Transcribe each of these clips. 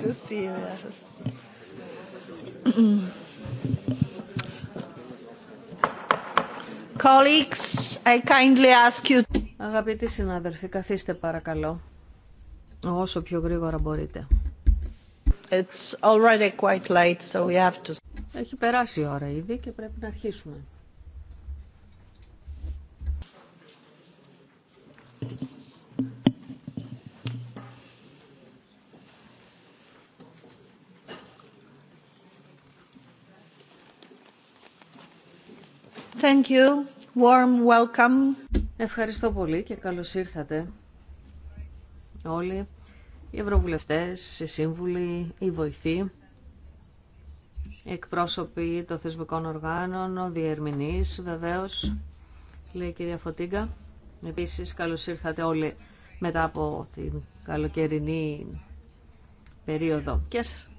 Colleagues, I kindly ask you... Αγαπητοί συνάδελφοι, καθίστε παρακαλώ όσο πιο γρήγορα μπορείτε. It's already quite late, so we have to... Έχει περάσει η ώρα ήδη και πρέπει να αρχίσουμε. Thank you. Warm welcome. Ευχαριστώ πολύ και καλώς ήρθατε όλοι οι ευρωβουλευτές, οι σύμβουλοι, οι βοηθοί, εκπρόσωποι των θεσμικών οργάνων, ο διερμηνής βεβαίως, λέει η κυρία Φωτίγκα. Επίσης καλώς ήρθατε όλοι μετά από την καλοκαιρινή περίοδο. Και ας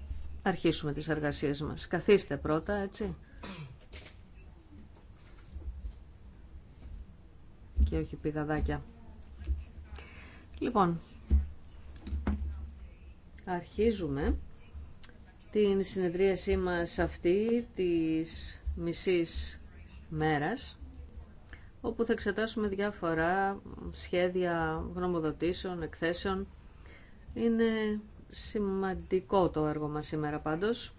αρχίσουμε τις εργασίες μας. Καθίστε πρώτα, έτσι. και όχι πηγαδάκια. Λοιπόν, αρχίζουμε την συνεδρίασή μας αυτή της μισής μέρας όπου θα εξετάσουμε διάφορα σχέδια γνωμοδοτήσεων, εκθέσεων. Είναι σημαντικό το έργο μας σήμερα πάντως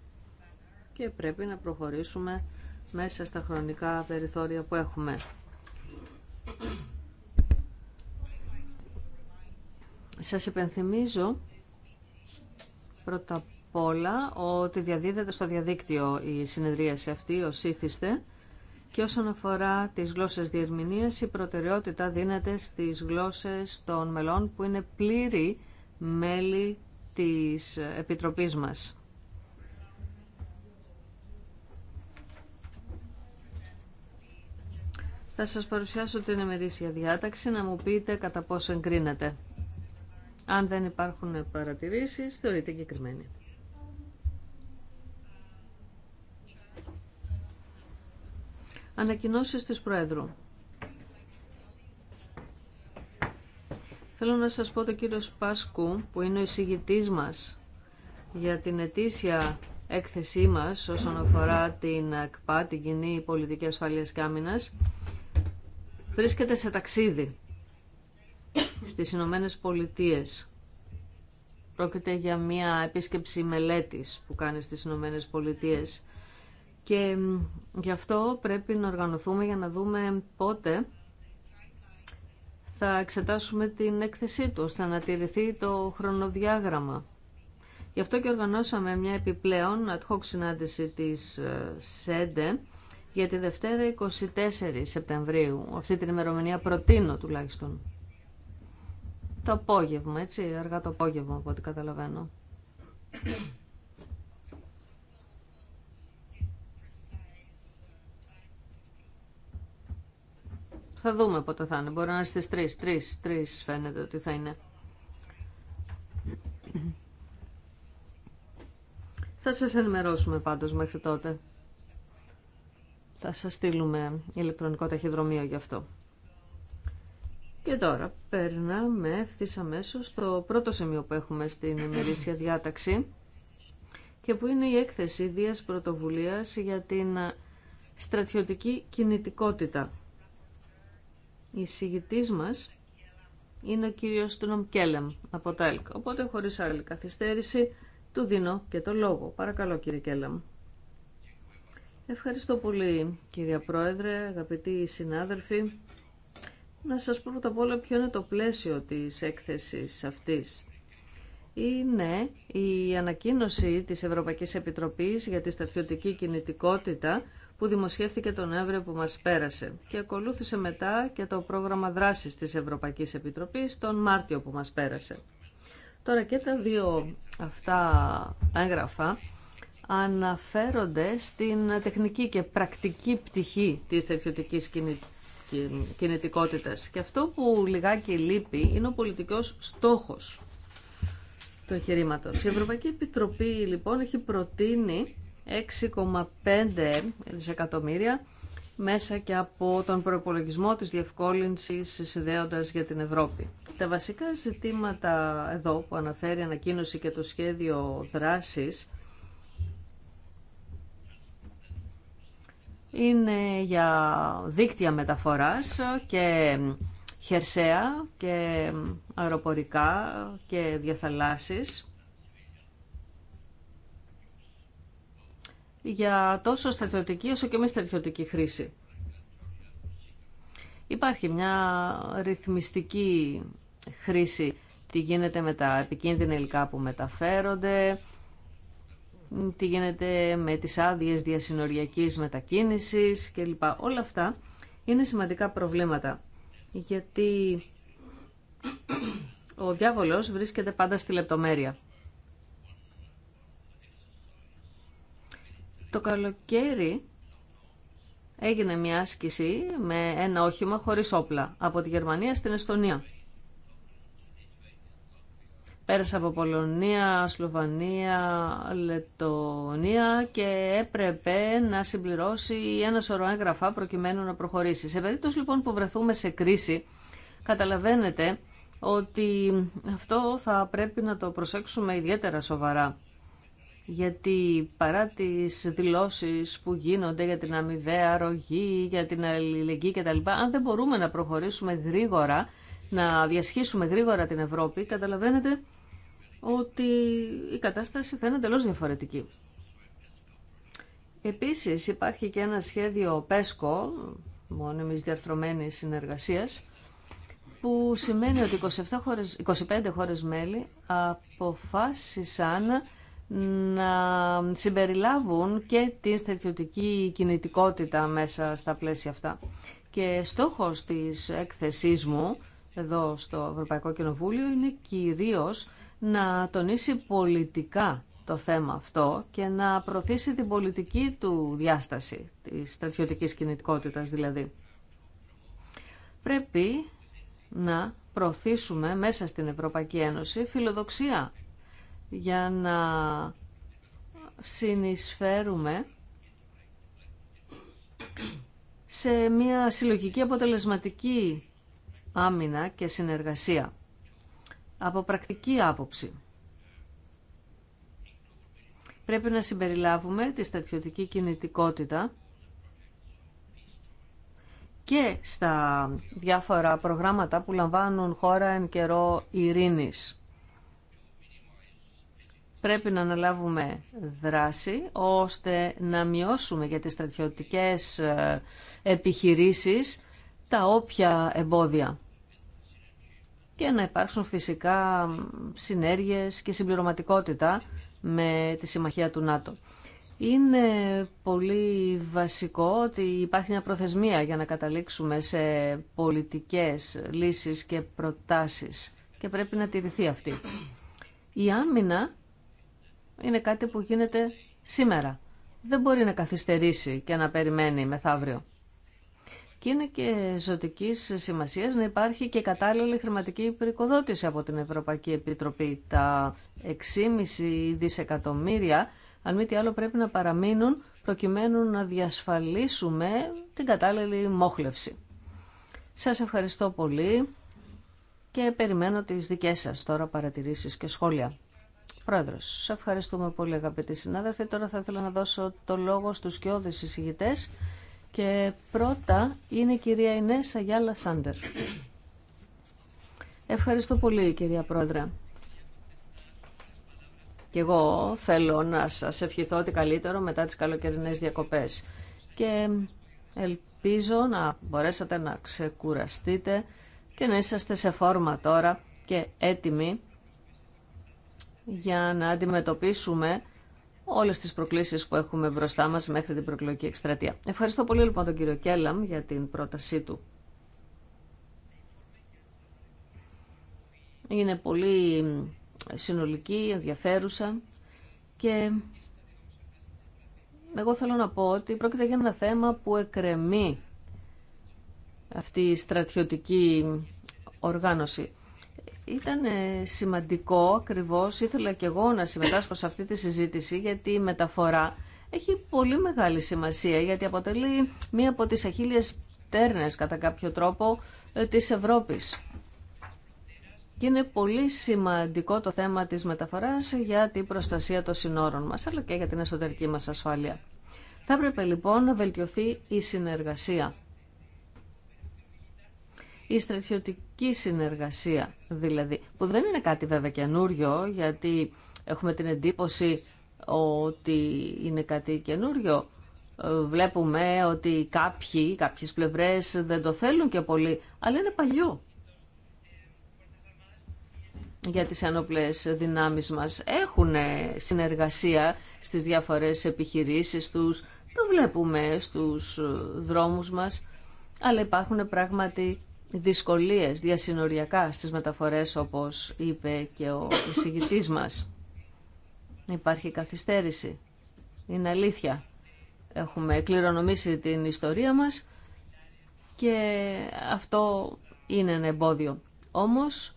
και πρέπει να προχωρήσουμε μέσα στα χρονικά περιθώρια που έχουμε. Σας υπενθυμίζω πρώτα απ' όλα ότι διαδίδεται στο διαδίκτυο η συνεδρίαση αυτή, ο ήθιστε, και όσον αφορά τις γλώσσες διερμηνίας, η προτεραιότητα δίνεται στις γλώσσες των μελών που είναι πλήρη μέλη της Επιτροπής μας. Θα σας παρουσιάσω την εμερήσια διάταξη να μου πείτε κατά πόσο εγκρίνεται. Αν δεν υπάρχουν παρατηρήσεις, θεωρείται εγκεκριμένη. Ανακοινώσεις της Προέδρου. Θέλω να σας πω το κύριο Πάσκου, που είναι ο εισηγητής μας για την ετήσια έκθεσή μας όσον αφορά την ΚΠΑ, την Κοινή Πολιτική Ασφαλείας και βρίσκεται σε ταξίδι στις Ηνωμένε Πολιτείες. Πρόκειται για μια επίσκεψη μελέτης που κάνει στις Ηνωμένε Πολιτείες και γι' αυτό πρέπει να οργανωθούμε για να δούμε πότε θα εξετάσουμε την έκθεσή του, ώστε να τηρηθεί το χρονοδιάγραμμα. Γι' αυτό και οργανώσαμε μια επιπλέον ad hoc συνάντηση της ε, ΣΕΝΤΕ για τη Δευτέρα 24 Σεπτεμβρίου. Αυτή την ημερομηνία προτείνω τουλάχιστον. Το απόγευμα, έτσι, αργά το απόγευμα από ό,τι καταλαβαίνω. Θα δούμε πότε θα είναι. Μπορεί να είναι στις 3. 3, 3 φαίνεται ότι θα είναι. Θα σας ενημερώσουμε πάντως μέχρι τότε. Θα σας στείλουμε ηλεκτρονικό ταχυδρομείο γι' αυτό. Και τώρα περνάμε ευθύ αμέσω στο πρώτο σημείο που έχουμε στην ημερήσια διάταξη και που είναι η έκθεση Δίας Πρωτοβουλίας για την στρατιωτική κινητικότητα. Η συγητής μας είναι ο κύριος Τούνομ Κέλεμ από τα ΕΛΚ. Οπότε χωρίς άλλη καθυστέρηση του δίνω και το λόγο. Παρακαλώ κύριε Κέλεμ. Ευχαριστώ πολύ κυρία Πρόεδρε, αγαπητοί συνάδελφοι. Να σας πω πρώτα απ' όλα ποιο είναι το πλαίσιο της έκθεσης αυτής. Είναι η ανακοίνωση της Ευρωπαϊκής Επιτροπής για τη στρατιωτική κινητικότητα που δημοσιεύθηκε τον Εύρεο που μας πέρασε και ακολούθησε μετά και το πρόγραμμα δράσης της Ευρωπαϊκής Επιτροπής τον Μάρτιο που μας πέρασε. Τώρα και τα δύο αυτά έγγραφα αναφέρονται στην τεχνική και πρακτική πτυχή της στρατιωτικής κινητικότητας. Και αυτό που λιγάκι λείπει είναι ο πολιτικός στόχος του εγχειρήματο. Η Ευρωπαϊκή Επιτροπή λοιπόν έχει προτείνει 6,5 δισεκατομμύρια μέσα και από τον προπολογισμό της διευκόλυνσης συνδέοντας για την Ευρώπη. Τα βασικά ζητήματα εδώ που αναφέρει η ανακοίνωση και το σχέδιο δράσης είναι για δίκτυα μεταφοράς και χερσαία και αεροπορικά και διαθαλάσσεις για τόσο στρατιωτική όσο και μη στρατιωτική χρήση. Υπάρχει μια ρυθμιστική χρήση τι γίνεται με τα επικίνδυνα υλικά που μεταφέρονται, τι γίνεται με τις άδειε διασυνοριακής μετακίνησης κλπ. Όλα αυτά είναι σημαντικά προβλήματα, γιατί ο διάβολος βρίσκεται πάντα στη λεπτομέρεια. Το καλοκαίρι έγινε μια άσκηση με ένα όχημα χωρίς όπλα από τη Γερμανία στην Εστονία πέρασε από Πολωνία, Σλοβανία, Λετωνία και έπρεπε να συμπληρώσει ένα σωρό έγγραφα προκειμένου να προχωρήσει. Σε περίπτωση λοιπόν που βρεθούμε σε κρίση, καταλαβαίνετε ότι αυτό θα πρέπει να το προσέξουμε ιδιαίτερα σοβαρά. Γιατί παρά τις δηλώσεις που γίνονται για την αμοιβαία αρρωγή, για την αλληλεγγύη κτλ, αν δεν μπορούμε να προχωρήσουμε γρήγορα, να διασχίσουμε γρήγορα την Ευρώπη, καταλαβαίνετε ότι η κατάσταση θα είναι εντελώ διαφορετική. Επίσης υπάρχει και ένα σχέδιο ΠΕΣΚΟ, μόνιμης διαρθρωμένης συνεργασίας, που σημαίνει ότι 27 χώρες, 25 χώρες μέλη αποφάσισαν να συμπεριλάβουν και την στρατιωτική κινητικότητα μέσα στα πλαίσια αυτά. Και στόχος της έκθεσής μου εδώ στο Ευρωπαϊκό Κοινοβούλιο είναι κυρίως να τονίσει πολιτικά το θέμα αυτό και να προωθήσει την πολιτική του διάσταση, της στρατιωτική κινητικότητας δηλαδή. Πρέπει να προωθήσουμε μέσα στην Ευρωπαϊκή Ένωση φιλοδοξία για να συνεισφέρουμε σε μια συλλογική αποτελεσματική άμυνα και συνεργασία από πρακτική άποψη. Πρέπει να συμπεριλάβουμε τη στρατιωτική κινητικότητα και στα διάφορα προγράμματα που λαμβάνουν χώρα εν καιρό ειρήνης. Πρέπει να αναλάβουμε δράση ώστε να μειώσουμε για τις στρατιωτικές επιχειρήσεις τα όποια εμπόδια και να υπάρξουν φυσικά συνέργειες και συμπληρωματικότητα με τη συμμαχία του ΝΑΤΟ. Είναι πολύ βασικό ότι υπάρχει μια προθεσμία για να καταλήξουμε σε πολιτικές λύσεις και προτάσεις και πρέπει να τηρηθεί αυτή. Η άμυνα είναι κάτι που γίνεται σήμερα. Δεν μπορεί να καθυστερήσει και να περιμένει μεθαύριο. Και είναι και ζωτική σημασία να υπάρχει και κατάλληλη χρηματική υπηρεκοδότηση από την Ευρωπαϊκή Επιτροπή. Τα 6,5 δισεκατομμύρια, αν μη τι άλλο, πρέπει να παραμείνουν προκειμένου να διασφαλίσουμε την κατάλληλη μόχλευση. Σας ευχαριστώ πολύ και περιμένω τις δικές σας τώρα παρατηρήσεις και σχόλια. Πρόεδρο. σας ευχαριστούμε πολύ αγαπητοί συνάδελφοι. Τώρα θα ήθελα να δώσω το λόγο στους κοιόδες εισηγητές και πρώτα είναι η κυρία Ινέσα Γιάλα Σάντερ. Ευχαριστώ πολύ κυρία Πρόεδρε. Και εγώ θέλω να σας ευχηθώ ότι καλύτερο μετά τις καλοκαιρινές διακοπές. Και ελπίζω να μπορέσατε να ξεκουραστείτε και να είσαστε σε φόρμα τώρα και έτοιμοι για να αντιμετωπίσουμε όλες τις προκλήσεις που έχουμε μπροστά μας μέχρι την προκλογική εκστρατεία. Ευχαριστώ πολύ λοιπόν τον κύριο Κέλλαμ για την πρότασή του. Είναι πολύ συνολική, ενδιαφέρουσα και εγώ θέλω να πω ότι πρόκειται για ένα θέμα που εκρεμεί αυτή η στρατιωτική οργάνωση. Ήταν σημαντικό ακριβώς, ήθελα και εγώ να συμμετάσχω σε αυτή τη συζήτηση γιατί η μεταφορά έχει πολύ μεγάλη σημασία γιατί αποτελεί μία από τις αχίλιες τέρνες κατά κάποιο τρόπο ε, της Ευρώπης. Και είναι πολύ σημαντικό το θέμα της μεταφοράς για την προστασία των συνόρων μας αλλά και για την εσωτερική μας ασφάλεια. Θα έπρεπε λοιπόν να βελτιωθεί η συνεργασία. Η στρατιωτική συνεργασία δηλαδή, που δεν είναι κάτι βέβαια καινούριο, γιατί έχουμε την εντύπωση ότι είναι κάτι καινούριο. Ε, βλέπουμε ότι κάποιοι, κάποιες πλευρές δεν το θέλουν και πολύ, αλλά είναι παλιό για τις ενόπλες δυνάμεις μας. Έχουν συνεργασία στις διάφορες επιχειρήσεις τους, το βλέπουμε στους ε, δρόμους μας, αλλά υπάρχουν πράγματι δυσκολίες διασυνοριακά στις μεταφορές όπως είπε και ο εισηγητής μας. Υπάρχει καθυστέρηση. Είναι αλήθεια. Έχουμε κληρονομήσει την ιστορία μας και αυτό είναι ένα εμπόδιο. Όμως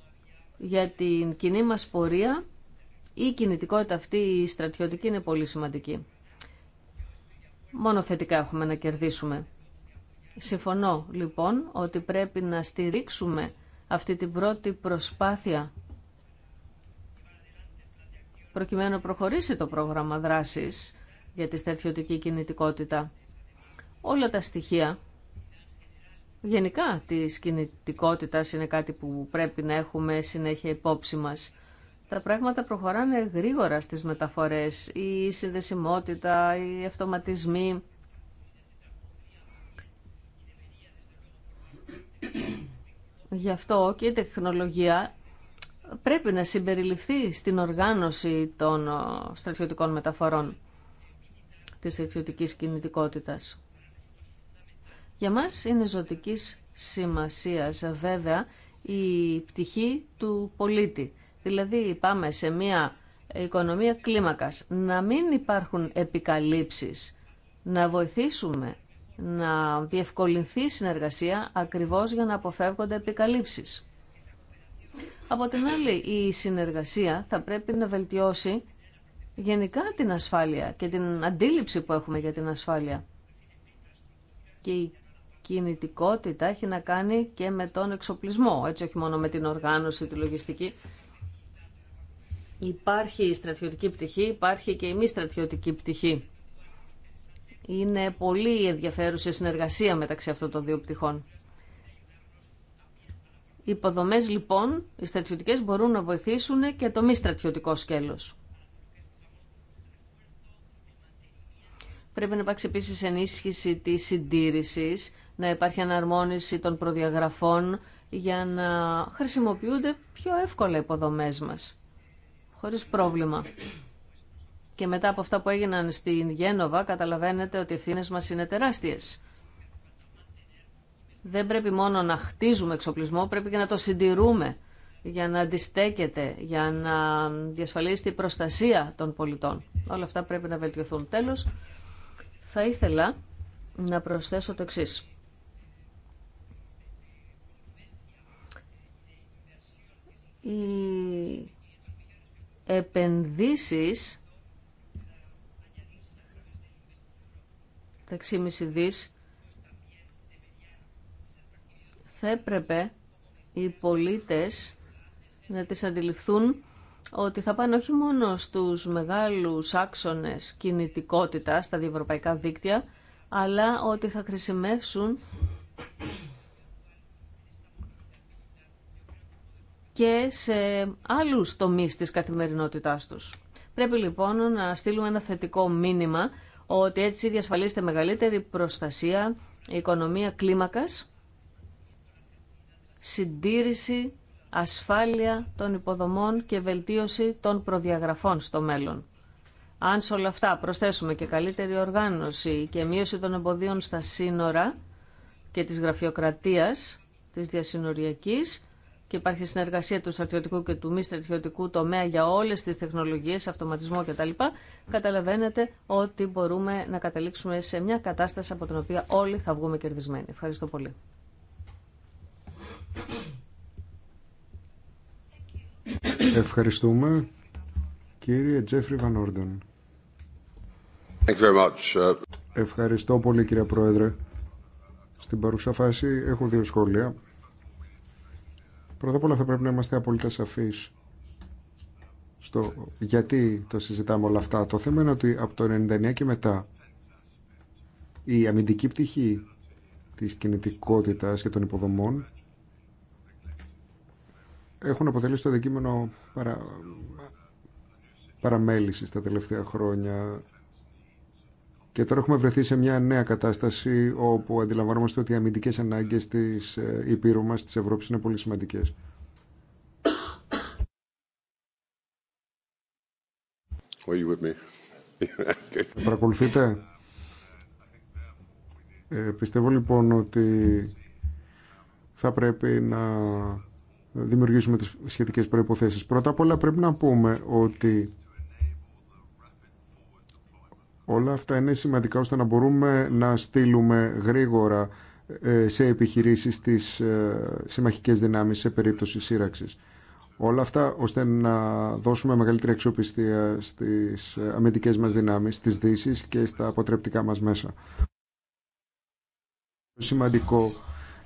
για την κοινή μας πορεία η κινητικότητα αυτή η στρατιωτική είναι πολύ σημαντική. Μόνο θετικά έχουμε να κερδίσουμε. Συμφωνώ λοιπόν ότι πρέπει να στηρίξουμε αυτή την πρώτη προσπάθεια προκειμένου να προχωρήσει το πρόγραμμα δράσης για τη στρατιωτική κινητικότητα. Όλα τα στοιχεία γενικά της κινητικότητας είναι κάτι που πρέπει να έχουμε συνέχεια υπόψη μας. Τα πράγματα προχωράνε γρήγορα στις μεταφορές, η συνδεσιμότητα, οι αυτοματισμοί. Γι' αυτό και η τεχνολογία πρέπει να συμπεριληφθεί στην οργάνωση των ε, στρατιωτικών μεταφορών της στρατιωτικής κινητικότητας. Για μας είναι ζωτικής σημασίας βέβαια η πτυχή του πολίτη. Δηλαδή πάμε σε μια οικονομία κλίμακας, να μην υπάρχουν επικαλύψεις, να βοηθήσουμε να διευκολυνθεί η συνεργασία ακριβώς για να αποφεύγονται επικαλύψεις. Από την άλλη, η συνεργασία θα πρέπει να βελτιώσει γενικά την ασφάλεια και την αντίληψη που έχουμε για την ασφάλεια. Και η κινητικότητα έχει να κάνει και με τον εξοπλισμό, έτσι όχι μόνο με την οργάνωση, τη λογιστική. Υπάρχει η στρατιωτική πτυχή, υπάρχει και η μη στρατιωτική πτυχή. Είναι πολύ ενδιαφέρουσα συνεργασία μεταξύ αυτών των δύο πτυχών. Οι υποδομές λοιπόν, οι στρατιωτικές μπορούν να βοηθήσουν και το μη στρατιωτικό σκέλος. Πρέπει να υπάρξει επίση ενίσχυση της συντήρηση, να υπάρχει αναρμόνιση των προδιαγραφών για να χρησιμοποιούνται πιο εύκολα οι υποδομές μας, χωρίς πρόβλημα. Και μετά από αυτά που έγιναν στην Γένοβα, καταλαβαίνετε ότι οι ευθύνε μα είναι τεράστιε. Δεν πρέπει μόνο να χτίζουμε εξοπλισμό, πρέπει και να το συντηρούμε για να αντιστέκεται, για να διασφαλίσει την προστασία των πολιτών. Όλα αυτά πρέπει να βελτιωθούν. Τέλος, θα ήθελα να προσθέσω το εξής. Οι επενδύσεις 6,5 δις θα έπρεπε οι πολίτες να τις αντιληφθούν ότι θα πάνε όχι μόνο στους μεγάλους άξονες κινητικότητα στα διευρωπαϊκά δίκτυα, αλλά ότι θα χρησιμεύσουν και σε άλλους τομείς της καθημερινότητάς τους. Πρέπει λοιπόν να στείλουμε ένα θετικό μήνυμα ότι έτσι διασφαλίζεται μεγαλύτερη προστασία, οικονομία κλίμακας, συντήρηση, ασφάλεια των υποδομών και βελτίωση των προδιαγραφών στο μέλλον. Αν σε όλα αυτά προσθέσουμε και καλύτερη οργάνωση και μείωση των εμποδίων στα σύνορα και της γραφειοκρατίας, της διασυνοριακής, υπάρχει συνεργασία του στρατιωτικού και του μη στρατιωτικού τομέα για όλες τις τεχνολογίες, αυτοματισμό κτλ. Καταλαβαίνετε ότι μπορούμε να καταλήξουμε σε μια κατάσταση από την οποία όλοι θα βγούμε κερδισμένοι. Ευχαριστώ πολύ. Ευχαριστούμε. Κύριε Τζέφρι Βαν uh, Ευχαριστώ πολύ κύριε Πρόεδρε. Στην παρούσα φάση έχω δύο σχόλια. Πρώτα απ' όλα θα πρέπει να είμαστε απόλυτα σαφείς στο γιατί το συζητάμε όλα αυτά. Το θέμα είναι ότι από το 1999 και μετά η αμυντική πτυχή της κινητικότητας και των υποδομών έχουν αποτελέσει το δικείμενο παρα... παραμέλησης τα τελευταία χρόνια. Και τώρα έχουμε βρεθεί σε μια νέα κατάσταση όπου αντιλαμβανόμαστε ότι οι αμυντικέ ανάγκες της ε, Υπήρου μα τη Ευρώπη είναι πολύ σημαντικέ. Παρακολουθείτε. Ε, πιστεύω λοιπόν ότι θα πρέπει να δημιουργήσουμε τις σχετικές προϋποθέσεις. Πρώτα απ' όλα πρέπει να πούμε ότι Όλα αυτά είναι σημαντικά ώστε να μπορούμε να στείλουμε γρήγορα ε, σε επιχειρήσεις τις ε, συμμαχικές δυνάμεις σε περίπτωση σύραξης. Όλα αυτά ώστε να δώσουμε μεγαλύτερη αξιοπιστία στις ε, αμυντικές μας δυνάμεις, στις δύσεις και στα αποτρεπτικά μας μέσα. Σημαντικό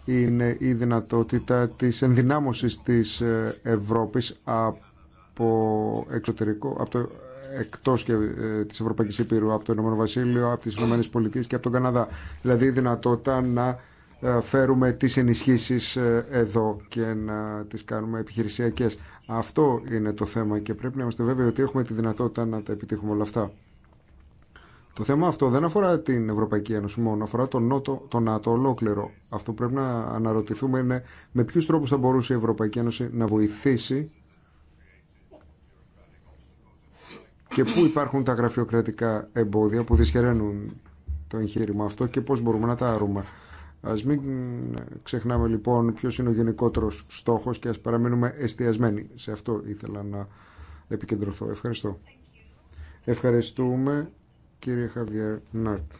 είναι η δυνατότητα της ενδυνάμωσης της Ευρώπης από, εξωτερικό, από το Εκτό και ε, τη Ευρωπαϊκή Υπήρου, από το Ηνωμένο Βασίλειο, από τι Ηνωμένε Πολιτείε και από τον Καναδά. Δηλαδή η δυνατότητα να ε, φέρουμε τις ενισχύσεις ε, εδώ και να τι κάνουμε επιχειρησιακέ. Αυτό είναι το θέμα και πρέπει να είμαστε βέβαιοι ότι έχουμε τη δυνατότητα να τα επιτύχουμε όλα αυτά. Το θέμα αυτό δεν αφορά την Ευρωπαϊκή Ένωση μόνο, αφορά τον Νότο, τον ΝΑΤΟ ολόκληρο. Αυτό που πρέπει να αναρωτηθούμε είναι με ποιου τρόπου θα μπορούσε η Ευρωπαϊκή Ένωση να βοηθήσει και πού υπάρχουν τα γραφειοκρατικά εμπόδια που δυσχεραίνουν το εγχείρημα αυτό και πώς μπορούμε να τα άρουμε. Ας μην ξεχνάμε λοιπόν ποιος είναι ο γενικότερος στόχος και ας παραμείνουμε εστιασμένοι. Σε αυτό ήθελα να επικεντρωθώ. Ευχαριστώ. Ευχαριστούμε κύριε Χαβιέρ Νάρτ.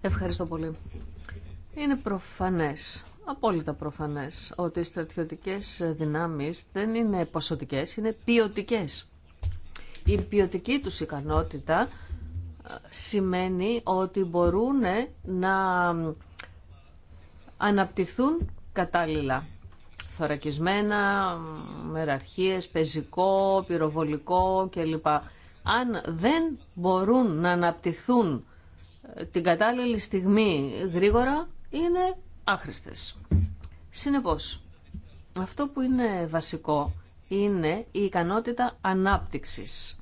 Ευχαριστώ πολύ. Είναι προφανές, απόλυτα προφανές, ότι οι στρατιωτικές δυνάμεις δεν είναι ποσοτικές, είναι ποιοτικές. Η ποιοτική τους ικανότητα ε, σημαίνει ότι μπορούν ε, να αναπτυχθούν κατάλληλα. Θωρακισμένα, μεραρχίες, πεζικό, πυροβολικό κλπ. Αν δεν μπορούν να αναπτυχθούν ε, την κατάλληλη στιγμή γρήγορα, είναι άχρηστες. Συνεπώς, αυτό που είναι βασικό είναι η ικανότητα ανάπτυξης.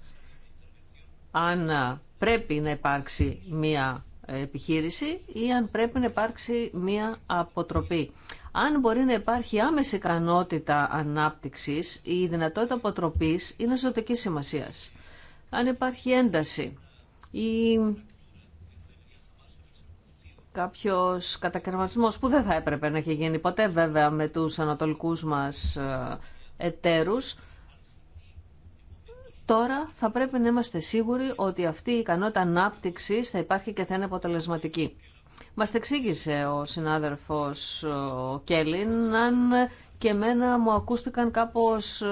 Αν πρέπει να υπάρξει μία επιχείρηση ή αν πρέπει να υπάρξει μία αποτροπή. Αν μπορεί να υπάρχει άμεση ικανότητα ανάπτυξης, η δυνατότητα αποτροπής είναι ζωτική σημασίας. Αν υπάρχει ένταση ή κάποιος κατακαιρματισμός που δεν θα έπρεπε να έχει γίνει ποτέ βέβαια με τους ανατολικούς μας ε, εταίρους, τώρα θα πρέπει να είμαστε σίγουροι ότι αυτή η ικανότητα ανάπτυξη θα υπάρχει και θα είναι αποτελεσματική. Μας εξήγησε ο συνάδελφος ο αν και μένα μου ακούστηκαν κάπως ε,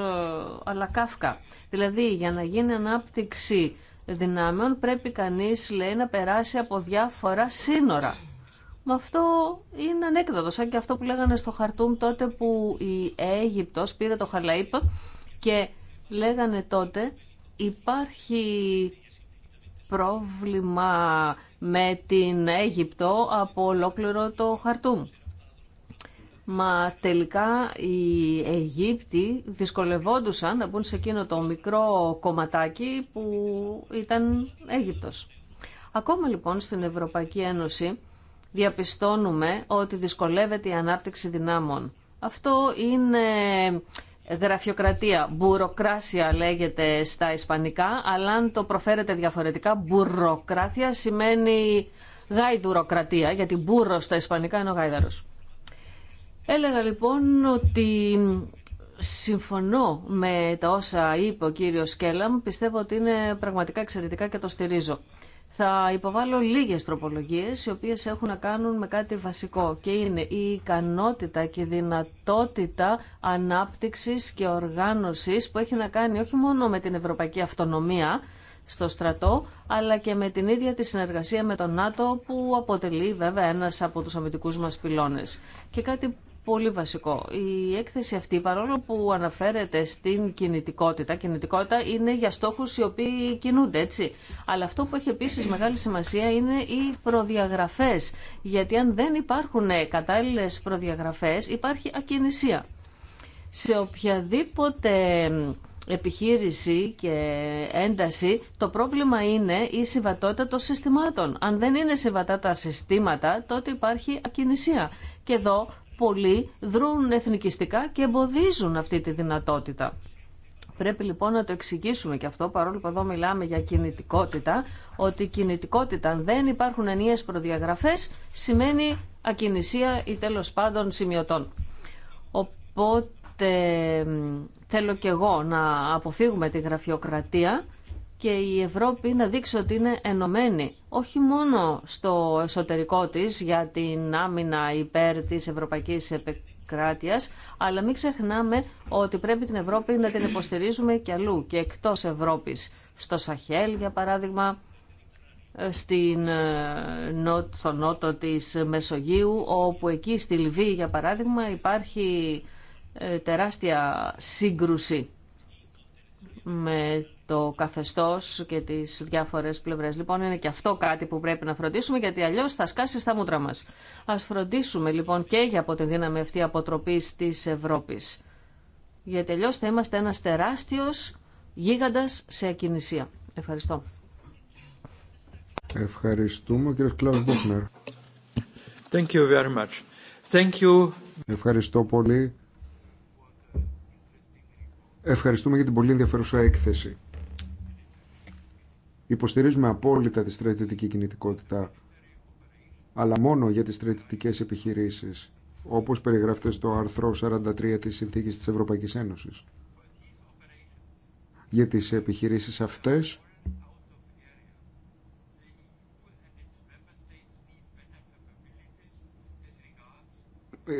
αλακάφκα. Δηλαδή για να γίνει ανάπτυξη δυνάμεων πρέπει κανείς λέει να περάσει από διάφορα σύνορα. Μα αυτό είναι ανέκδοτο, σαν και αυτό που λέγανε στο Χαρτούμ τότε που η Αίγυπτος πήρε το Χαλαίπ και λέγανε τότε υπάρχει πρόβλημα με την Αίγυπτο από ολόκληρο το Χαρτούμ. Μα τελικά οι Αιγύπτιοι δυσκολευόντουσαν να μπουν σε εκείνο το μικρό κομματάκι που ήταν Αίγυπτος. Ακόμα λοιπόν στην Ευρωπαϊκή Ένωση διαπιστώνουμε ότι δυσκολεύεται η ανάπτυξη δυνάμων. Αυτό είναι γραφειοκρατία. Μπουροκράσια λέγεται στα ισπανικά, αλλά αν το προφέρετε διαφορετικά, μπουροκράτια σημαίνει γάιδουροκρατία, γιατί μπουρο στα ισπανικά είναι ο γάιδαρος. Έλεγα λοιπόν ότι συμφωνώ με τα όσα είπε ο κύριος Κέλλαμ. πιστεύω ότι είναι πραγματικά εξαιρετικά και το στηρίζω θα υποβάλω λίγες τροπολογίες οι οποίες έχουν να κάνουν με κάτι βασικό και είναι η ικανότητα και δυνατότητα ανάπτυξης και οργάνωσης που έχει να κάνει όχι μόνο με την ευρωπαϊκή αυτονομία στο στρατό αλλά και με την ίδια τη συνεργασία με τον ΝΑΤΟ που αποτελεί βέβαια ένας από τους αμυντικούς μας πυλώνες. Και κάτι πολύ βασικό. Η έκθεση αυτή, παρόλο που αναφέρεται στην κινητικότητα, κινητικότητα είναι για στόχους οι οποίοι κινούνται, έτσι. Αλλά αυτό που έχει επίσης μεγάλη σημασία είναι οι προδιαγραφές. Γιατί αν δεν υπάρχουν κατάλληλες προδιαγραφές, υπάρχει ακινησία. Σε οποιαδήποτε επιχείρηση και ένταση, το πρόβλημα είναι η συμβατότητα των συστημάτων. Αν δεν είναι συμβατά τα συστήματα, τότε υπάρχει ακινησία. Και εδώ πολλοί δρούν εθνικιστικά και εμποδίζουν αυτή τη δυνατότητα. Πρέπει λοιπόν να το εξηγήσουμε και αυτό, παρόλο που εδώ μιλάμε για κινητικότητα, ότι κινητικότητα, αν δεν υπάρχουν ενίες προδιαγραφές, σημαίνει ακινησία ή τέλος πάντων σημειωτών. Οπότε θέλω και εγώ να αποφύγουμε τη γραφειοκρατία και η Ευρώπη να δείξει ότι είναι ενωμένη, όχι μόνο στο εσωτερικό της για την άμυνα υπέρ της ευρωπαϊκής επικράτειας, αλλά μην ξεχνάμε ότι πρέπει την Ευρώπη να την υποστηρίζουμε και αλλού και εκτός Ευρώπης, στο Σαχέλ για παράδειγμα, στην, ε, στο νότο της Μεσογείου, όπου εκεί στη Λιβύη για παράδειγμα υπάρχει ε, τεράστια σύγκρουση με το καθεστώς και τις διάφορες πλευρές. Λοιπόν, είναι και αυτό κάτι που πρέπει να φροντίσουμε, γιατί αλλιώς θα σκάσει στα μούτρα μας. Ας φροντίσουμε λοιπόν και για από τη δύναμη αυτή αποτροπής της Ευρώπης. Γιατί αλλιώ θα είμαστε ένας τεράστιος γίγαντας σε ακινησία. Ευχαριστώ. Ευχαριστούμε, κύριε Κλάου Μπούχνερ. Thank you very much. Thank Ευχαριστώ πολύ. Ευχαριστούμε για την πολύ ενδιαφέρουσα έκθεση. Υποστηρίζουμε απόλυτα τη στρατιωτική κινητικότητα, αλλά μόνο για τις στρατιωτικές επιχειρήσεις, όπως περιγράφεται στο άρθρο 43 της Συνθήκης της Ευρωπαϊκής Ένωσης. Για τις επιχειρήσεις αυτές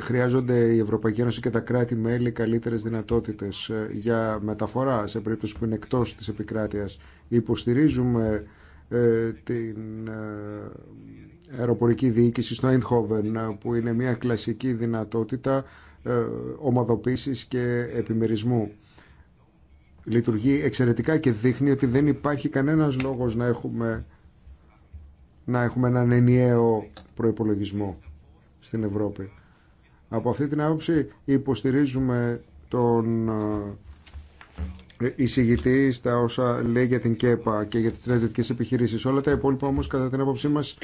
χρειάζονται η Ευρωπαϊκή Ένωση και τα κράτη-μέλη καλύτερες δυνατότητες ε, για μεταφορά σε περίπτωση που είναι εκτός της επικράτειας. Υποστηρίζουμε ε, την ε, αεροπορική διοίκηση στο Eindhoven που είναι μια κλασική δυνατότητα ομαδοποίησης και επιμερισμού. Λειτουργεί εξαιρετικά και δείχνει ότι δεν υπάρχει κανένας λόγος να έχουμε, να έχουμε έναν ενιαίο προϋπολογισμό στην Ευρώπη. Από αυτή την άποψη υποστηρίζουμε τον ε, εισηγητή στα όσα λέει για την ΚΕΠΑ και για τις στρατιωτικές επιχειρήσεις. Όλα τα υπόλοιπα όμως κατά την άποψή μας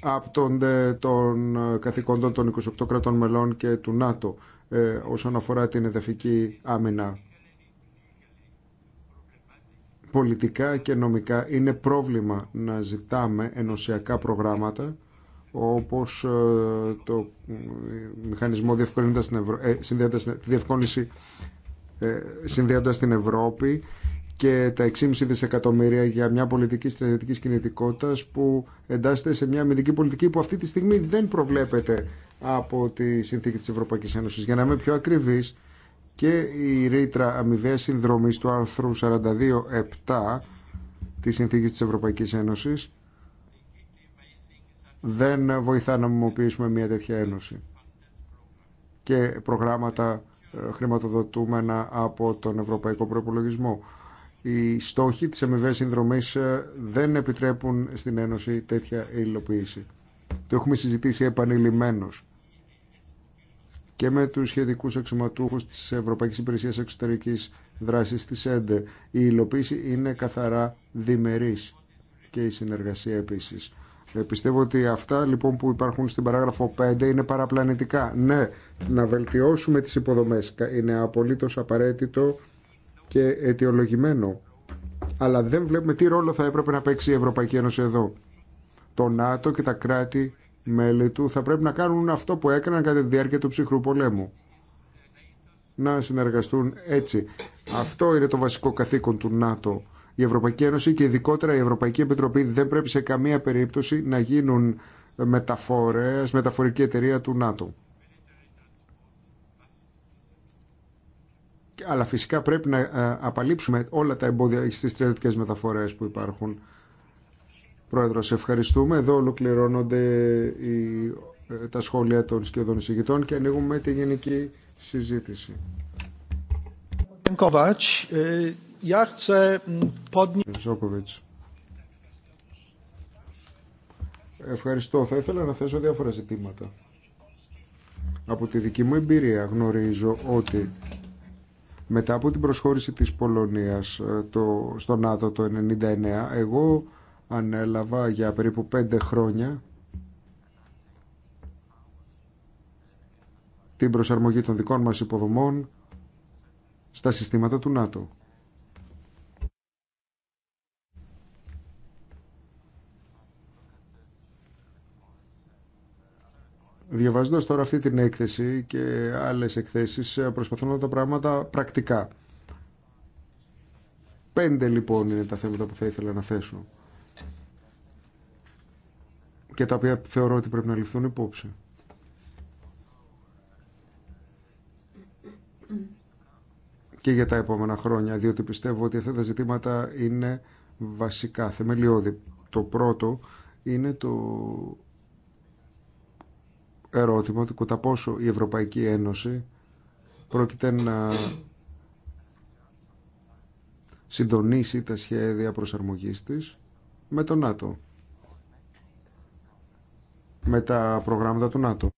άπτονται των καθηκόντων των 28 κρατών μελών και του ΝΑΤΟ ε, όσον αφορά την εδαφική άμυνα. Πολιτικά και νομικά είναι πρόβλημα να ζητάμε ενωσιακά προγράμματα όπως ε, το μηχανισμό ε, τη διευκόλυνση ε, την Ευρώπη και τα 6,5 δισεκατομμύρια για μια πολιτική στρατιωτική κινητικότητα που εντάσσεται σε μια αμυντική πολιτική που αυτή τη στιγμή δεν προβλέπεται από τη συνθήκη τη Ευρωπαϊκή Ένωση, Για να είμαι πιο ακριβή και η ρήτρα αμοιβαία συνδρομή του άρθρου 42.7 τη συνθήκη τη Ευρωπαϊκή Ένωση δεν βοηθά να μιμοποιήσουμε μια τέτοια ένωση και προγράμματα ε, χρηματοδοτούμενα από τον Ευρωπαϊκό Προπολογισμό. Οι στόχοι της αμοιβές συνδρομής ε, δεν επιτρέπουν στην Ένωση τέτοια υλοποίηση. Το έχουμε συζητήσει επανειλημμένως και με τους σχετικούς αξιωματούχους της Ευρωπαϊκής Υπηρεσίας Εξωτερικής Δράσης της ΕΝΤΕ. Η υλοποίηση είναι καθαρά διμερής και η συνεργασία επίσης. Ε, πιστεύω ότι αυτά λοιπόν που υπάρχουν στην παράγραφο 5 είναι παραπλανητικά. Ναι, να βελτιώσουμε τις υποδομές είναι απολύτως απαραίτητο και αιτιολογημένο. Αλλά δεν βλέπουμε τι ρόλο θα έπρεπε να παίξει η Ευρωπαϊκή Ένωση εδώ. Το ΝΑΤΟ και τα κράτη μέλη του θα πρέπει να κάνουν αυτό που έκαναν κατά τη διάρκεια του ψυχρού πολέμου. Να συνεργαστούν έτσι. Αυτό είναι το βασικό καθήκον του ΝΑΤΟ η Ευρωπαϊκή Ένωση και ειδικότερα η Ευρωπαϊκή Επιτροπή δεν πρέπει σε καμία περίπτωση να γίνουν μεταφορές, μεταφορική εταιρεία του ΝΑΤΟ. Αλλά φυσικά πρέπει να ε, απαλείψουμε όλα τα εμπόδια στις στρατιωτικές μεταφορές που υπάρχουν. Πρόεδρο, σε ευχαριστούμε. Εδώ ολοκληρώνονται οι, ε, τα σχόλια των σχεδόν εισηγητών και ανοίγουμε τη γενική συζήτηση. Mm, Ευχαριστώ. Θα ήθελα να θέσω διάφορα ζητήματα. Από τη δική μου εμπειρία γνωρίζω ότι μετά από την προσχώρηση της Πολωνίας ε, το, στο ΝΑΤΟ το 1999, εγώ ανέλαβα για περίπου πέντε χρόνια την προσαρμογή των δικών μας υποδομών στα συστήματα του ΝΑΤΟ. Διαβάζοντας τώρα αυτή την έκθεση και άλλες εκθέσεις ε, προσπαθώ να τα πράγματα πρακτικά. Πέντε λοιπόν είναι τα θέματα που θα ήθελα να θέσω και τα οποία θεωρώ ότι πρέπει να ληφθούν υπόψη. Και για τα επόμενα χρόνια, διότι πιστεύω ότι αυτά τα ζητήματα είναι βασικά, θεμελιώδη. Το πρώτο είναι το ερώτημα ότι κατά πόσο η Ευρωπαϊκή Ένωση πρόκειται να συντονίσει τα σχέδια προσαρμογής της με το ΝΑΤΟ, με τα προγράμματα του ΝΑΤΟ.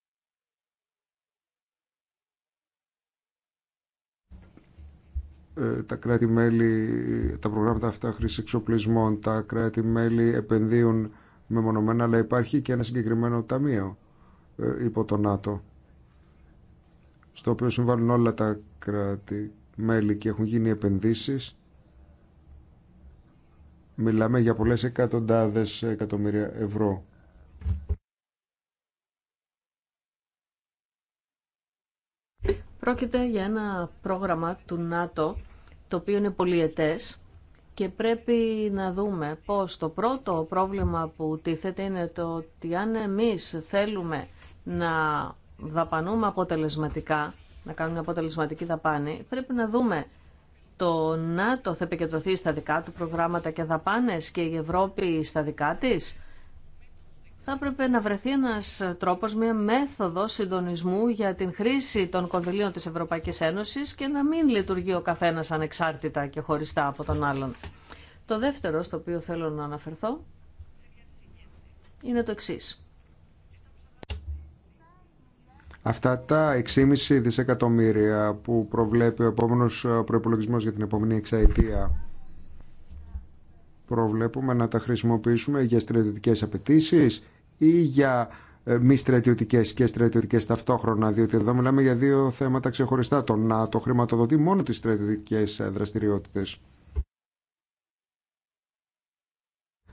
Ε, τα κράτη-μέλη, τα προγράμματα αυτά χρήση εξοπλισμών, τα κράτη-μέλη επενδύουν μεμονωμένα, αλλά υπάρχει και ένα συγκεκριμένο ταμείο ε, υπό το ΝΑΤΟ στο οποίο συμβάλλουν όλα τα κράτη-μέλη και έχουν γίνει επενδύσεις μιλάμε για πολλές εκατοντάδες εκατομμύρια ευρώ. Πρόκειται για ένα πρόγραμμα του ΝΑΤΟ το οποίο είναι πολυετές και πρέπει να δούμε πως το πρώτο πρόβλημα που τίθεται είναι το ότι αν εμείς θέλουμε να δαπανούμε αποτελεσματικά, να κάνουμε αποτελεσματική δαπάνη, πρέπει να δούμε το ΝΑΤΟ θα επικεντρωθεί στα δικά του προγράμματα και δαπάνες και η Ευρώπη στα δικά της. Θα έπρεπε να βρεθεί ένας τρόπος, μια μέθοδο συντονισμού για την χρήση των κονδυλίων της Ευρωπαϊκής Ένωσης και να μην λειτουργεί ο καθένας ανεξάρτητα και χωριστά από τον άλλον. Το δεύτερο στο οποίο θέλω να αναφερθώ είναι το εξής. Αυτά τα 6,5 δισεκατομμύρια που προβλέπει ο επόμενο ε, προπολογισμό για την επόμενη εξαετία προβλέπουμε να τα χρησιμοποιήσουμε για στρατιωτικέ απαιτήσει ή για ε, μη στρατιωτικέ και στρατιωτικέ ταυτόχρονα, διότι εδώ μιλάμε για δύο θέματα ξεχωριστά. Το να το χρηματοδοτεί μόνο τι στρατιωτικέ ε, δραστηριότητε.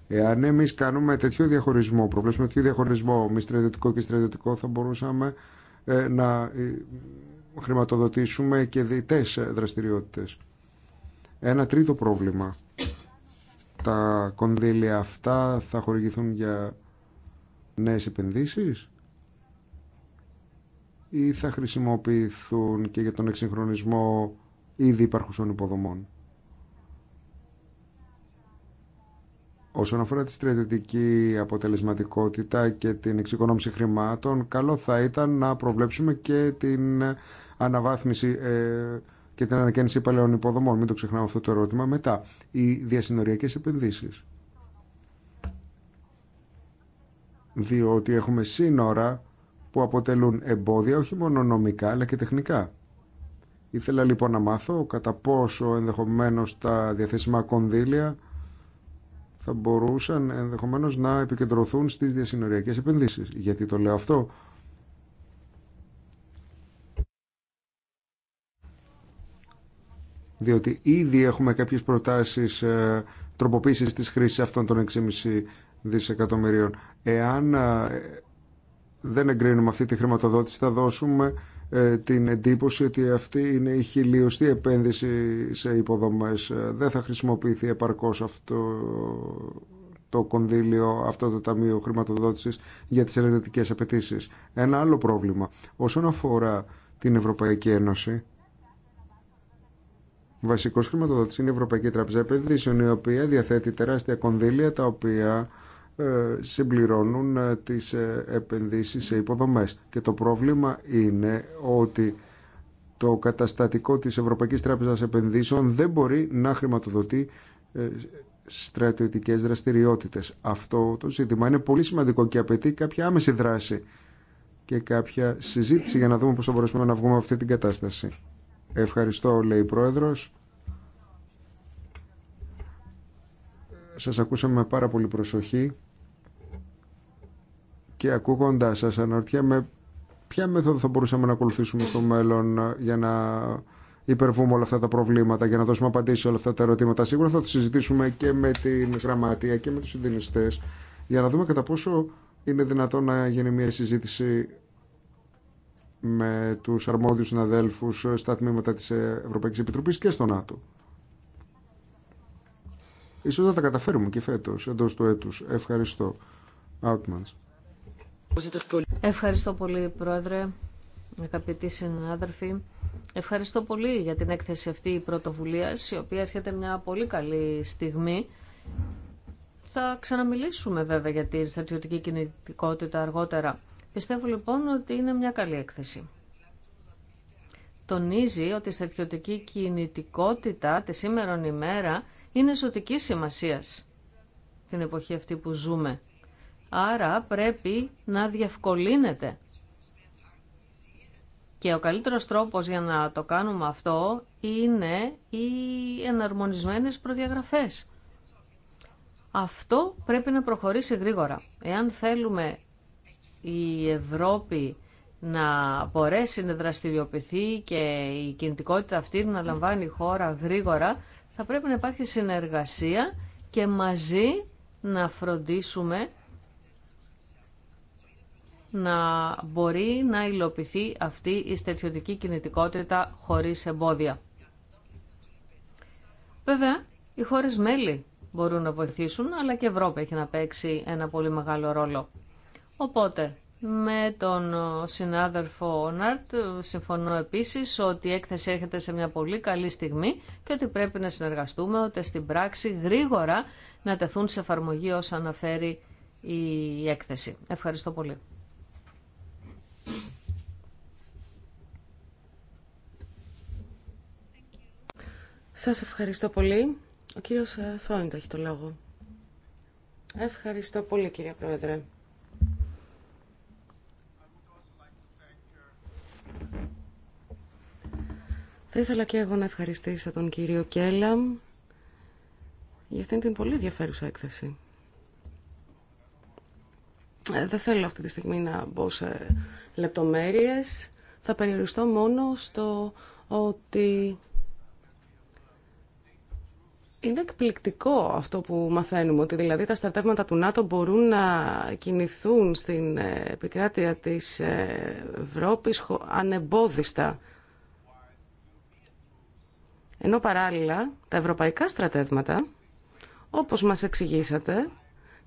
Εάν εμεί κάνουμε τέτοιο διαχωρισμό, προβλέψουμε τέτοιο διαχωρισμό μη στρατιωτικό και στρατιωτικό, θα μπορούσαμε ε, να ε, χρηματοδοτήσουμε και διητές ε, δραστηριότητες. Ένα τρίτο πρόβλημα. Τα κονδύλια αυτά θα χορηγηθούν για νέες επενδύσεις ή θα χρησιμοποιηθούν και για τον εξυγχρονισμό ήδη υπάρχουσων υποδομών. Όσον αφορά τη στρατιωτική αποτελεσματικότητα και την εξοικονόμηση χρημάτων, καλό θα ήταν να προβλέψουμε και την αναβάθμιση ε, και την ανακαίνιση παλαιών υποδομών. Μην το ξεχνάμε αυτό το ερώτημα. Μετά, οι διασυνοριακές επενδύσεις. Διότι έχουμε σύνορα που αποτελούν εμπόδια όχι μόνο νομικά αλλά και τεχνικά. Ήθελα λοιπόν να μάθω κατά πόσο ενδεχομένως τα διαθέσιμα κονδύλια θα μπορούσαν ενδεχομένως να επικεντρωθούν στις διασυνοριακές επενδύσεις. Γιατί το λέω αυτό. Διότι ήδη έχουμε κάποιες προτάσεις ε, τροποποίησης της χρήσης αυτών των 6,5 δισεκατομμυρίων. Εάν ε, δεν εγκρίνουμε αυτή τη χρηματοδότηση θα δώσουμε ε, την εντύπωση ότι αυτή είναι η χιλιοστή επένδυση σε υποδομές. Ε, δεν θα χρησιμοποιηθεί επαρκώς αυτό το κονδύλιο, αυτό το Ταμείο Χρηματοδότησης για τις ενεργητικές απαιτήσει. Ένα άλλο πρόβλημα. Όσον αφορά την Ευρωπαϊκή Ένωση, βασικός χρηματοδότης είναι η Ευρωπαϊκή Τραπεζά Επενδύσεων, η οποία διαθέτει τεράστια κονδύλια τα οποία ε, συμπληρώνουν ε, τις ε, επενδύσεις σε υποδομές. Και το πρόβλημα είναι ότι το καταστατικό της Ευρωπαϊκής Τράπεζας Επενδύσεων δεν μπορεί να χρηματοδοτεί στρατιωτικές δραστηριότητες. Αυτό το ζήτημα είναι πολύ σημαντικό και απαιτεί κάποια άμεση δράση και κάποια συζήτηση για να δούμε πώς θα μπορέσουμε να βγούμε από αυτή την κατάσταση. Ευχαριστώ, λέει η Πρόεδρος. Σας ακούσαμε με πάρα πολύ προσοχή. Και ακούγοντά σα, αναρωτιέμαι ποια μέθοδο θα μπορούσαμε να ακολουθήσουμε στο μέλλον ε, για να υπερβούμε όλα αυτά τα προβλήματα, για να δώσουμε απαντήσει σε όλα αυτά τα ερωτήματα. Σίγουρα θα το συζητήσουμε και με την γραμματεία και με του συντηρηστέ για να δούμε κατά πόσο είναι δυνατό να γίνει μια συζήτηση με τους αρμόδιους συναδέλφους ε, στα τμήματα της ε, Ευρωπαϊκής Επιτροπής και στο ΝΑΤΟ. Ίσως θα τα καταφέρουμε και φέτος, εντός του έτους. Ευχαριστώ. Outmans. Ευχαριστώ πολύ, Πρόεδρε, αγαπητοί συνάδελφοι. Ευχαριστώ πολύ για την έκθεση αυτή πρωτοβουλία, η οποία έρχεται μια πολύ καλή στιγμή. Θα ξαναμιλήσουμε βέβαια για την στρατιωτική κινητικότητα αργότερα. Πιστεύω λοιπόν ότι είναι μια καλή έκθεση. Τονίζει ότι η στρατιωτική κινητικότητα τη σήμερον ημέρα είναι ζωτική σημασία την εποχή αυτή που ζούμε Άρα πρέπει να διευκολύνεται. Και ο καλύτερος τρόπος για να το κάνουμε αυτό είναι οι εναρμονισμένες προδιαγραφές. Αυτό πρέπει να προχωρήσει γρήγορα. Εάν θέλουμε η Ευρώπη να μπορέσει να δραστηριοποιηθεί και η κινητικότητα αυτή να λαμβάνει χώρα γρήγορα, θα πρέπει να υπάρχει συνεργασία και μαζί να φροντίσουμε να μπορεί να υλοποιηθεί αυτή η στετιωτική κινητικότητα χωρίς εμπόδια. Βέβαια, οι χώρες μέλη μπορούν να βοηθήσουν, αλλά και η Ευρώπη έχει να παίξει ένα πολύ μεγάλο ρόλο. Οπότε, με τον συνάδελφο Όναρτ συμφωνώ επίσης ότι η έκθεση έρχεται σε μια πολύ καλή στιγμή και ότι πρέπει να συνεργαστούμε ότι στην πράξη γρήγορα να τεθούν σε εφαρμογή όσα αναφέρει η έκθεση. Ευχαριστώ πολύ. Σας ευχαριστώ πολύ. Ο κύριος ε, Φρόντ έχει το λόγο. Ευχαριστώ πολύ κύριε Πρόεδρε. Θα ήθελα και εγώ να ευχαριστήσω τον κύριο Κέλαμ για αυτήν την πολύ ενδιαφέρουσα έκθεση. Ε, δεν θέλω αυτή τη στιγμή να μπω σε λεπτομέρειες. Θα περιοριστώ μόνο στο ότι είναι εκπληκτικό αυτό που μαθαίνουμε, ότι δηλαδή τα στρατεύματα του ΝΑΤΟ μπορούν να κινηθούν στην ε, επικράτεια της ε, Ευρώπης ανεμπόδιστα. Ενώ παράλληλα τα ευρωπαϊκά στρατεύματα, όπως μας εξηγήσατε,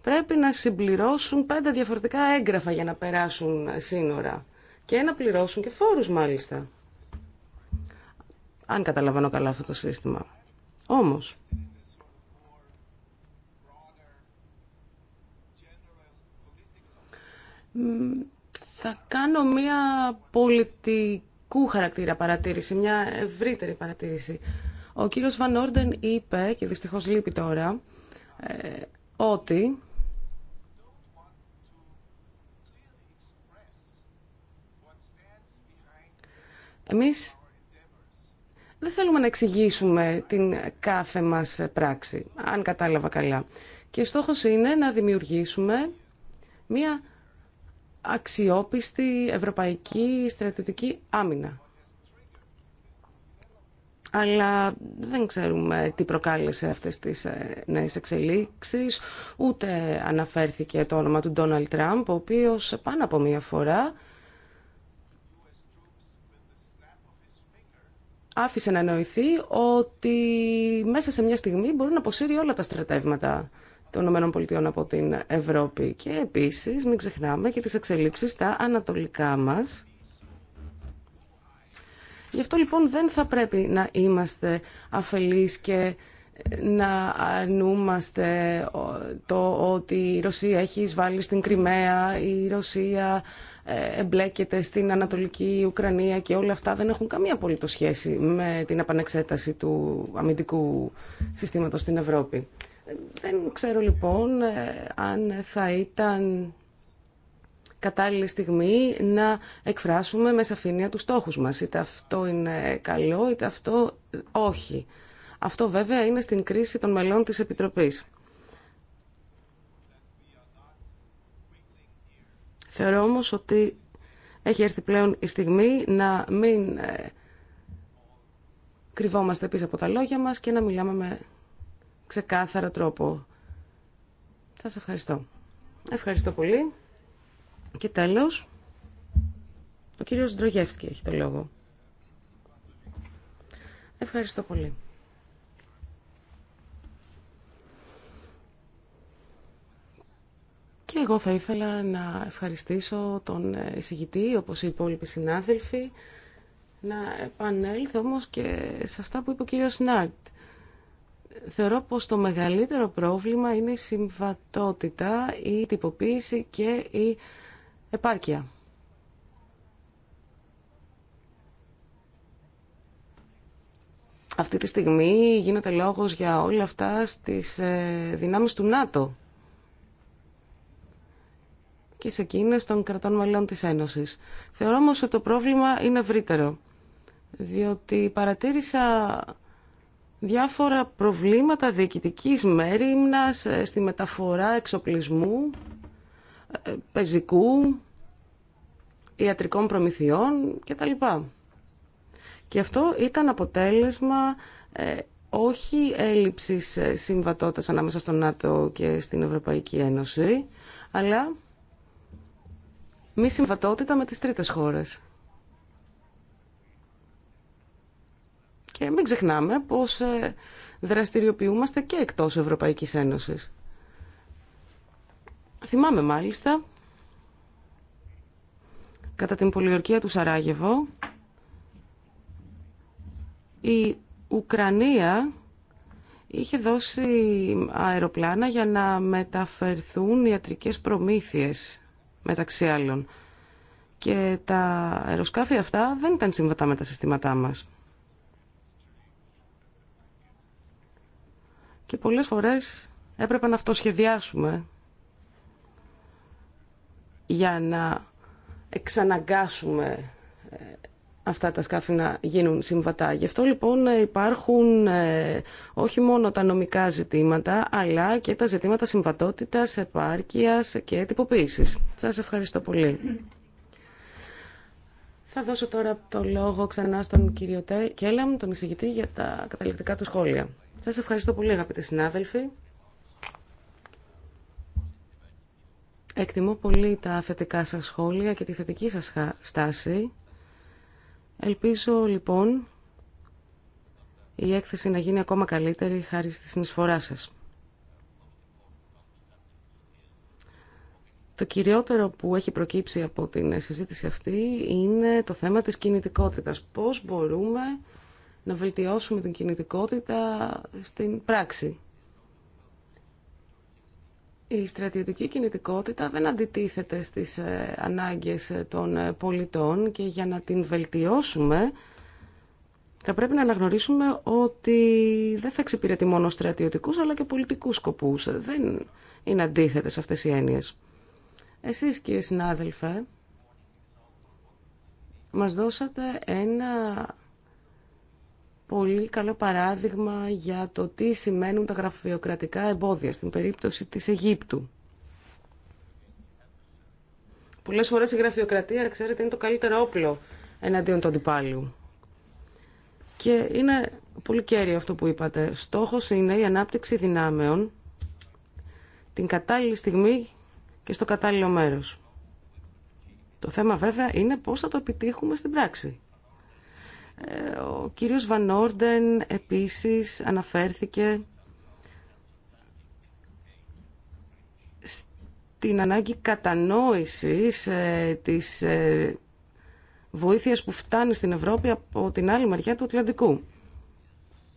πρέπει να συμπληρώσουν πέντε διαφορετικά έγγραφα για να περάσουν σύνορα και να πληρώσουν και φόρους μάλιστα. Αν καταλαβαίνω καλά αυτό το σύστημα. Όμως, θα κάνω μια πολιτικού χαρακτήρα παρατήρηση, μια ευρύτερη παρατήρηση. Ο κύριος Βαν είπε, και δυστυχώς λείπει τώρα, ε, ότι Εμείς δεν θέλουμε να εξηγήσουμε την κάθε μας πράξη, αν κατάλαβα καλά. Και στόχος είναι να δημιουργήσουμε μία αξιόπιστη ευρωπαϊκή στρατιωτική άμυνα. Αλλά δεν ξέρουμε τι προκάλεσε αυτές τις ε, νέες εξελίξεις, ούτε αναφέρθηκε το όνομα του Ντόναλτ Τραμπ, ο οποίος πάνω από μία φορά άφησε να εννοηθεί ότι μέσα σε μια στιγμή μπορεί να αποσύρει όλα τα στρατεύματα των ΗΠΑ από την Ευρώπη. Και επίσης μην ξεχνάμε και τις εξελίξεις στα ανατολικά μας. Γι' αυτό λοιπόν δεν θα πρέπει να είμαστε αφελείς και να αρνούμαστε το ότι η Ρωσία έχει εισβάλει στην Κρυμαία, η Ρωσία εμπλέκεται στην Ανατολική Ουκρανία και όλα αυτά δεν έχουν καμία απολύτω σχέση με την επανεξέταση του αμυντικού συστήματος στην Ευρώπη. Δεν ξέρω λοιπόν ε, αν θα ήταν κατάλληλη στιγμή να εκφράσουμε με σαφήνεια τους στόχους μας. Είτε αυτό είναι καλό, είτε αυτό όχι. Αυτό βέβαια είναι στην κρίση των μελών της Επιτροπής. Θεωρώ όμως ότι έχει έρθει πλέον η στιγμή να μην ε, κρυβόμαστε πίσω από τα λόγια μας και να μιλάμε με ξεκάθαρο τρόπο. σας ευχαριστώ. Ευχαριστώ πολύ. Και τέλος, ο κύριος Ντρογεύσκη έχει το λόγο. Ευχαριστώ πολύ. Και εγώ θα ήθελα να ευχαριστήσω τον ε, εισηγητή, όπως οι υπόλοιποι συνάδελφοι, να επανέλθω όμως και σε αυτά που είπε ο κύριος Νάρτ. Θεωρώ πως το μεγαλύτερο πρόβλημα είναι η συμβατότητα, η τυποποίηση και η επάρκεια. Αυτή τη στιγμή γίνεται λόγος για όλα αυτά στις ε, δυνάμεις του ΝΑΤΟ και σε εκείνε των κρατών μελών της Ένωσης. Θεωρώ όμω ότι το πρόβλημα είναι ευρύτερο, διότι παρατήρησα διάφορα προβλήματα διοικητική μέρημνα ε, στη μεταφορά εξοπλισμού, ε, πεζικού, ιατρικών προμηθειών κτλ. Και αυτό ήταν αποτέλεσμα ε, όχι έλλειψης συμβατότητας ανάμεσα στον ΝΑΤΟ και στην Ευρωπαϊκή Ένωση, αλλά μη συμβατότητα με τις τρίτες χώρες. Και μην ξεχνάμε πως ε, δραστηριοποιούμαστε και εκτός Ευρωπαϊκής Ένωσης. Θυμάμαι μάλιστα, κατά την πολιορκία του Σαράγεβο, η Ουκρανία είχε δώσει αεροπλάνα για να μεταφερθούν ιατρικές προμήθειες μεταξύ άλλων. Και τα αεροσκάφη αυτά δεν ήταν συμβατά με τα συστήματά μας. Και πολλές φορές έπρεπε να αυτοσχεδιάσουμε για να εξαναγκάσουμε ε, αυτά τα σκάφη να γίνουν συμβατά. Γι' αυτό λοιπόν υπάρχουν ε, όχι μόνο τα νομικά ζητήματα, αλλά και τα ζητήματα συμβατότητας, επάρκειας και τυποποίησης. Σας ευχαριστώ πολύ. Θα δώσω τώρα το λόγο ξανά στον κύριο Κέλαμ, τον εισηγητή, για τα καταληκτικά του σχόλια. Σας ευχαριστώ πολύ αγαπητοί συνάδελφοι. Εκτιμώ πολύ τα θετικά σας σχόλια και τη θετική σας στάση Ελπίζω λοιπόν η έκθεση να γίνει ακόμα καλύτερη χάρη στη συνεισφορά σας. Το κυριότερο που έχει προκύψει από την συζήτηση αυτή είναι το θέμα της κινητικότητας. Πώς μπορούμε να βελτιώσουμε την κινητικότητα στην πράξη. Η στρατιωτική κινητικότητα δεν αντιτίθεται στις ε, ανάγκες ε, των ε, πολιτών και για να την βελτιώσουμε θα πρέπει να αναγνωρίσουμε ότι δεν θα εξυπηρετεί μόνο στρατιωτικούς αλλά και πολιτικούς σκοπούς. Δεν είναι αντίθετες αυτές οι έννοιες. Εσείς κύριε συνάδελφε, μας δώσατε ένα πολύ καλό παράδειγμα για το τι σημαίνουν τα γραφειοκρατικά εμπόδια στην περίπτωση της Αιγύπτου. Πολλές φορές η γραφειοκρατία, ξέρετε, είναι το καλύτερο όπλο εναντίον του αντιπάλου. Και είναι πολύ κέριο αυτό που είπατε. Στόχος είναι η ανάπτυξη δυνάμεων την κατάλληλη στιγμή και στο κατάλληλο μέρος. Το θέμα βέβαια είναι πώς θα το επιτύχουμε στην πράξη. Ε, ο κύριος Βανόρντεν επίσης αναφέρθηκε στην ανάγκη κατανόησης ε, της ε, βοήθειας που φτάνει στην Ευρώπη από την άλλη μεριά του Ατλαντικού.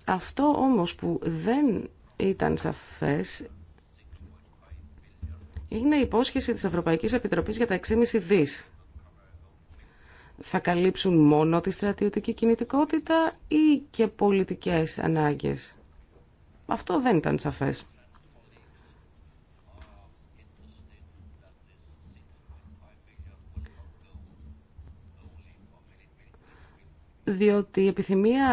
Αυτό όμως που δεν ήταν σαφές είναι η υπόσχεση της Ευρωπαϊκής Επιτροπής για τα 6,5 δις θα καλύψουν μόνο τη στρατιωτική κινητικότητα ή και πολιτικές ανάγκες. Αυτό δεν ήταν σαφές. διότι η επιθυμία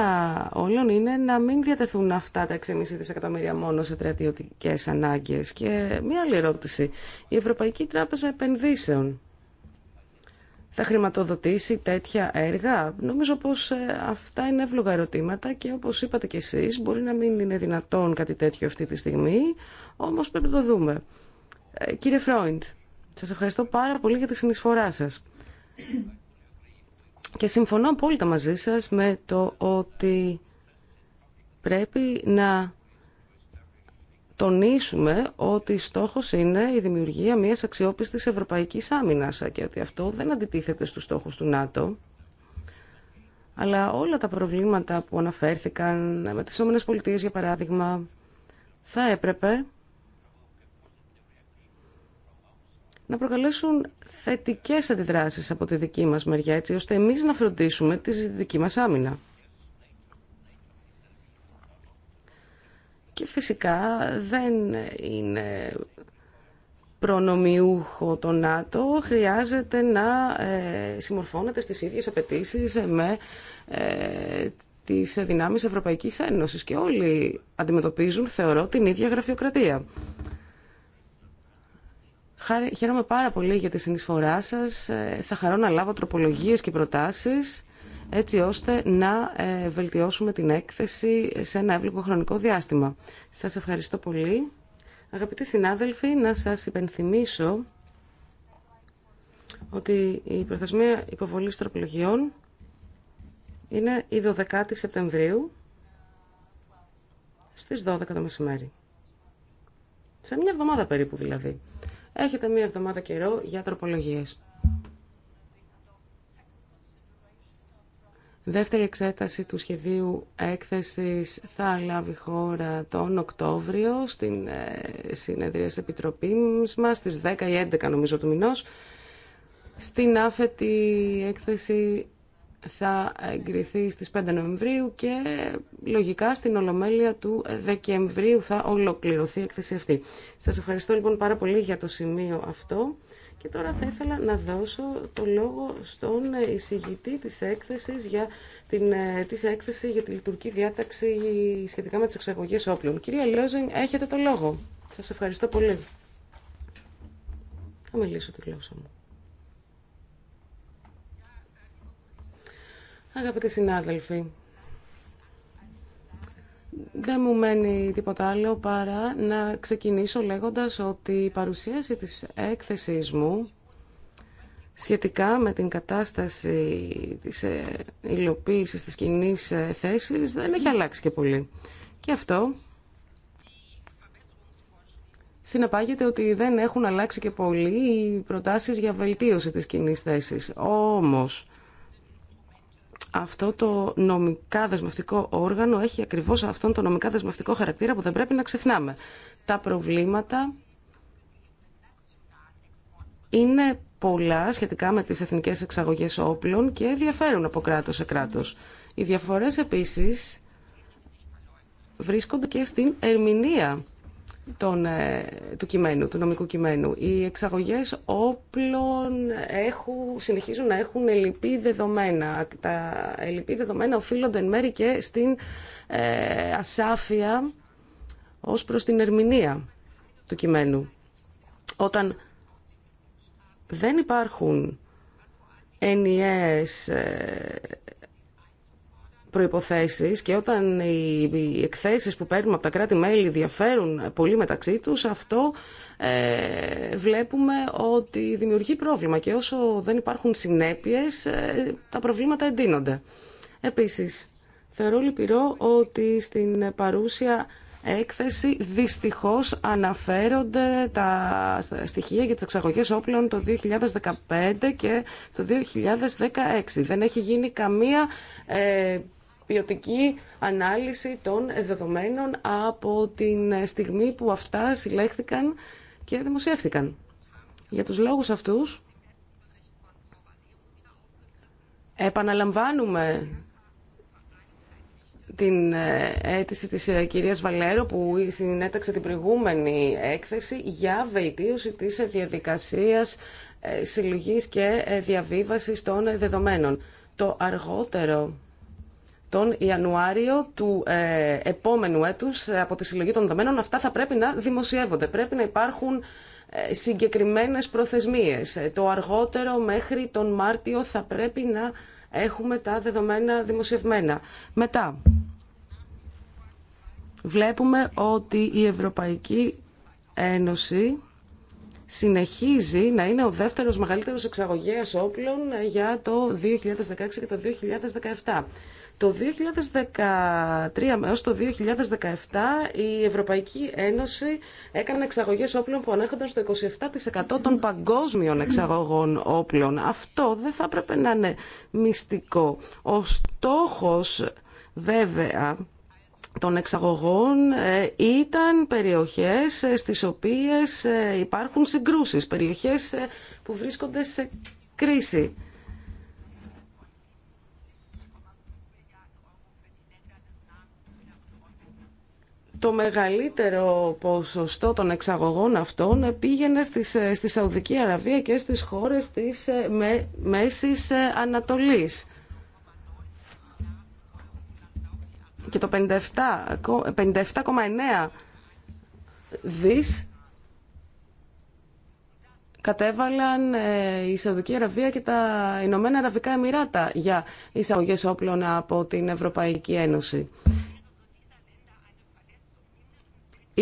όλων είναι να μην διατεθούν αυτά τα 6,5 δισεκατομμύρια μόνο σε στρατιωτικές ανάγκες. Και μία άλλη ερώτηση. Η Ευρωπαϊκή Τράπεζα Επενδύσεων θα χρηματοδοτήσει τέτοια έργα. Νομίζω πως ε, αυτά είναι εύλογα ερωτήματα και όπως είπατε κι εσείς μπορεί να μην είναι δυνατόν κάτι τέτοιο αυτή τη στιγμή, όμως πρέπει να το δούμε. Ε, κύριε Φρόιντ, σας ευχαριστώ πάρα πολύ για τη συνεισφορά σας. Και συμφωνώ απόλυτα μαζί σας με το ότι πρέπει να τονίσουμε ότι στόχος είναι η δημιουργία μιας αξιόπιστης ευρωπαϊκής άμυνας και ότι αυτό δεν αντιτίθεται στους στόχους του ΝΑΤΟ. Αλλά όλα τα προβλήματα που αναφέρθηκαν με τις ΗΠΑ, για παράδειγμα, θα έπρεπε να προκαλέσουν θετικές αντιδράσεις από τη δική μας μεριά, έτσι ώστε εμείς να φροντίσουμε τη δική μας άμυνα. Και φυσικά δεν είναι προνομιούχο το ΝΑΤΟ, χρειάζεται να ε, συμμορφώνεται στις ίδιες απαιτήσει με ε, τις δυνάμεις Ευρωπαϊκής Ένωσης και όλοι αντιμετωπίζουν, θεωρώ, την ίδια γραφειοκρατία. Χαίρομαι πάρα πολύ για τη συνεισφορά σας. Ε, θα χαρώ να λάβω τροπολογίες και προτάσεις έτσι ώστε να ε, βελτιώσουμε την έκθεση σε ένα εύλογο χρονικό διάστημα. Σας ευχαριστώ πολύ. Αγαπητοί συνάδελφοι, να σας υπενθυμίσω ότι η προθεσμία υποβολής τροπολογιών είναι η 12η Σεπτεμβρίου στις 12 το μεσημέρι. Σε μια εβδομάδα περίπου δηλαδή. Έχετε μια εβδομάδα καιρό για τροπολογίες. Δεύτερη εξέταση του σχεδίου έκθεσης θα λάβει χώρα τον Οκτώβριο στην ε, συνεδρία της Επιτροπής μας στις 10 ή 11 νομίζω του μηνός. Στην άφετη έκθεση θα εγκριθεί στις 5 Νοεμβρίου και λογικά στην Ολομέλεια του Δεκεμβρίου θα ολοκληρωθεί η έκθεση αυτή. Σας ευχαριστώ λοιπόν πάρα πολύ για το σημείο αυτό. Και τώρα θα ήθελα να δώσω το λόγο στον εισηγητή της έκθεσης για την, ε, της έκθεση για τη λειτουργική διάταξη σχετικά με τις εξαγωγές όπλων. Κυρία Λόζινγκ, έχετε το λόγο. Σας ευχαριστώ πολύ. Θα μιλήσω τη γλώσσα μου. Αγαπητοί συνάδελφοι, δεν μου μένει τίποτα άλλο παρά να ξεκινήσω λέγοντας ότι η παρουσίαση της έκθεσης μου σχετικά με την κατάσταση της ε, υλοποίησης της κοινή ε, θέσης δεν έχει αλλάξει και πολύ. Και αυτό συνεπάγεται ότι δεν έχουν αλλάξει και πολύ οι προτάσεις για βελτίωση της κοινή θέσης. Όμως, αυτό το νομικά δεσμευτικό όργανο έχει ακριβώς αυτόν τον νομικά δεσμευτικό χαρακτήρα που δεν πρέπει να ξεχνάμε. Τα προβλήματα είναι πολλά σχετικά με τις εθνικές εξαγωγές όπλων και διαφέρουν από κράτος σε κράτος. Οι διαφορές επίσης βρίσκονται και στην ερμηνεία ε, του κειμένου, του νομικού κειμένου. Οι εξαγωγές όπλων έχουν, συνεχίζουν να έχουν ελλειπή δεδομένα. Τα ελλειπή δεδομένα οφείλονται εν μέρη και στην ε, ασάφεια ως προς την ερμηνεία του κειμένου. Όταν δεν υπάρχουν ενιαίες ε, και όταν οι εκθέσεις που παίρνουμε από τα κράτη-μέλη διαφέρουν πολύ μεταξύ τους, αυτό ε, βλέπουμε ότι δημιουργεί πρόβλημα και όσο δεν υπάρχουν συνέπειες, ε, τα προβλήματα εντείνονται. Επίσης, θεωρώ λυπηρό ότι στην παρούσια έκθεση δυστυχώς αναφέρονται τα στοιχεία για τις εξαγωγές όπλων το 2015 και το 2016. Δεν έχει γίνει καμία ε, ποιοτική ανάλυση των δεδομένων από την στιγμή που αυτά συλλέχθηκαν και δημοσιεύθηκαν. Για τους λόγους αυτούς, επαναλαμβάνουμε την ε, αίτηση της ε, κυρίας Βαλέρο που συνέταξε την προηγούμενη έκθεση για βελτίωση της διαδικασίας ε, συλλογής και διαβίβασης των δεδομένων. Το αργότερο τον Ιανουάριο του ε, επόμενου έτους ε, από τη συλλογή των δεδομένων. Αυτά θα πρέπει να δημοσιεύονται. Πρέπει να υπάρχουν ε, συγκεκριμένες προθεσμίες. Ε, το αργότερο μέχρι τον Μάρτιο θα πρέπει να έχουμε τα δεδομένα δημοσιευμένα. Μετά, βλέπουμε ότι η Ευρωπαϊκή Ένωση συνεχίζει να είναι ο δεύτερος μεγαλύτερος εξαγωγέας όπλων για το 2016 και το 2017. Το 2013 έως το 2017 η Ευρωπαϊκή Ένωση έκανε εξαγωγές όπλων που ανέρχονταν στο 27% των παγκόσμιων εξαγωγών όπλων. Αυτό δεν θα έπρεπε να είναι μυστικό. Ο στόχος βέβαια των εξαγωγών ε, ήταν περιοχές ε, στις οποίες ε, υπάρχουν συγκρούσεις, περιοχές που βρίσκονται σε κρίση. το μεγαλύτερο ποσοστό των εξαγωγών αυτών πήγαινε στις, ε, στη Σαουδική Αραβία και στις χώρες της με, Μέσης ε, Ανατολής. Και το 57,9 57, δις κατέβαλαν ε, η Σαουδική Αραβία και τα Ηνωμένα Αραβικά Εμμυράτα για εισαγωγές όπλων από την Ευρωπαϊκή Ένωση.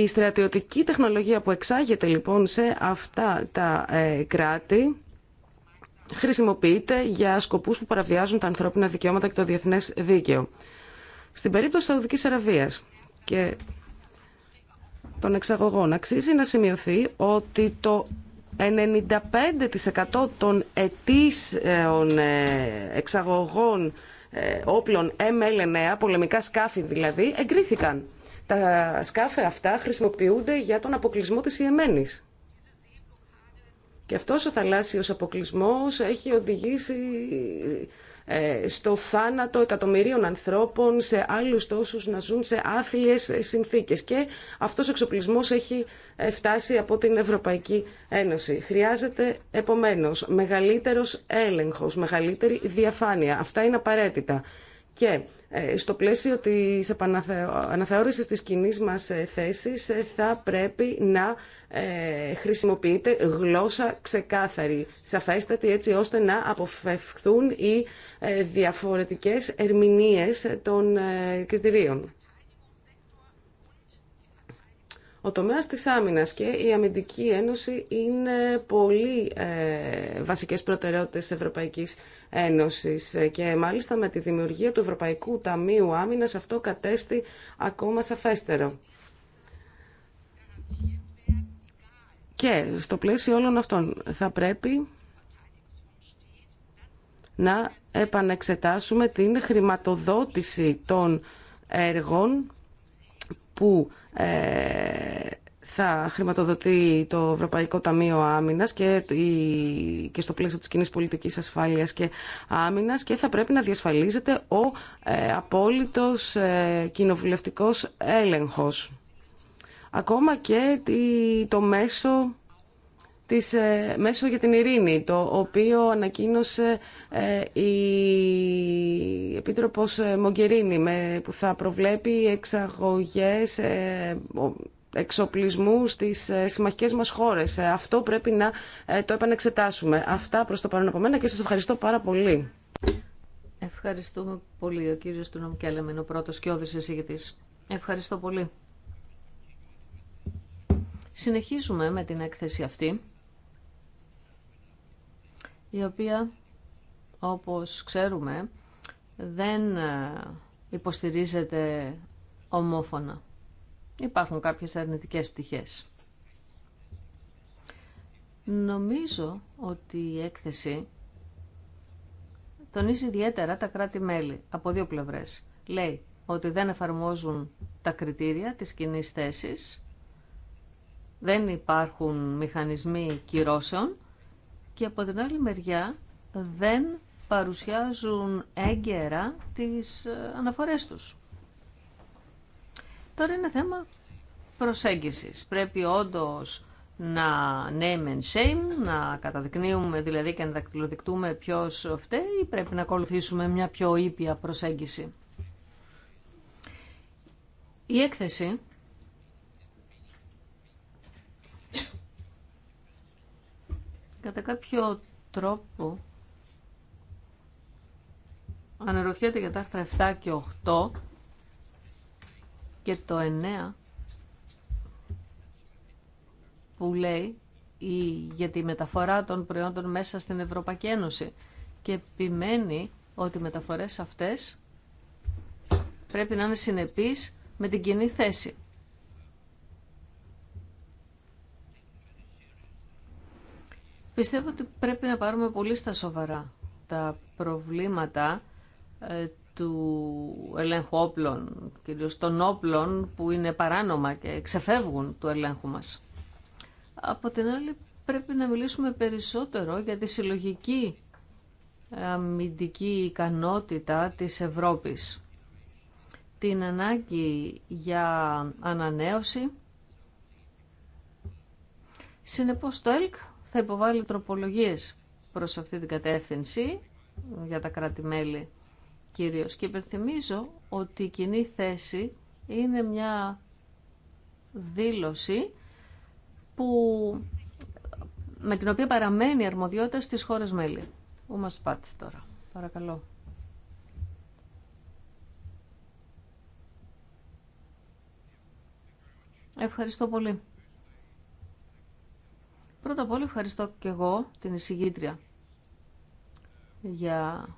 Η στρατιωτική τεχνολογία που εξάγεται λοιπόν σε αυτά τα ε, κράτη χρησιμοποιείται για σκοπούς που παραβιάζουν τα ανθρώπινα δικαιώματα και το διεθνές δίκαιο. Στην περίπτωση της Σαουδικής Αραβίας και των εξαγωγών αξίζει να σημειωθεί ότι το 95% των ετήσεων ε, εξαγωγών ε, όπλων ML9, πολεμικά σκάφη δηλαδή, εγκρίθηκαν. Τα σκάφη αυτά χρησιμοποιούνται για τον αποκλεισμό της Ιεμένης. Και αυτός ο θαλάσσιος αποκλεισμός έχει οδηγήσει ε, στο θάνατο εκατομμυρίων ανθρώπων, σε άλλους τόσους να ζουν σε άθλιες συνθήκες. Και αυτός ο εξοπλισμός έχει ε, φτάσει από την Ευρωπαϊκή Ένωση. Χρειάζεται επομένως μεγαλύτερος έλεγχος, μεγαλύτερη διαφάνεια. Αυτά είναι απαραίτητα. Και ε, στο πλαίσιο της αναθεώρησης της κοινή μας ε, θέσης ε, θα πρέπει να χρησιμοποιείται γλώσσα ξεκάθαρη, σαφέστατη έτσι ώστε να αποφευχθούν οι διαφορετικές ερμηνείες των κριτηρίων. Ο τομέας της άμυνας και η Αμυντική Ένωση είναι πολύ ε, βασικές προτεραιότητες της Ευρωπαϊκής Ένωσης ε, και μάλιστα με τη δημιουργία του Ευρωπαϊκού Ταμείου Άμυνας αυτό κατέστη ακόμα σαφέστερο. Και στο πλαίσιο όλων αυτών θα πρέπει να επανεξετάσουμε την χρηματοδότηση των έργων που ε, θα χρηματοδοτεί το Ευρωπαϊκό Ταμείο Άμυνας και, και στο πλαίσιο της κοινή πολιτικής Ασφάλεια και άμυνας και θα πρέπει να διασφαλίζεται ο ε, απόλυτος ε, έλεγχος. Ακόμα και το μέσο της, ε, για την ειρήνη, το οποίο ανακοίνωσε ε, η Επίτροπος ε, Μογκερίνη με, που θα προβλέπει εξαγωγές ε, εξοπλισμού στις ε, συμμαχικές μας χώρες. Αυτό πρέπει να το επανεξετάσουμε. Αυτά προς το παρόν από μένα και σας ευχαριστώ πάρα πολύ. Ευχαριστούμε πολύ. Ο κύριος του Νομικέλεμ είναι ο πρώτος και εισηγητής. Ευχαριστώ πολύ. Συνεχίζουμε με την έκθεση αυτή, η οποία, όπως ξέρουμε, δεν ε, υποστηρίζεται ομόφωνα. Υπάρχουν κάποιες αρνητικές πτυχές. Νομίζω ότι η έκθεση τονίζει ιδιαίτερα τα κράτη-μέλη από δύο πλευρές. Λέει ότι δεν εφαρμόζουν τα κριτήρια της κοινή θέση, δεν υπάρχουν μηχανισμοί κυρώσεων και από την άλλη μεριά δεν παρουσιάζουν έγκαιρα τις ε, αναφορές τους. Τώρα είναι θέμα προσέγγισης. Πρέπει όντως να name and shame, να καταδεικνύουμε δηλαδή και να δακτυλοδεικτούμε ποιος φταίει ή πρέπει να ακολουθήσουμε μια πιο ήπια προσέγγιση. Η έκθεση κατά κάποιο τρόπο Αναρωτιέται για τα άρθρα 7 και 8 και το 9 που λέει ή για τη μεταφορά των προϊόντων μέσα στην Ευρωπαϊκή Ένωση και επιμένει ότι οι μεταφορές αυτές πρέπει να είναι συνεπείς με την κοινή θέση. Πιστεύω ότι πρέπει να πάρουμε πολύ στα σοβαρά τα προβλήματα ε, του ελέγχου όπλων, κυρίως των όπλων που είναι παράνομα και ξεφεύγουν του ελέγχου μας. Από την άλλη πρέπει να μιλήσουμε περισσότερο για τη συλλογική ε, αμυντική ικανότητα της Ευρώπης. Την ανάγκη για ανανέωση. Συνεπώς το ΕΛΚ θα υποβάλει τροπολογίες προς αυτή την κατεύθυνση για τα κράτη-μέλη κυρίως. Και υπενθυμίζω ότι η κοινή θέση είναι μια δήλωση που, με την οποία παραμένει η αρμοδιότητα στις χώρες μέλη. Ού μας πάτε τώρα. Παρακαλώ. Ευχαριστώ πολύ. Πρώτα απ' όλα ευχαριστώ και εγώ την εισηγήτρια για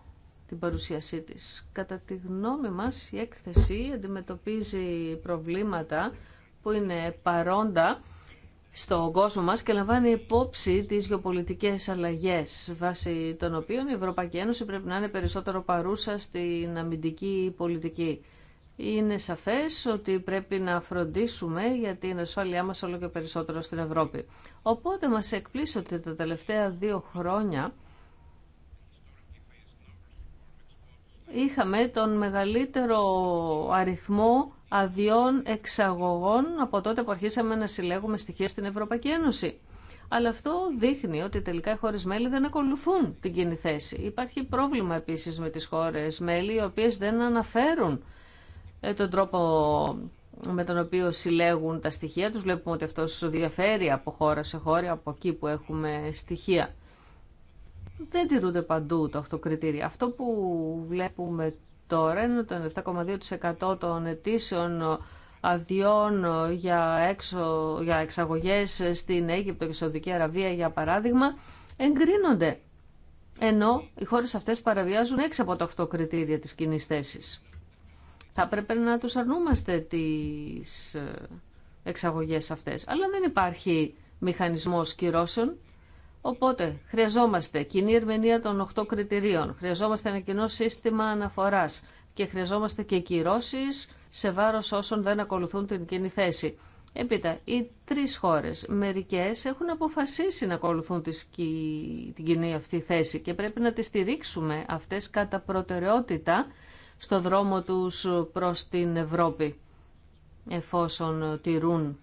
την παρουσίασή της. Κατά τη γνώμη μας η έκθεση αντιμετωπίζει προβλήματα που είναι παρόντα στον κόσμο μας και λαμβάνει υπόψη τις γεωπολιτικές αλλαγές βάσει των οποίων η Ευρωπαϊκή Ένωση πρέπει να είναι περισσότερο παρούσα στην αμυντική πολιτική. Είναι σαφές ότι πρέπει να φροντίσουμε για την ασφάλειά μας όλο και περισσότερο στην Ευρώπη. Οπότε μας εκπλήσει ότι τα τελευταία δύο χρόνια είχαμε τον μεγαλύτερο αριθμό αδειών εξαγωγών από τότε που αρχίσαμε να συλλέγουμε στοιχεία στην Ευρωπαϊκή Ένωση. Αλλά αυτό δείχνει ότι τελικά οι χώρε μέλη δεν ακολουθούν την κοινή θέση. Υπάρχει πρόβλημα επίσης με τις χώρες μέλη, οι οποίες δεν αναφέρουν ε, τον τρόπο με τον οποίο συλλέγουν τα στοιχεία τους. Βλέπουμε ότι αυτό διαφέρει από χώρα σε χώρα, από εκεί που έχουμε στοιχεία δεν τηρούνται παντού τα αυτοκριτήρια. Αυτό που βλέπουμε τώρα είναι το 7,2% των αιτήσεων αδειών για, έξω, για εξαγωγές στην Αίγυπτο και Σαουδική Αραβία για παράδειγμα εγκρίνονται ενώ οι χώρες αυτές παραβιάζουν έξω από τα αυτοκριτήριο της κοινή θέση. Θα πρέπει να τους αρνούμαστε τις ε, εξαγωγές αυτές. Αλλά δεν υπάρχει μηχανισμός κυρώσεων Οπότε χρειαζόμαστε κοινή ερμηνεία των οχτώ κριτηρίων, χρειαζόμαστε ένα κοινό σύστημα αναφοράς και χρειαζόμαστε και κυρώσεις σε βάρος όσων δεν ακολουθούν την κοινή θέση. Έπειτα, οι τρεις χώρες, μερικές έχουν αποφασίσει να ακολουθούν την κοινή αυτή θέση και πρέπει να τις στηρίξουμε αυτές κατά προτεραιότητα στο δρόμο τους προς την Ευρώπη, εφόσον τηρούν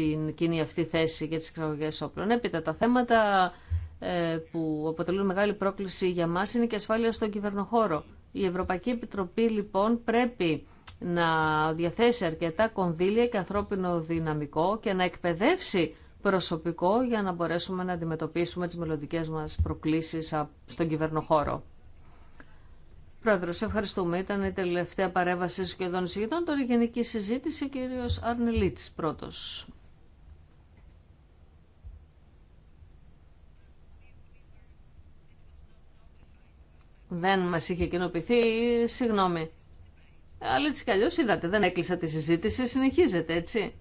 την κοινή αυτή θέση για τις εξαγωγές όπλων. Έπειτα τα θέματα ε, που αποτελούν μεγάλη πρόκληση για μας είναι και ασφάλεια στον κυβερνοχώρο. Η Ευρωπαϊκή Επιτροπή λοιπόν πρέπει να διαθέσει αρκετά κονδύλια και ανθρώπινο δυναμικό και να εκπαιδεύσει προσωπικό για να μπορέσουμε να αντιμετωπίσουμε τις μελλοντικέ μας προκλήσεις στον κυβερνοχώρο. Πρόεδρο, σε ευχαριστούμε. Ήταν η τελευταία παρέμβαση σχεδόν εισηγητών. Τώρα η γενική συζήτηση, κύριος Αρνελίτς πρώτος. δεν μα είχε κοινοποιηθεί, συγγνώμη. Αλλά έτσι κι αλλιώ είδατε, δεν έκλεισα τη συζήτηση, συνεχίζεται έτσι.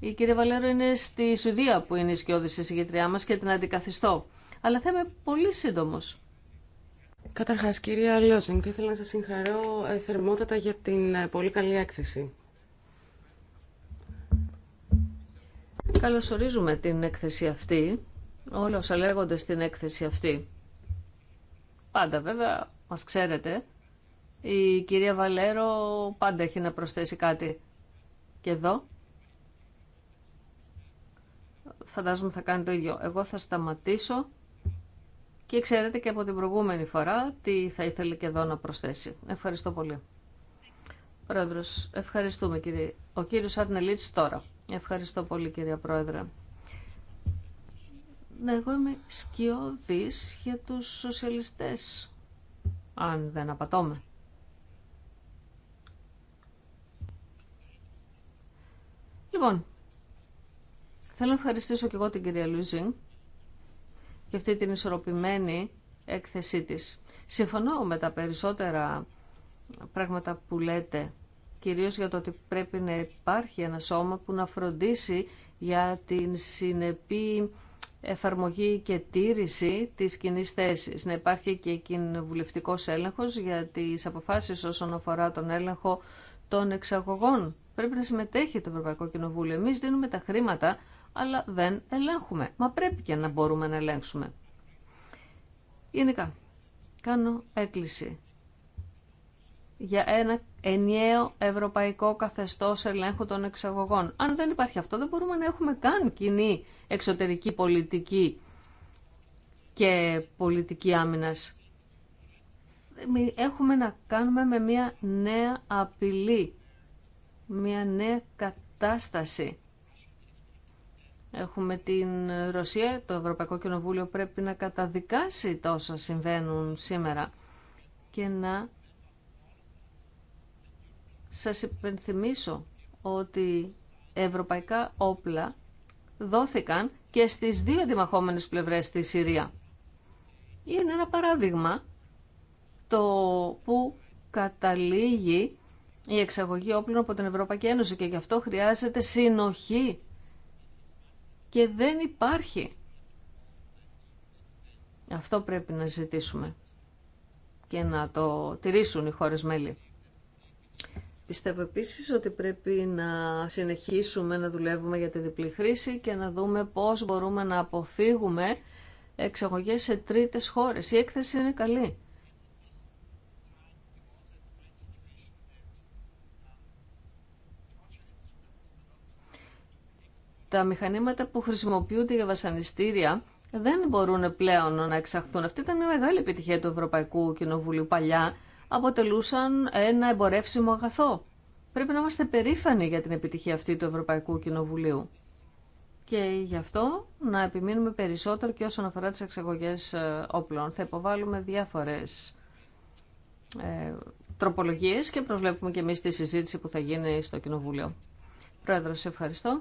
Η κυρία Βαλέρο είναι στη Σουηδία που είναι η σκιώδη συζήτητριά μα και την αντικαθιστώ. Αλλά θα είμαι πολύ σύντομο. Καταρχά κυρία Λόζινγκ, θέλω ήθελα να σα συγχαρώ ε, θερμότατα για την ε, πολύ καλή έκθεση. Καλωσορίζουμε την έκθεση αυτή, όλα όσα λέγονται στην έκθεση αυτή. Πάντα βέβαια, μας ξέρετε, η κυρία Βαλέρο πάντα έχει να προσθέσει κάτι. Και εδώ φαντάζομαι θα κάνει το ίδιο. Εγώ θα σταματήσω και ξέρετε και από την προηγούμενη φορά τι θα ήθελε και εδώ να προσθέσει. Ευχαριστώ πολύ. Πρόεδρος, ευχαριστούμε κύριε. Ο κύριος Αρνελίτς τώρα. Ευχαριστώ πολύ κυρία Πρόεδρε εγώ είμαι σκιώδης για τους σοσιαλιστές, αν δεν απατώμε. Λοιπόν, θέλω να ευχαριστήσω και εγώ την κυρία Λουζίν για αυτή την ισορροπημένη έκθεσή της. Συμφωνώ με τα περισσότερα πράγματα που λέτε, κυρίως για το ότι πρέπει να υπάρχει ένα σώμα που να φροντίσει για την συνεπή εφαρμογή και τήρηση της κοινή θέση. Να υπάρχει και κοινοβουλευτικό έλεγχο για τι αποφάσει όσον αφορά τον έλεγχο των εξαγωγών. Πρέπει να συμμετέχει το Ευρωπαϊκό Κοινοβούλιο. Εμεί δίνουμε τα χρήματα, αλλά δεν ελέγχουμε. Μα πρέπει και να μπορούμε να ελέγξουμε. Γενικά, κάνω έκκληση για ένα ενιαίο ευρωπαϊκό καθεστώ ελέγχου των εξαγωγών. Αν δεν υπάρχει αυτό δεν μπορούμε να έχουμε καν κοινή εξωτερική πολιτική και πολιτική άμυνας. Έχουμε να κάνουμε με μια νέα απειλή, μια νέα κατάσταση. Έχουμε την Ρωσία, το Ευρωπαϊκό Κοινοβούλιο πρέπει να καταδικάσει τόσο συμβαίνουν σήμερα και να σας υπενθυμίσω ότι ευρωπαϊκά όπλα δόθηκαν και στις δύο αντιμαχόμενες πλευρές στη Συρία. Είναι ένα παράδειγμα το που καταλήγει η εξαγωγή όπλων από την Ευρωπαϊκή Ένωση και γι' αυτό χρειάζεται συνοχή και δεν υπάρχει. Αυτό πρέπει να ζητήσουμε και να το τηρήσουν οι χώρες μέλη. Πιστεύω επίσης ότι πρέπει να συνεχίσουμε να δουλεύουμε για τη διπλή χρήση και να δούμε πώς μπορούμε να αποφύγουμε εξαγωγές σε τρίτες χώρες. Η έκθεση είναι καλή. Τα μηχανήματα που χρησιμοποιούνται για βασανιστήρια δεν μπορούν πλέον να εξαχθούν. Αυτή ήταν μια μεγάλη επιτυχία του Ευρωπαϊκού Κοινοβουλίου παλιά αποτελούσαν ένα εμπορεύσιμο αγαθό. Πρέπει να είμαστε περήφανοι για την επιτυχία αυτή του Ευρωπαϊκού Κοινοβουλίου. Και γι' αυτό να επιμείνουμε περισσότερο και όσον αφορά τις εξαγωγές ε, όπλων. Θα υποβάλουμε διάφορες ε, τροπολογίες και προσβλέπουμε και εμείς τη συζήτηση που θα γίνει στο Κοινοβούλιο. Πρόεδρο, ευχαριστώ.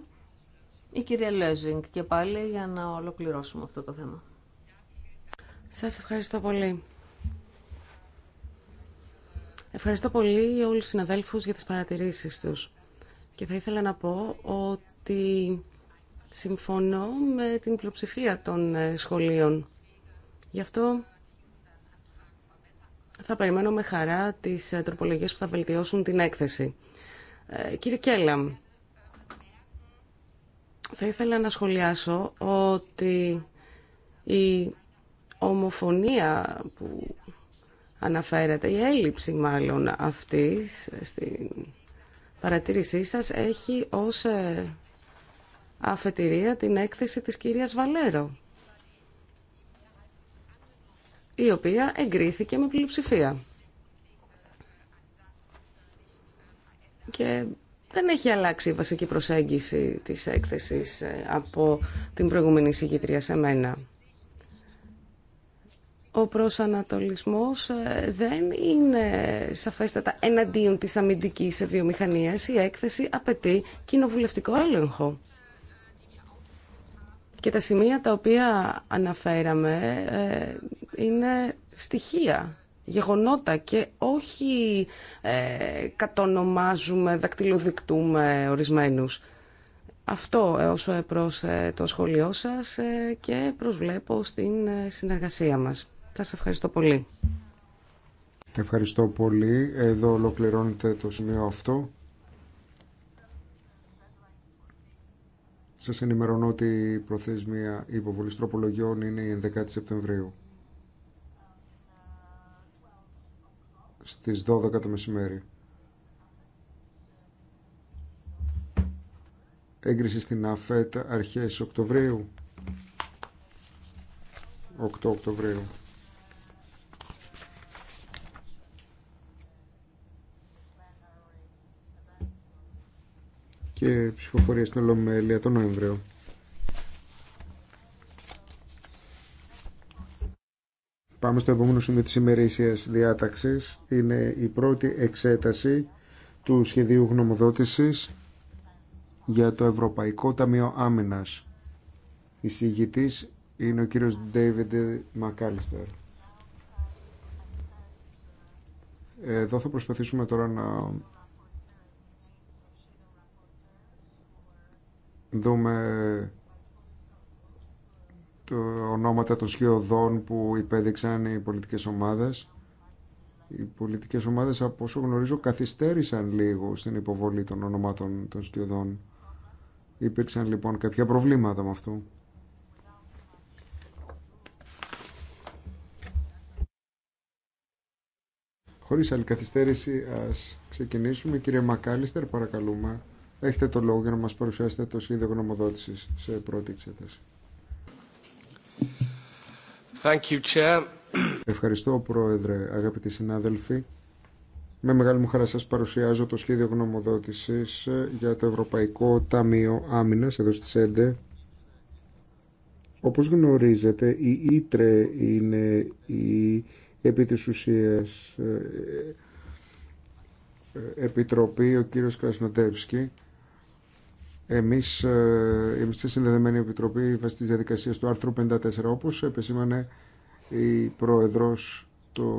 Η κυρία Λέζινγκ και πάλι για να ολοκληρώσουμε αυτό το θέμα. Σας ευχαριστώ πολύ. Ευχαριστώ πολύ όλους τους συναδέλφους για τις παρατηρήσεις τους. Και θα ήθελα να πω ότι συμφωνώ με την πλειοψηφία των ε, σχολείων. Γι' αυτό θα περιμένω με χαρά τις ε, τροπολογίες που θα βελτιώσουν την έκθεση. Ε, κύριε Κέλλαμ, θα ήθελα να σχολιάσω ότι η ομοφωνία που αναφέρεται. Ή έλλειψη μάλλον αυτοίς στην παρατήρησή σας έχει ως αφετηρία την έκθεση της κυρίας Βαλέρο, η έλλειψη μάλλον αυτής στην παρατήρησή σας έχει ως ε, αφετηρία την έκθεση της κυρίας Βαλέρο, η οποία εγκρίθηκε με πλειοψηφία. Και δεν έχει αλλάξει η βασική προσέγγιση της έκθεσης ε, από την προηγούμενη συγκήτρια σε μένα ο προσανατολισμός ε, δεν είναι σαφέστατα εναντίον της αμυντικής βιομηχανίας. Η έκθεση απαιτεί κοινοβουλευτικό έλεγχο. Και τα σημεία τα οποία αναφέραμε ε, είναι στοιχεία, γεγονότα και όχι ε, κατονομάζουμε, δακτυλοδεικτούμε ορισμένους. Αυτό όσο προς το σχολείο σας και προσβλέπω στην συνεργασία μας. Σας ευχαριστώ πολύ. Ευχαριστώ πολύ. Εδώ ολοκληρώνεται το σημείο αυτό. Σας ενημερώνω ότι η προθεσμία υποβολής τροπολογιών είναι η 11η Σεπτεμβρίου. Στις 12 το μεσημέρι. Έγκριση στην ΑΦΕΤ αρχές Οκτωβρίου. 8 Οκτωβρίου. και ψηφοφορία στην Ολομέλεια τον Νοέμβριο. Πάμε στο επόμενο σημείο της ημερήσιας διάταξης. Είναι η πρώτη εξέταση του σχεδίου γνωμοδότησης για το Ευρωπαϊκό Ταμείο Άμυνας. Η συγητής είναι ο κύριος David Μακάλιστερ. Εδώ θα προσπαθήσουμε τώρα να δούμε το ονόματα των σχεδόν που υπέδειξαν οι πολιτικές ομάδες. Οι πολιτικές ομάδες, από όσο γνωρίζω, καθυστέρησαν λίγο στην υποβολή των ονομάτων των σκιωδών. Υπήρξαν λοιπόν κάποια προβλήματα με αυτό. Χωρίς άλλη καθυστέρηση ας ξεκινήσουμε. Κύριε Μακάλιστερ, παρακαλούμε. Έχετε το λόγο για να μας παρουσιάσετε το σχέδιο γνωμοδότησης σε πρώτη εξέταση. Thank you, Chair. Ευχαριστώ, Πρόεδρε, αγαπητοί συνάδελφοι. Με μεγάλη μου χαρά σας παρουσιάζω το σχέδιο γνωμοδότησης για το Ευρωπαϊκό Ταμείο Άμυνας εδώ στη ΣΕΝΤΕ. Όπως γνωρίζετε, η ΙΤΡΕ είναι η επί της ουσίας ε, ε, ε, επιτροπή, ο κύριος Κρασνοτεύσκη Εμεί είμαστε συνδεδεμένοι Συνδεδεμένη Επιτροπή τη διαδικασία του άρθρου 54 όπω επεσήμανε η πρόεδρο το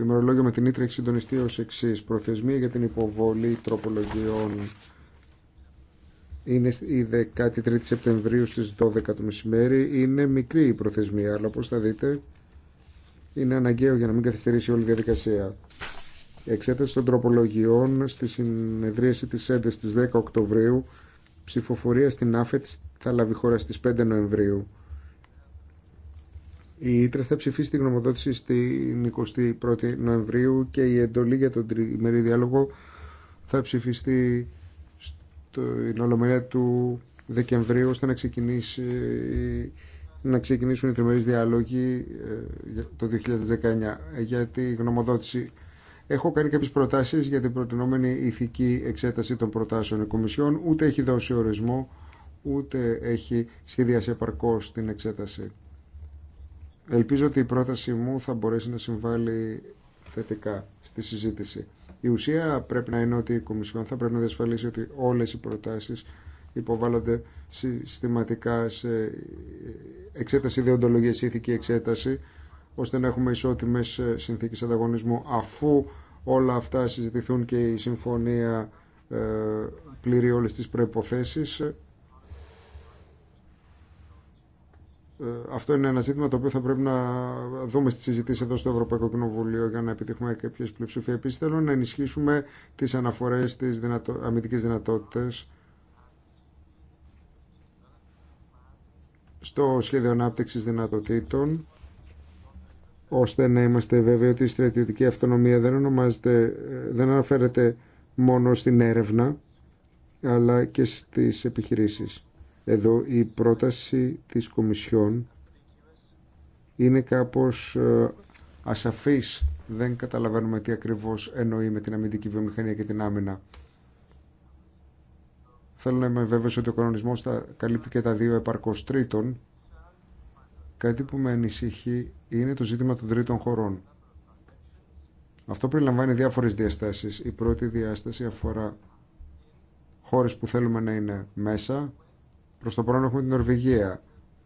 ημερολόγιο με την Ήτρα έχει συντονιστεί ω εξή. προθεσμία για την υποβολή τροπολογιών είναι η 13η Σεπτεμβρίου στις 12 το μεσημέρι είναι μικρή η προθεσμία αλλά όπως θα δείτε είναι αναγκαίο για να μην καθυστερήσει όλη η διαδικασία εξέταση των τροπολογιών στη συνεδρίαση της ΕΝΤΕ στις 10 Οκτωβρίου ψηφοφορία στην ΑΦΕΤ θα λάβει χώρα στις 5 Νοεμβρίου. Η Ήτρα θα ψηφίσει τη γνωμοδότηση στην 21η Νοεμβρίου και η εντολή για τον τριμερή διάλογο θα ψηφιστεί στην Ολομερία του Δεκεμβρίου ώστε να, ξεκινήσει, να ξεκινήσουν οι τριμερείς διάλογοι ε, το 2019 για τη γνωμοδότηση Έχω κάνει κάποιε προτάσει για την προτινόμενη ηθική εξέταση των προτάσεων Κομισιόν. Ούτε έχει δώσει ορισμό, ούτε έχει σχεδιάσει επαρκώ την εξέταση. Ελπίζω ότι η πρότασή μου θα μπορέσει να συμβάλλει θετικά στη συζήτηση. Η ουσία πρέπει να είναι ότι η Κομισιόν θα πρέπει να διασφαλίσει ότι όλες οι προτάσεις υποβάλλονται συστηματικά σε εξέταση διοντολογίας ηθική εξέταση ώστε να έχουμε ισότιμες ε, συνθήκες ανταγωνισμού αφού όλα αυτά συζητηθούν και η συμφωνία ε, πληρεί όλες τις προϋποθέσεις. Ε, αυτό είναι ένα ζήτημα το οποίο θα πρέπει να δούμε στη συζήτηση εδώ στο Ευρωπαϊκό Κοινοβουλίο για να επιτύχουμε κάποιες πλειοψηφίες. Επίσης θέλω να ενισχύσουμε τις αναφορές στις δυνατο... δυνατότητε. στο σχέδιο ανάπτυξης δυνατοτήτων ώστε να είμαστε βέβαιοι ότι η στρατιωτική αυτονομία δεν, δεν αναφέρεται μόνο στην έρευνα αλλά και στις επιχειρήσεις. Εδώ η πρόταση της Κομισιόν είναι κάπως ε, ασαφής. Δεν καταλαβαίνουμε τι ακριβώς εννοεί με την αμυντική βιομηχανία και την άμυνα. Θέλω να είμαι βέβαιος ότι ο κανονισμός θα καλύπτει και τα δύο επαρκώς τρίτων Κάτι που με ανησυχεί είναι το ζήτημα των τρίτων χωρών. Αυτό περιλαμβάνει διάφορε διαστάσεις. Η πρώτη διάσταση αφορά χώρες που θέλουμε να είναι μέσα. Προς το παρόν έχουμε την Νορβηγία.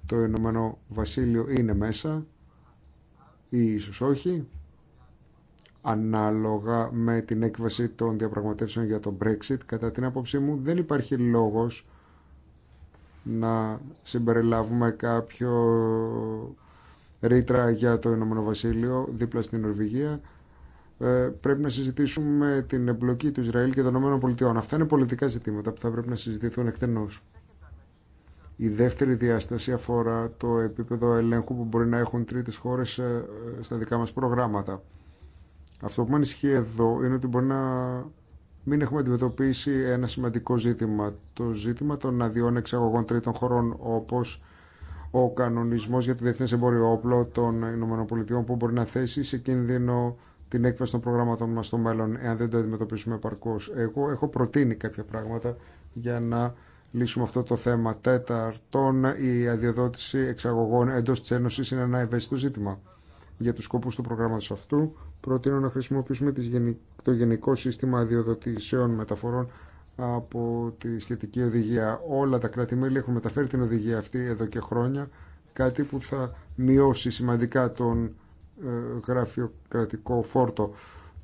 Το Ηνωμένο Βασίλειο είναι μέσα ή ίσως όχι. Ανάλογα με την έκβαση των διαπραγματεύσεων για το Brexit, κατά την άποψή μου δεν υπάρχει λόγος να συμπεριλάβουμε κάποιο ρήτρα για το Ηνωμένο Βασίλειο δίπλα στην Νορβηγία. Ε, πρέπει να συζητήσουμε την εμπλοκή του Ισραήλ και των Ηνωμένων Πολιτειών. Αυτά είναι πολιτικά ζητήματα που θα πρέπει να συζητηθούν εκτενώς. Η δεύτερη διάσταση αφορά το επίπεδο ελέγχου που μπορεί να έχουν τρίτες χώρες ε, στα δικά μας προγράμματα. Αυτό που με ανησυχεί εδώ είναι ότι μπορεί να μην έχουμε αντιμετωπίσει ένα σημαντικό ζήτημα. Το ζήτημα των αδειών εξαγωγών τρίτων χωρών όπως ο κανονισμός για το διεθνές εμπόριο όπλο των ΗΠΑ που μπορεί να θέσει σε κίνδυνο την έκβαση των προγραμμάτων μας στο μέλλον εάν δεν το αντιμετωπίσουμε επαρκώς. Εγώ έχω προτείνει κάποια πράγματα για να λύσουμε αυτό το θέμα. Τέταρτον, η αδειοδότηση εξαγωγών εντός της Ένωσης είναι ένα ευαίσθητο ζήτημα. Για τους σκοπούς του προγράμματος αυτού προτείνω να χρησιμοποιήσουμε το Γενικό Σύστημα Αδειοδοτήσεων Μεταφορών από τη σχετική οδηγία. Όλα τα κράτη-μέλη έχουν μεταφέρει την οδηγία αυτή εδώ και χρόνια, κάτι που θα μειώσει σημαντικά τον ε, γραφειοκρατικό φόρτο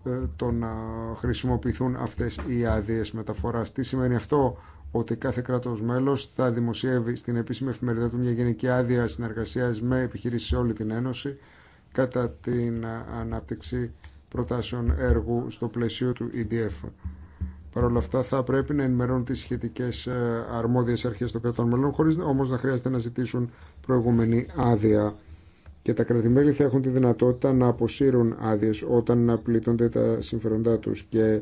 ε, το να χρησιμοποιηθούν αυτές οι άδειε μεταφοράς. Τι σημαίνει αυτό, ότι κάθε κράτος μέλος θα δημοσιεύει στην επίσημη εφημερίδα του μια γενική άδεια συνεργασίας με επιχειρήσεις σε όλη την Ένωση κατά την ανάπτυξη προτάσεων έργου στο πλαίσιο του EDF. Παρ' όλα αυτά θα πρέπει να ενημερώνουν τις σχετικές ε, αρμόδιες αρχές των κρατών μελών, χωρίς όμως να χρειάζεται να ζητήσουν προηγούμενη άδεια. Και τα κρατημέλη θα έχουν τη δυνατότητα να αποσύρουν άδειε όταν να πλήττονται τα συμφέροντά τους. Και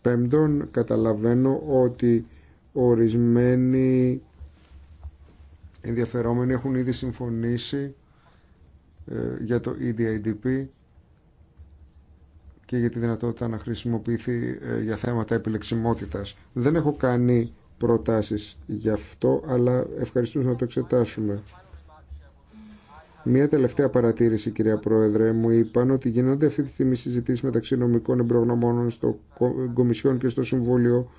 πέμπτον, καταλαβαίνω ότι ορισμένοι ενδιαφερόμενοι έχουν ήδη συμφωνήσει ε, για το EDIDP και για τη δυνατότητα να χρησιμοποιηθεί ε, για θέματα επιλεξιμότητας. Δεν έχω κάνει προτάσεις γι' αυτό, αλλά ευχαριστούμε να το εξετάσουμε. Μία τελευταία παρατήρηση, κυρία Πρόεδρε. Μου είπαν ότι γίνονται αυτή τη στιγμή συζητήσει μεταξύ νομικών εμπρογνωμόνων στο Κομισιόν και στο Συμβούλιο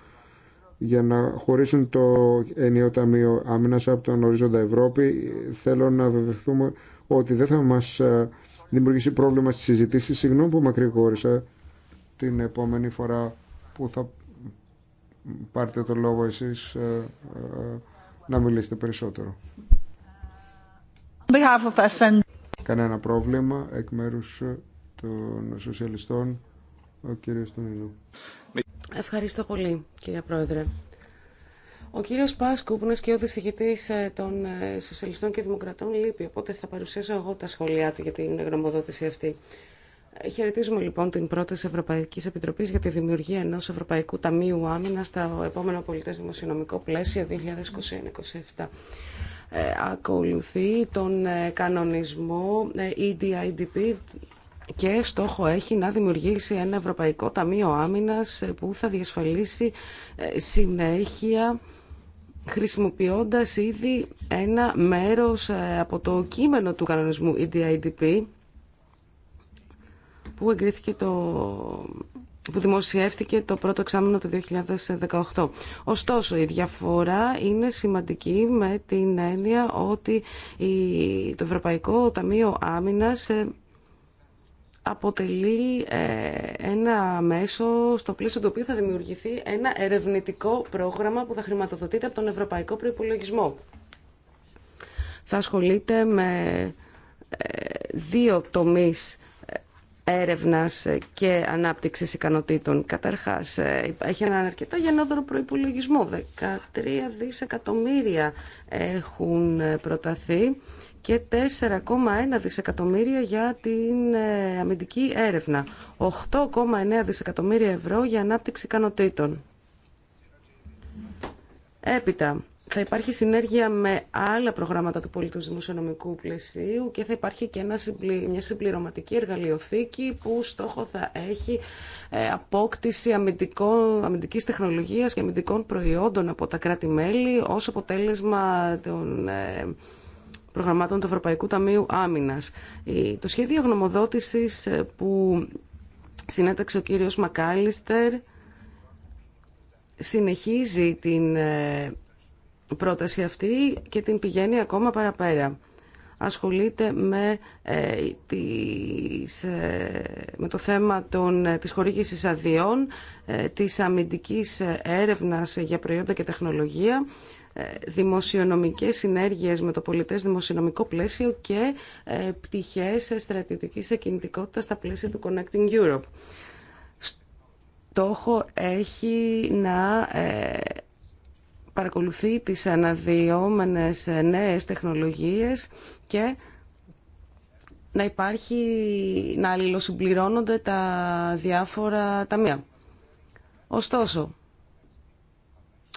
για να χωρίσουν το ενίο Ταμείο Άμυνα από τον Ορίζοντα Ευρώπη. Θέλω να βεβαιωθούμε ότι δεν θα μας ε, δημιουργήσει πρόβλημα στις συζητήσεις. Συγγνώμη που μακρηγόρησα την επόμενη φορά που θα πάρετε το λόγο εσείς ε, ε, να μιλήσετε περισσότερο. Κανένα πρόβλημα εκ μέρους των σοσιαλιστών ο κύριος Τονινού. Ευχαριστώ πολύ κύριε Πρόεδρε. Ο κύριος Πάσκου, που είναι σκιώδης ηγητής ε, των ε, Σοσιαλιστών και Δημοκρατών, λείπει, οπότε θα παρουσιάσω εγώ τα σχόλιά του για την γνωμοδότηση αυτή. Ε, χαιρετίζουμε λοιπόν την πρόταση Ευρωπαϊκής Επιτροπής για τη δημιουργία ενός Ευρωπαϊκού Ταμείου Άμυνα στο επομενο πολιτες πολιτέ δημοσιονομικό πλαίσιο 2021-2027. ακολουθεί τον κανονισμό EDIDP και στόχο έχει να δημιουργήσει ένα Ευρωπαϊκό Ταμείο Άμυνας που θα διασφαλίσει συνέχεια χρησιμοποιώντας ήδη ένα μέρος ε, από το κείμενο του κανονισμού EDIDP που το που δημοσιεύτηκε το πρώτο εξάμεινο του 2018. Ωστόσο, η διαφορά είναι σημαντική με την έννοια ότι το Ευρωπαϊκό Ταμείο Άμυνας ε, αποτελεί ε, ένα μέσο στο πλαίσιο του οποίου θα δημιουργηθεί ένα ερευνητικό πρόγραμμα που θα χρηματοδοτείται από τον Ευρωπαϊκό Προϋπολογισμό. Θα ασχολείται με ε, δύο τομείς ε, έρευνας και ανάπτυξης ικανοτήτων. Καταρχάς, έχει έναν αρκετά γεννόδωρο προϋπολογισμό. 13 δισεκατομμύρια έχουν προταθεί και 4,1 δισεκατομμύρια για την ε, αμυντική έρευνα, 8,9 δισεκατομμύρια ευρώ για ανάπτυξη ικανοτήτων. Έπειτα, θα υπάρχει συνέργεια με άλλα προγράμματα του πολιτού δημοσιονομικού πλαισίου και θα υπάρχει και μια συμπληρωματική εργαλειοθήκη που στόχο θα έχει ε, απόκτηση αμυντικής τεχνολογίας και αμυντικών προϊόντων από τα κράτη-μέλη ως αποτέλεσμα των ε, προγραμμάτων του Ευρωπαϊκού Ταμείου Άμυνας. Ε, το σχέδιο γνωμοδότησης ε, που συνέταξε ο κύριος Μακάλιστερ συνεχίζει την ε, πρόταση αυτή και την πηγαίνει ακόμα παραπέρα. Ασχολείται με, το θέμα των, της χορήγησης αδειών, ε, της αμυντικής έρευνας για προϊόντα και τεχνολογία ε, δημοσιονομικές συνέργειες με το πολιτές δημοσιονομικό πλαίσιο και ε, πτυχές στρατιωτικής εκκινητικότητας στα πλαίσια του Connecting Europe. Στόχο έχει να ε, παρακολουθεί τις αναδυόμενες νέες τεχνολογίες και να υπάρχει, να αλληλοσυμπληρώνονται τα διάφορα ταμεία. Ωστόσο,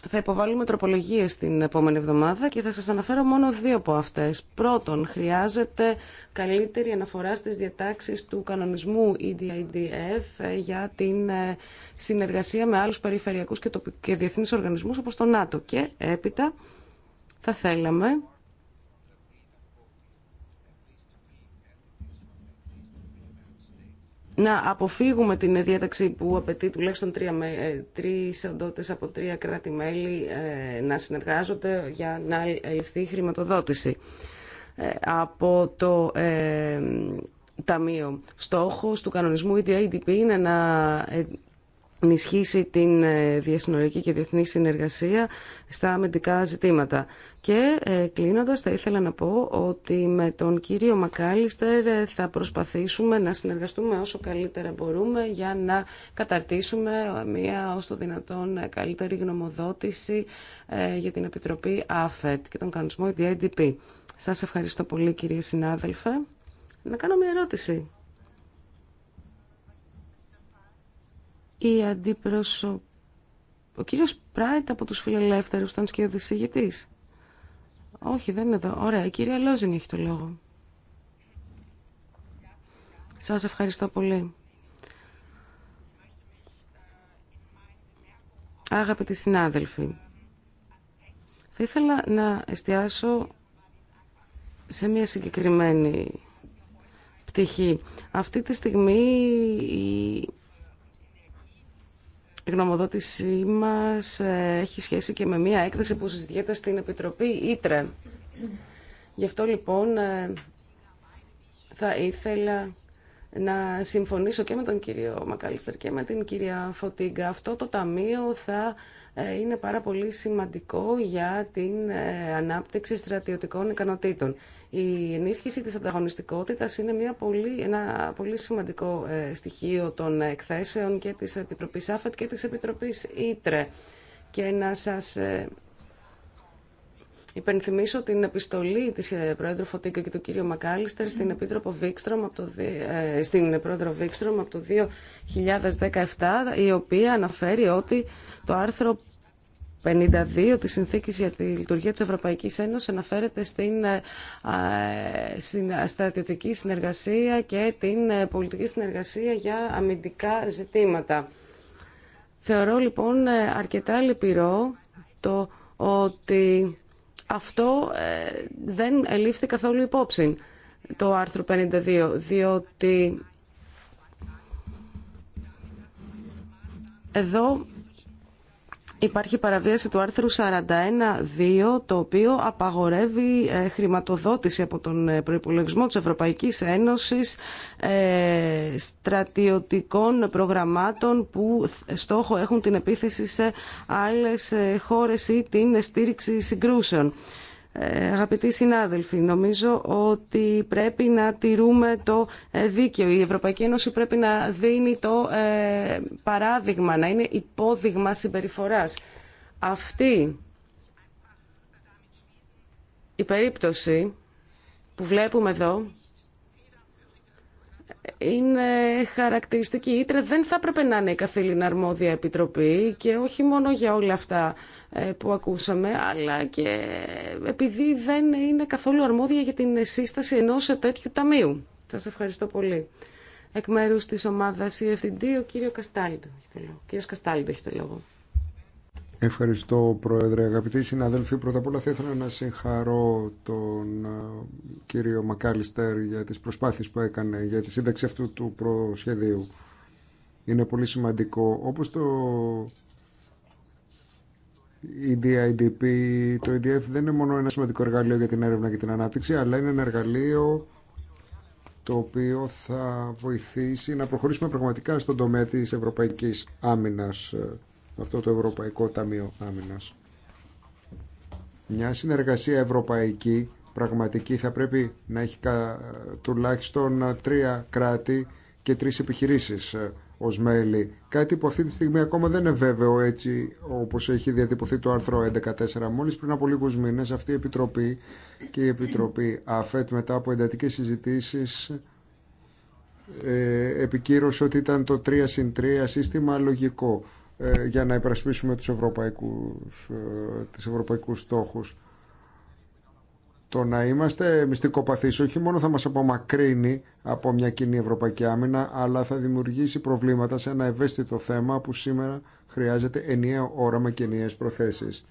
θα υποβάλουμε τροπολογίε την επόμενη εβδομάδα και θα σας αναφέρω μόνο δύο από αυτές. Πρώτον, χρειάζεται καλύτερη αναφορά στις διατάξεις του κανονισμού EDIDF ε, για την ε, συνεργασία με άλλους περιφερειακούς και διεθνείς οργανισμούς όπως το ΝΑΤΟ. Και έπειτα θα θέλαμε να αποφύγουμε την διάταξη που απαιτεί τουλάχιστον τρία, ε, τρεις οντότητες από τρία κράτη-μέλη ε, να συνεργάζονται για να ληφθεί χρηματοδότηση ε, από το Ταμείο. Στόχος του κανονισμού EDIDP είναι να ενισχύσει την ε, διασυνορική και διεθνή συνεργασία στα αμυντικά ζητήματα. Και ε, κλείνοντας θα ήθελα να πω ότι με τον κύριο Μακάλιστερ ε, θα προσπαθήσουμε να συνεργαστούμε όσο καλύτερα μπορούμε για να καταρτήσουμε ε, μια ως το δυνατόν καλύτερη γνωμοδότηση για την Επιτροπή ΑΦΕΤ και τον κανονισμό DIDP. Σας ευχαριστώ πολύ κύριε συνάδελφε. Να κάνω μια ερώτηση. η Ο κύριος Πράιτ από τους φιλελεύθερους ήταν σκιοδησηγητής. Όχι, δεν είναι εδώ. Ωραία, η κυρία Λόζιν έχει το λόγο. Σας ευχαριστώ πολύ. Αγαπητοί συνάδελφοι, θα ήθελα να εστιάσω σε μια συγκεκριμένη πτυχή. Αυτή τη στιγμή η η γνωμοδότησή μας ε, έχει σχέση και με μία έκθεση που συζητιέται στην Επιτροπή Ήτρε. Γι' αυτό λοιπόν ε, θα ήθελα να συμφωνήσω και με τον κύριο Μακαλίστερ και με την κυρία Φωτίγκα. Αυτό το ταμείο θα ε, είναι πάρα πολύ σημαντικό για την ε, ανάπτυξη στρατιωτικών ικανοτήτων. Η ενίσχυση της ανταγωνιστικότητας είναι μια πολύ, ένα πολύ σημαντικό ε, στοιχείο των εκθέσεων και της Επιτροπής ΑΦΕΤ και της Επιτροπής ΙΤΡΕ. Και να σας Υπενθυμίσω την επιστολή της ε, Πρόεδρου Φωτίκα και του κύριου Μακάλιστερ στην, Επίτροπο Βίξτρομ από το, ε, στην Πρόεδρο Βίξτρομ από το 2017, η οποία αναφέρει ότι το άρθρο 52 της Συνθήκης για τη Λειτουργία της Ευρωπαϊκής Ένωσης αναφέρεται στην, ε, στην στρατιωτική συνεργασία και την πολιτική συνεργασία για αμυντικά ζητήματα. Θεωρώ λοιπόν αρκετά λυπηρό το ότι αυτό ε, δεν ελήφθη καθόλου υπόψη το άρθρο 52, διότι εδώ Υπάρχει παραβίαση του άρθρου 41.2, το οποίο απαγορεύει ε, χρηματοδότηση από τον ε, προϋπολογισμό της Ευρωπαϊκής Ένωσης ε, στρατιωτικών προγραμμάτων που στόχο έχουν την επίθεση σε άλλες χώρες ή την στήριξη συγκρούσεων. Ε, αγαπητοί συνάδελφοι, νομίζω ότι πρέπει να τηρούμε το ε, δίκαιο. Η Ευρωπαϊκή Ένωση πρέπει να δίνει το ε, παράδειγμα, να είναι υπόδειγμα συμπεριφοράς. Αυτή η περίπτωση που βλέπουμε εδώ είναι χαρακτηριστική. Η Ήτρε δεν θα έπρεπε να είναι η καθήλυνα αρμόδια επιτροπή και όχι μόνο για όλα αυτά ε, που ακούσαμε, αλλά και επειδή δεν είναι καθόλου αρμόδια για την σύσταση ενός τέτοιου ταμείου. Σας ευχαριστώ πολύ. Εκ μέρους της ομάδας EFTD, ο κύριο Καστάλιντο το Κύριος Καστάλιντο έχει το λόγο. Ευχαριστώ Πρόεδρε. Αγαπητοί συναδέλφοι, πρώτα απ' όλα θα ήθελα να συγχαρώ τον ε, κύριο Μακάλιστερ για τις προσπάθειες που έκανε για τη σύνταξη αυτού του προσχεδίου. Είναι πολύ σημαντικό. Όπως το EDIDP, το EDF δεν είναι μόνο ένα σημαντικό εργαλείο για την έρευνα και την ανάπτυξη, αλλά είναι ένα εργαλείο το οποίο θα βοηθήσει να προχωρήσουμε πραγματικά στον τομέα της ευρωπαϊκής άμυνας αυτό το Ευρωπαϊκό Ταμείο Άμυνας. Μια συνεργασία ευρωπαϊκή πραγματική θα πρέπει να έχει τουλάχιστον ε, τρία κράτη και τρεις επιχειρήσεις ε, ως μέλη. Κάτι που αυτή τη στιγμή ακόμα δεν είναι βέβαιο έτσι όπως έχει διατυπωθεί το άρθρο 11.4. Μόλις πριν από λίγους μήνες αυτή η Επιτροπή και η Επιτροπή ΑΦΕΤ μετά από εντατικές συζητήσεις ε, επικύρωσε ότι ήταν το 3 3 σύστημα λογικό ε, για να υπερασπίσουμε τους ευρωπαϊκούς, ε, τις ευρωπαϊκούς στόχους. Το να είμαστε μυστικοπαθείς όχι μόνο θα μας απομακρύνει από μια κοινή ευρωπαϊκή άμυνα, αλλά θα δημιουργήσει προβλήματα σε ένα ευαίσθητο θέμα που σήμερα χρειάζεται ενιαίο όραμα και ενιαίες προθέσεις.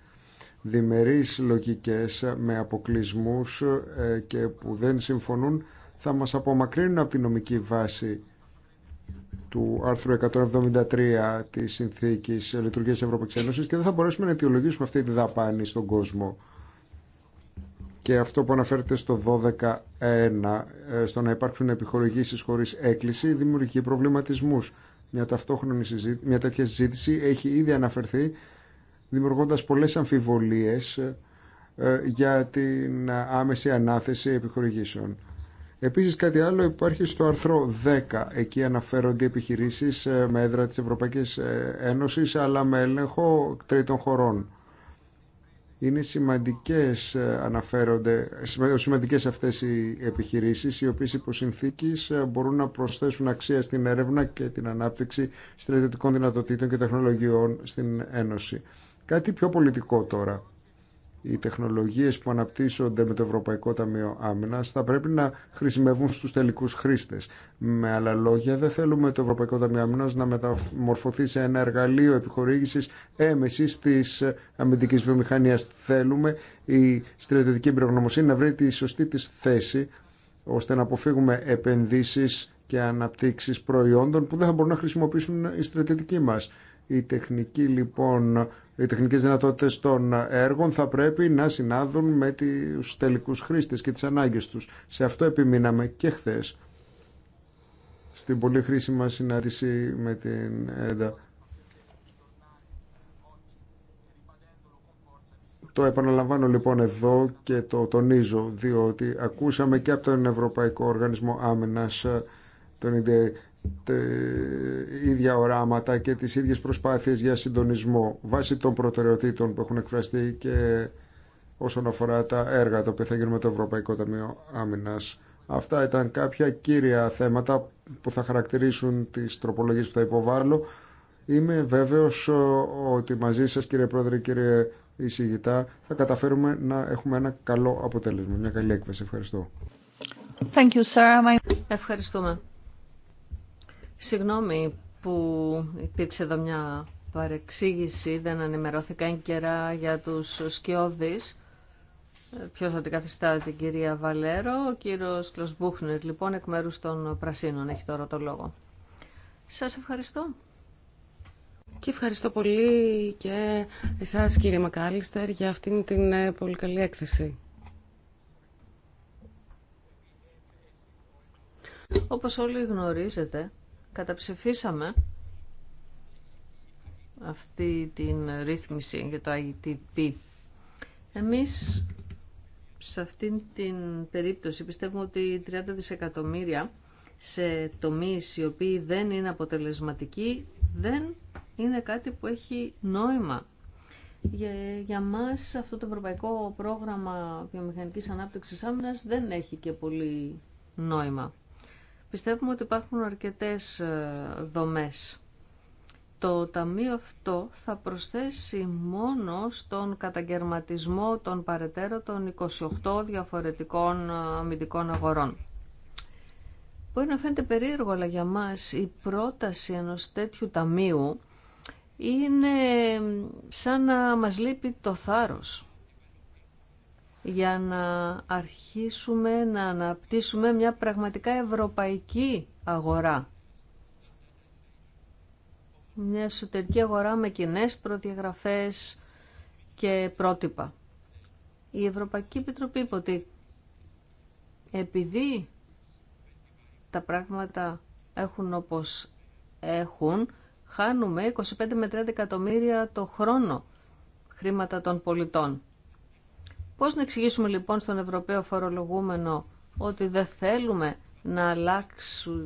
Διμερείς λογικές με αποκλεισμούς ε, και που δεν συμφωνούν θα μας απομακρύνουν από την νομική βάση του άρθρου 173 της Συνθήκης Λειτουργίας της Ευρωπαϊκής Ένωσης και δεν θα μπορέσουμε να αιτιολογήσουμε αυτή τη δαπάνη στον κόσμο. Και αυτό που αναφέρεται στο 12.1, ε, στο να υπάρχουν επιχορηγήσεις χωρίς έκκληση, δημιουργεί προβληματισμούς. Μια, ταυτόχρονη μια τέτοια συζήτηση έχει ήδη αναφερθεί, δημιουργώντας πολλές αμφιβολίες ε, ε, για την άμεση ανάθεση επιχορηγήσεων. Επίσης κάτι άλλο υπάρχει στο αρθρό 10. Εκεί αναφέρονται επιχειρήσεις ε, με έδρα της Ευρωπαϊκής ε, Ένωσης αλλά με έλεγχο τρίτων χωρών. Είναι σημαντικές, ε, αναφέρονται, σημαντικές αυτές οι επιχειρήσεις οι οποίες υπό συνθήκης μπορούν να προσθέσουν αξία στην έρευνα και την ανάπτυξη στρατιωτικών δυνατοτήτων και τεχνολογιών στην Ένωση. Κάτι πιο πολιτικό τώρα οι τεχνολογίες που αναπτύσσονται με το Ευρωπαϊκό Ταμείο Άμυνας θα πρέπει να χρησιμεύουν στους τελικούς χρήστες. Με άλλα λόγια, δεν θέλουμε το Ευρωπαϊκό Ταμείο Άμυνας να μεταμορφωθεί σε ένα εργαλείο επιχορήγησης έμεσης της αμυντικής βιομηχανίας. Θέλουμε η στρατιωτική εμπειρογνωμοσύνη να βρει τη σωστή της θέση ώστε να αποφύγουμε επενδύσεις και αναπτύξεις προϊόντων που δεν θα μπορούν να χρησιμοποιήσουν οι στρατιωτικοί μας. Η τεχνική λοιπόν οι τεχνικέ δυνατότητε των έργων θα πρέπει να συνάδουν με του τελικού χρήστε και τι ανάγκε τους. Σε αυτό επιμείναμε και χθε στην πολύ χρήσιμα συνάντηση με την ΕΝΤΑ. Το επαναλαμβάνω λοιπόν εδώ και το τονίζω, διότι ακούσαμε και από τον Ευρωπαϊκό Οργανισμό Άμυνας τον ΙΔΕ ίδια οράματα και τις ίδιες προσπάθειες για συντονισμό βάσει των προτεραιοτήτων που έχουν εκφραστεί και όσον αφορά τα έργα τα οποία θα γίνουν με το Ευρωπαϊκό Ταμείο Άμυνας. Αυτά ήταν κάποια κύρια θέματα που θα χαρακτηρίσουν τις τροπολογίες που θα υποβάλλω. Είμαι βέβαιος ε, ότι μαζί σας κύριε Πρόεδρε, κύριε Εισηγητά, θα καταφέρουμε να έχουμε ένα καλό αποτέλεσμα, μια καλή έκβαση. Ευχαριστώ. Ευχαριστούμε. Συγγνώμη που υπήρξε εδώ μια παρεξήγηση, δεν ανημερώθηκα εν καιρά για τους σκιώδεις. Ε, ποιος θα την κυρία Βαλέρο, ο κύριος Κλωσμπούχνερ, λοιπόν, εκ μέρους των Πρασίνων, έχει τώρα το λόγο. Σας ευχαριστώ. Και ευχαριστώ πολύ και εσάς κύριε Μακάλιστερ για αυτήν την ε, πολύ καλή έκθεση. Όπως όλοι γνωρίζετε, καταψηφίσαμε αυτή την ρύθμιση για το ITP. Εμείς σε αυτήν την περίπτωση πιστεύουμε ότι 30 δισεκατομμύρια σε τομείς οι οποίοι δεν είναι αποτελεσματικοί δεν είναι κάτι που έχει νόημα. Για, για μας αυτό το Ευρωπαϊκό Πρόγραμμα Βιομηχανικής Ανάπτυξης Άμυνας δεν έχει και πολύ νόημα. Πιστεύουμε ότι υπάρχουν αρκετές ε, δομές. Το ταμείο αυτό θα προσθέσει μόνο στον καταγερματισμό των παρετέρω των 28 διαφορετικών ε, αμυντικών αγορών. Μπορεί να φαίνεται περίεργο, αλλά για μας η πρόταση ενός τέτοιου ταμείου είναι ε, σαν να μας λείπει το θάρρος για να αρχίσουμε να αναπτύσσουμε μια πραγματικά ευρωπαϊκή αγορά. Μια εσωτερική αγορά με κοινέ προδιαγραφές και πρότυπα. Η Ευρωπαϊκή Επιτροπή είπε ότι επειδή τα πράγματα έχουν όπως έχουν, χάνουμε 25 με 30 εκατομμύρια το χρόνο χρήματα των πολιτών. Πώς να εξηγήσουμε λοιπόν στον Ευρωπαίο φορολογούμενο ότι δεν θέλουμε να,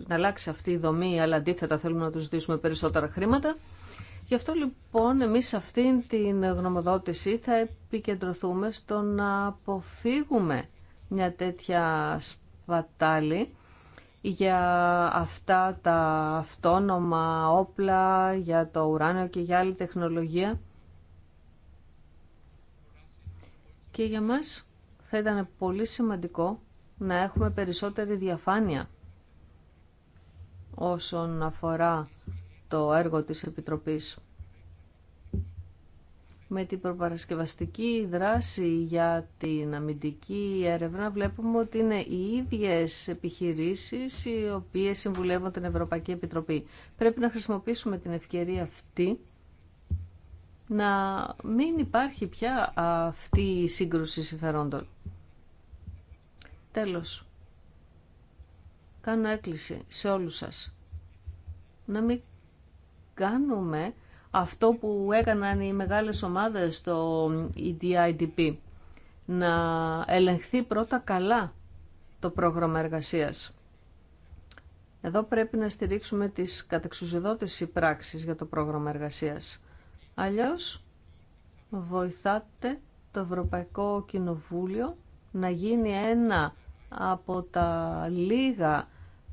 να αλλάξει αυτή η δομή, αλλά αντίθετα θέλουμε να τους δίσουμε περισσότερα χρήματα. Γι' αυτό λοιπόν εμείς αυτήν την γνωμοδότηση θα επικεντρωθούμε στο να αποφύγουμε μια τέτοια σπατάλη για αυτά τα αυτόνομα όπλα, για το ουράνιο και για άλλη τεχνολογία. Και για μας θα ήταν πολύ σημαντικό να έχουμε περισσότερη διαφάνεια όσον αφορά το έργο της Επιτροπής. Με την προπαρασκευαστική δράση για την αμυντική έρευνα βλέπουμε ότι είναι οι ίδιες επιχειρήσεις οι οποίες συμβουλεύουν την Ευρωπαϊκή Επιτροπή. Πρέπει να χρησιμοποιήσουμε την ευκαιρία αυτή να μην υπάρχει πια αυτή η σύγκρουση συμφερόντων. Τέλος, κάνω έκκληση σε όλους σας να μην κάνουμε αυτό που έκαναν οι μεγάλες ομάδες στο EDIDP, να ελεγχθεί πρώτα καλά το πρόγραμμα εργασίας. Εδώ πρέπει να στηρίξουμε τις κατεξουσιοδότηση πράξεις για το πρόγραμμα εργασίας. Αλλιώς βοηθάτε το Ευρωπαϊκό Κοινοβούλιο να γίνει ένα από τα λίγα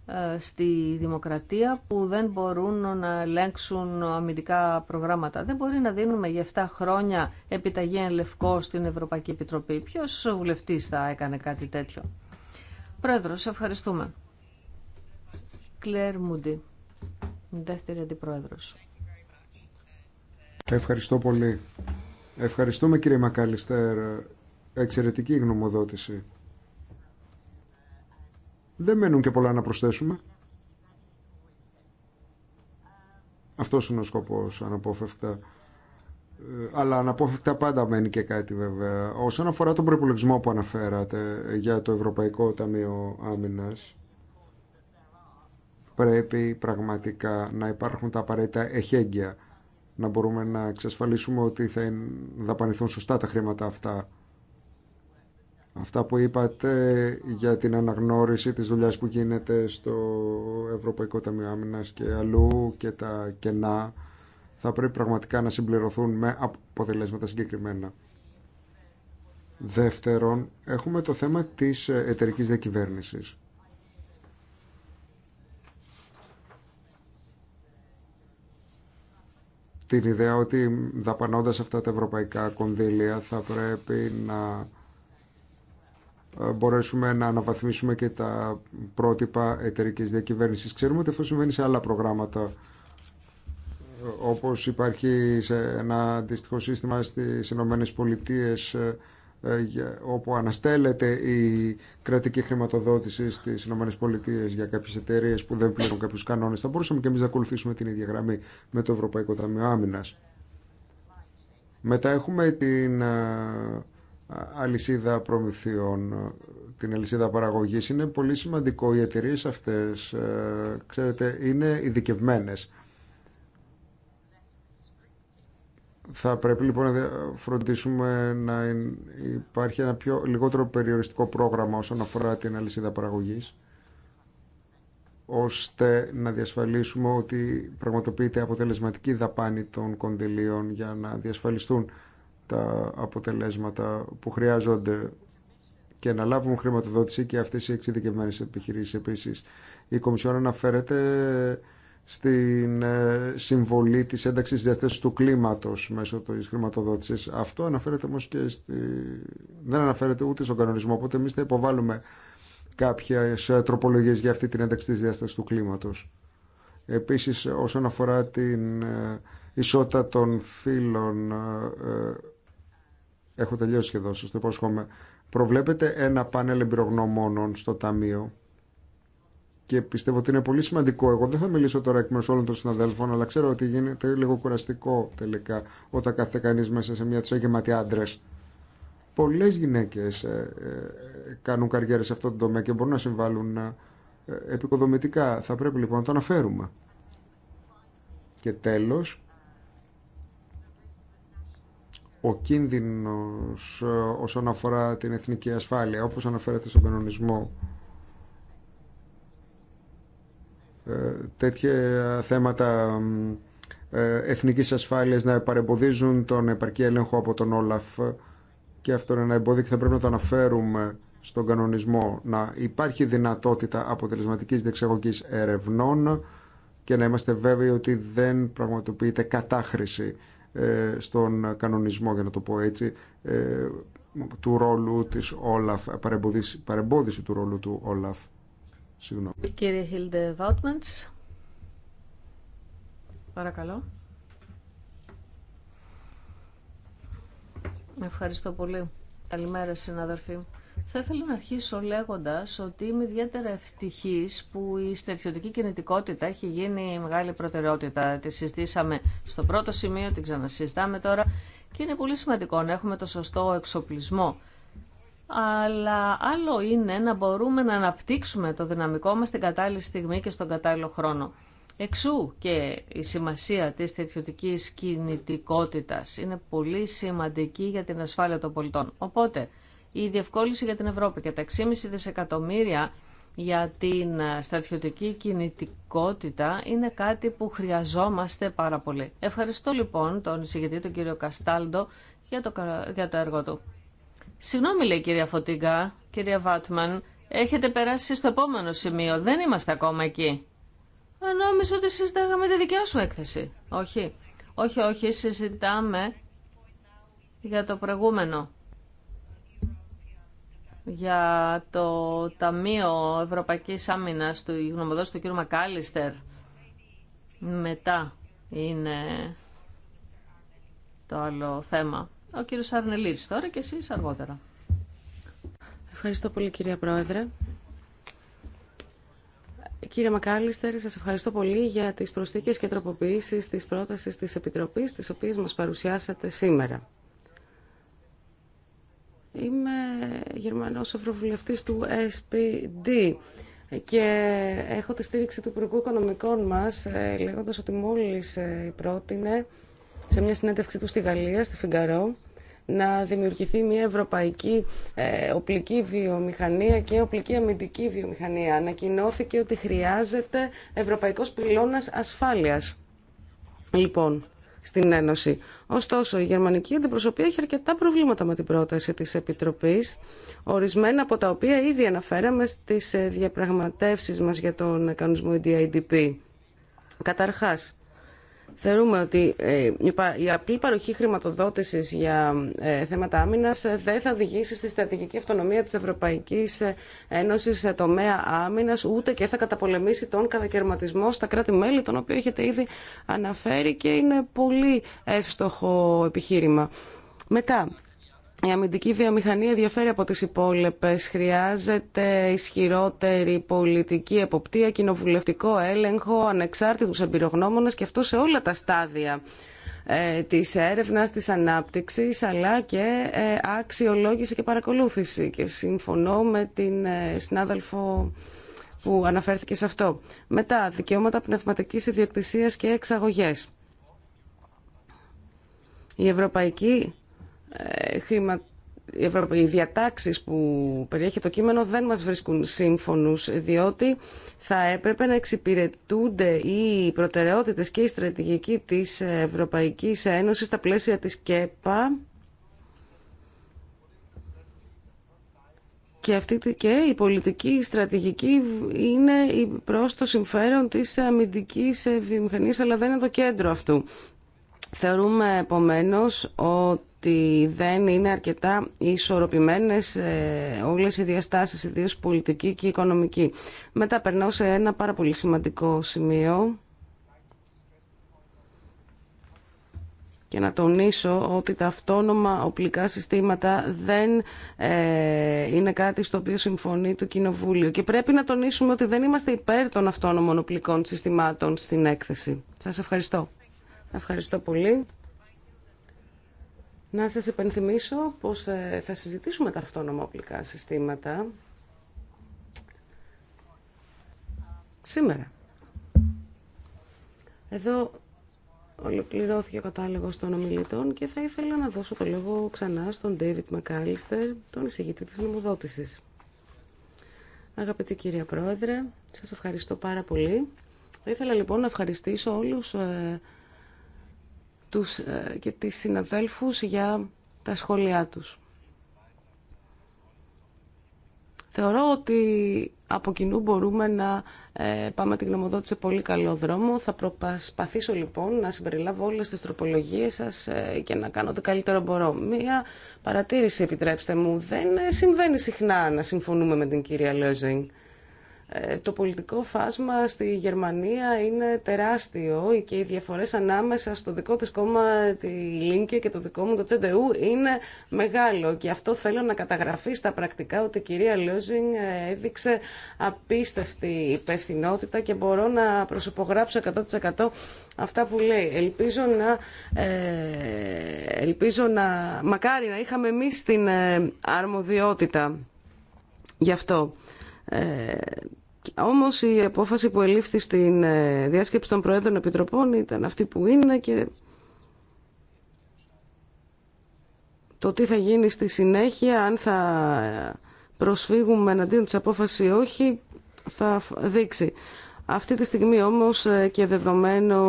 ε, στη δημοκρατία που δεν μπορούν να ελέγξουν αμυντικά προγράμματα. Δεν μπορεί να δίνουμε για 7 χρόνια επιταγή εν λευκό στην Ευρωπαϊκή Επιτροπή. Ποιος βουλευτής θα έκανε κάτι τέτοιο. Πρόεδρο, σε ευχαριστούμε. Κλέρ Μούντι, δεύτερη αντιπρόεδρος. Ευχαριστώ πολύ. Ευχαριστούμε κύριε Μακάλιστερ. Εξαιρετική γνωμοδότηση. Δεν μένουν και πολλά να προσθέσουμε. Αυτός είναι ο σκοπός αναπόφευκτα. Ε, αλλά αναπόφευκτα πάντα μένει και κάτι βέβαια. Όσον αφορά τον προπολογισμό που αναφέρατε για το Ευρωπαϊκό Ταμείο Άμυνα. πρέπει πραγματικά να υπάρχουν τα απαραίτητα εχέγγυα να μπορούμε να εξασφαλίσουμε ότι θα δαπανηθούν σωστά τα χρήματα αυτά. Αυτά που είπατε για την αναγνώριση της δουλειάς που γίνεται στο Ευρωπαϊκό Ταμείο Άμυνας και αλλού και τα κενά θα πρέπει πραγματικά να συμπληρωθούν με αποτελέσματα συγκεκριμένα. Δεύτερον, έχουμε το θέμα της εταιρικής διακυβέρνησης. την ιδέα ότι δαπανώντας αυτά τα ευρωπαϊκά κονδύλια θα πρέπει να ε, μπορέσουμε να αναβαθμίσουμε και τα πρότυπα εταιρική διακυβέρνηση. Ξέρουμε ότι αυτό συμβαίνει σε άλλα προγράμματα ε, όπως υπάρχει σε ένα αντίστοιχο σύστημα στις Ηνωμένε Πολιτείες ε, ε, όπου αναστέλλεται η κρατική χρηματοδότηση στι ΗΠΑ για κάποιε εταιρείε που δεν πληρώνουν κάποιου κανόνε. Θα μπορούσαμε και εμεί να ακολουθήσουμε την ίδια γραμμή με το Ευρωπαϊκό Ταμείο Άμυνα. Μετά έχουμε την ε, αλυσίδα προμηθειών, ε, την αλυσίδα παραγωγής. Είναι πολύ σημαντικό οι εταιρείε αυτές, ξέρετε, είναι ειδικευμένες. Θα πρέπει λοιπόν να φροντίσουμε να υπάρχει ένα πιο λιγότερο περιοριστικό πρόγραμμα όσον αφορά την αλυσίδα παραγωγής ώστε να διασφαλίσουμε ότι πραγματοποιείται αποτελεσματική δαπάνη των κονδυλίων για να διασφαλιστούν τα αποτελέσματα που χρειάζονται και να λάβουν χρηματοδότηση και αυτές οι εξειδικευμένες επιχειρήσεις επίσης. Η Κομισιόν αναφέρεται στην ε, συμβολή της ένταξης διαθέσεως του κλίματος μέσω της χρηματοδότησης. Αυτό αναφέρεται όμως και στη... δεν αναφέρεται ούτε στον κανονισμό, οπότε εμείς θα υποβάλουμε κάποιες ε, τροπολογίες για αυτή την ένταξη της διάσταση του κλίματος. Επίσης, όσον αφορά την ε, ισότητα των φύλων, έχω τελειώσει σχεδόν, σας το υπόσχομαι, προβλέπεται ένα πάνελ εμπειρογνωμόνων στο Ταμείο και πιστεύω ότι είναι πολύ σημαντικό. Εγώ δεν θα μιλήσω τώρα εκ μέρου όλων των συναδέλφων, αλλά ξέρω ότι γίνεται λίγο κουραστικό τελικά όταν κάθε κανεί μέσα σε μια τσέγγε ματιά, άντρε. Πολλέ γυναίκε ε, ε, κάνουν καριέρα σε αυτόν τον τομέα και μπορούν να συμβάλλουν ε, επικοδομητικά. Θα πρέπει λοιπόν να το αναφέρουμε. Και τέλο, ο κίνδυνος όσον αφορά την εθνική ασφάλεια, όπως αναφέρεται στον κανονισμό Ε, τέτοια θέματα ε, εθνικής ασφάλειας να παρεμποδίζουν τον επαρκή έλεγχο από τον Όλαφ και αυτό είναι ένα εμπόδιο και θα πρέπει να το αναφέρουμε στον κανονισμό να υπάρχει δυνατότητα αποτελεσματικής διεξαγωγής ερευνών και να είμαστε βέβαιοι ότι δεν πραγματοποιείται κατάχρηση ε, στον κανονισμό για να το πω έτσι του ρόλου της Όλαφ παρεμπόδιση του ρόλου του Όλαφ Κύριε Χίλντε Βάουτμαντς, παρακαλώ. Ευχαριστώ πολύ. Καλημέρα συναδελφοί. Θα ήθελα να αρχίσω λέγοντας ότι είμαι ιδιαίτερα ευτυχής που η στρατιωτική κινητικότητα έχει γίνει μεγάλη προτεραιότητα. Τη συζητήσαμε στο πρώτο σημείο, την ξανασυζητάμε τώρα και είναι πολύ σημαντικό να έχουμε το σωστό εξοπλισμό αλλά άλλο είναι να μπορούμε να αναπτύξουμε το δυναμικό μας στην κατάλληλη στιγμή και στον κατάλληλο χρόνο. Εξού και η σημασία της θεριωτικής κινητικότητας είναι πολύ σημαντική για την ασφάλεια των πολιτών. Οπότε, η διευκόλυνση για την Ευρώπη και τα 6,5 δισεκατομμύρια για την ε, στρατιωτική κινητικότητα είναι κάτι που χρειαζόμαστε πάρα πολύ. Ευχαριστώ λοιπόν τον εισηγητή τον κύριο Καστάλντο το, για το έργο του. Συγγνώμη λέει κυρία Φωτήγκα, κυρία Βάτμαν, έχετε περάσει στο επόμενο σημείο, δεν είμαστε ακόμα εκεί. Ε, νόμιζα ότι συζητάγαμε τη δικιά σου έκθεση. Όχι, όχι, όχι, συζητάμε για το προηγούμενο. Για το Ταμείο Ευρωπαϊκής Άμυνας του γνωμοδόση του κ. Μακάλιστερ. Μετά είναι το άλλο θέμα. Ο κύριο Αρνελίδη τώρα και εσεί αργότερα. Ευχαριστώ πολύ κυρία Πρόεδρε. Κύριε Μακάλιστερ, σας ευχαριστώ πολύ για τις προσθήκες και τροποποιήσεις της πρότασης της Επιτροπής, τις οποίες μας παρουσιάσατε σήμερα. Είμαι Γερμανός Ευρωβουλευτής του SPD και έχω τη στήριξη του Υπουργού Οικονομικών μας, ε, λέγοντας ότι μόλις ε, πρότεινε σε μια συνέντευξη του στη Γαλλία, στη Φιγκαρό, να δημιουργηθεί μια ευρωπαϊκή ε, οπλική βιομηχανία και οπλική αμυντική βιομηχανία. Ανακοινώθηκε ότι χρειάζεται ευρωπαϊκός πυλώνας ασφάλειας. Λοιπόν, στην Ένωση. Ωστόσο, η γερμανική αντιπροσωπεία έχει αρκετά προβλήματα με την πρόταση της Επιτροπής, ορισμένα από τα οποία ήδη αναφέραμε στις ε, διαπραγματεύσεις μας για τον κανονισμό DIDP. Καταρχάς, Θεωρούμε ότι ε, η απλή παροχή χρηματοδότηση για ε, θέματα άμυνας ε, δεν θα οδηγήσει στη στρατηγική αυτονομία της Ευρωπαϊκής Ένωση σε τομέα Άμυνα, ούτε και θα καταπολεμήσει τον κατακαιρματισμό στα κράτη-μέλη, τον οποίο έχετε ήδη αναφέρει και είναι πολύ εύστοχο επιχείρημα. Μετά, η αμυντική βιομηχανία διαφέρει από τις υπόλοιπες. Χρειάζεται ισχυρότερη πολιτική εποπτεία, κοινοβουλευτικό έλεγχο, ανεξάρτητους εμπειρογνώμονες και αυτό σε όλα τα στάδια ε, της έρευνας, της ανάπτυξης, αλλά και ε, αξιολόγηση και παρακολούθηση. Και συμφωνώ με την ε, συνάδελφο που αναφέρθηκε σε αυτό. Μετά, δικαιώματα πνευματικής ιδιοκτησίας και εξαγωγές. Η Ευρωπαϊκή ε, οι διατάξεις που περιέχει το κείμενο δεν μας βρίσκουν σύμφωνους, διότι θα έπρεπε να εξυπηρετούνται οι προτεραιότητες και η στρατηγική της Ευρωπαϊκής Ένωσης στα πλαίσια της ΚΕΠΑ και, αυτή, και η πολιτική στρατηγική είναι προς το συμφέρον της αμυντικής βιομηχανίας, αλλά δεν είναι το κέντρο αυτού. Θεωρούμε επομένως ότι ότι δεν είναι αρκετά ισορροπημένες ε, όλες οι διαστάσεις, ιδίως πολιτική και οικονομική. Μετά περνάω σε ένα πάρα πολύ σημαντικό σημείο και να τονίσω ότι τα αυτόνομα οπλικά συστήματα δεν ε, είναι κάτι στο οποίο συμφωνεί το Κοινοβούλιο και πρέπει να τονίσουμε ότι δεν είμαστε υπέρ των αυτόνομων οπλικών συστημάτων στην έκθεση. Σας ευχαριστώ. Ευχαριστώ πολύ. Να σας υπενθυμίσω πως ε, θα συζητήσουμε τα αυτόνομα οπλικά συστήματα σήμερα. Εδώ ολοκληρώθηκε ο κατάλογος των ομιλητών και θα ήθελα να δώσω το λόγο ξανά στον David McAllister, τον εισηγητή της νομοδότησης. Αγαπητή κυρία Πρόεδρε, σας ευχαριστώ πάρα πολύ. Θα ήθελα λοιπόν να ευχαριστήσω όλους ε, τους ε, και τις συναδέλφους για τα σχόλιά τους. Θεωρώ ότι από κοινού μπορούμε να ε, πάμε την γνωμοδότηση σε πολύ καλό δρόμο. Θα προσπαθήσω λοιπόν να συμπεριλάβω όλες τις τροπολογίες σας ε, και να κάνω το καλύτερο μπορώ. Μία παρατήρηση επιτρέψτε μου. Δεν συμβαίνει συχνά να συμφωνούμε με την κυρία Λέζινγκ. Ε, το πολιτικό φάσμα στη Γερμανία είναι τεράστιο και οι διαφορές ανάμεσα στο δικό της κόμμα τη Λίνκε και το δικό μου το Τσεντεού είναι μεγάλο και αυτό θέλω να καταγραφεί στα πρακτικά ότι η κυρία Λόζινγκ ε, έδειξε απίστευτη υπευθυνότητα και μπορώ να προσωπογράψω 100% αυτά που λέει. Ελπίζω να, ε, ελπίζω να μακάρι να είχαμε εμεί την αρμοδιότητα γι' αυτό. Όμω, η απόφαση που ελήφθη στην ε, διάσκεψη των Προέδρων Επιτροπών ήταν αυτή που είναι και το τι θα γίνει στη συνέχεια, αν θα προσφύγουμε εναντίον της απόφαση ή όχι, θα δείξει. Αυτή τη στιγμή όμως ε, και δεδομένου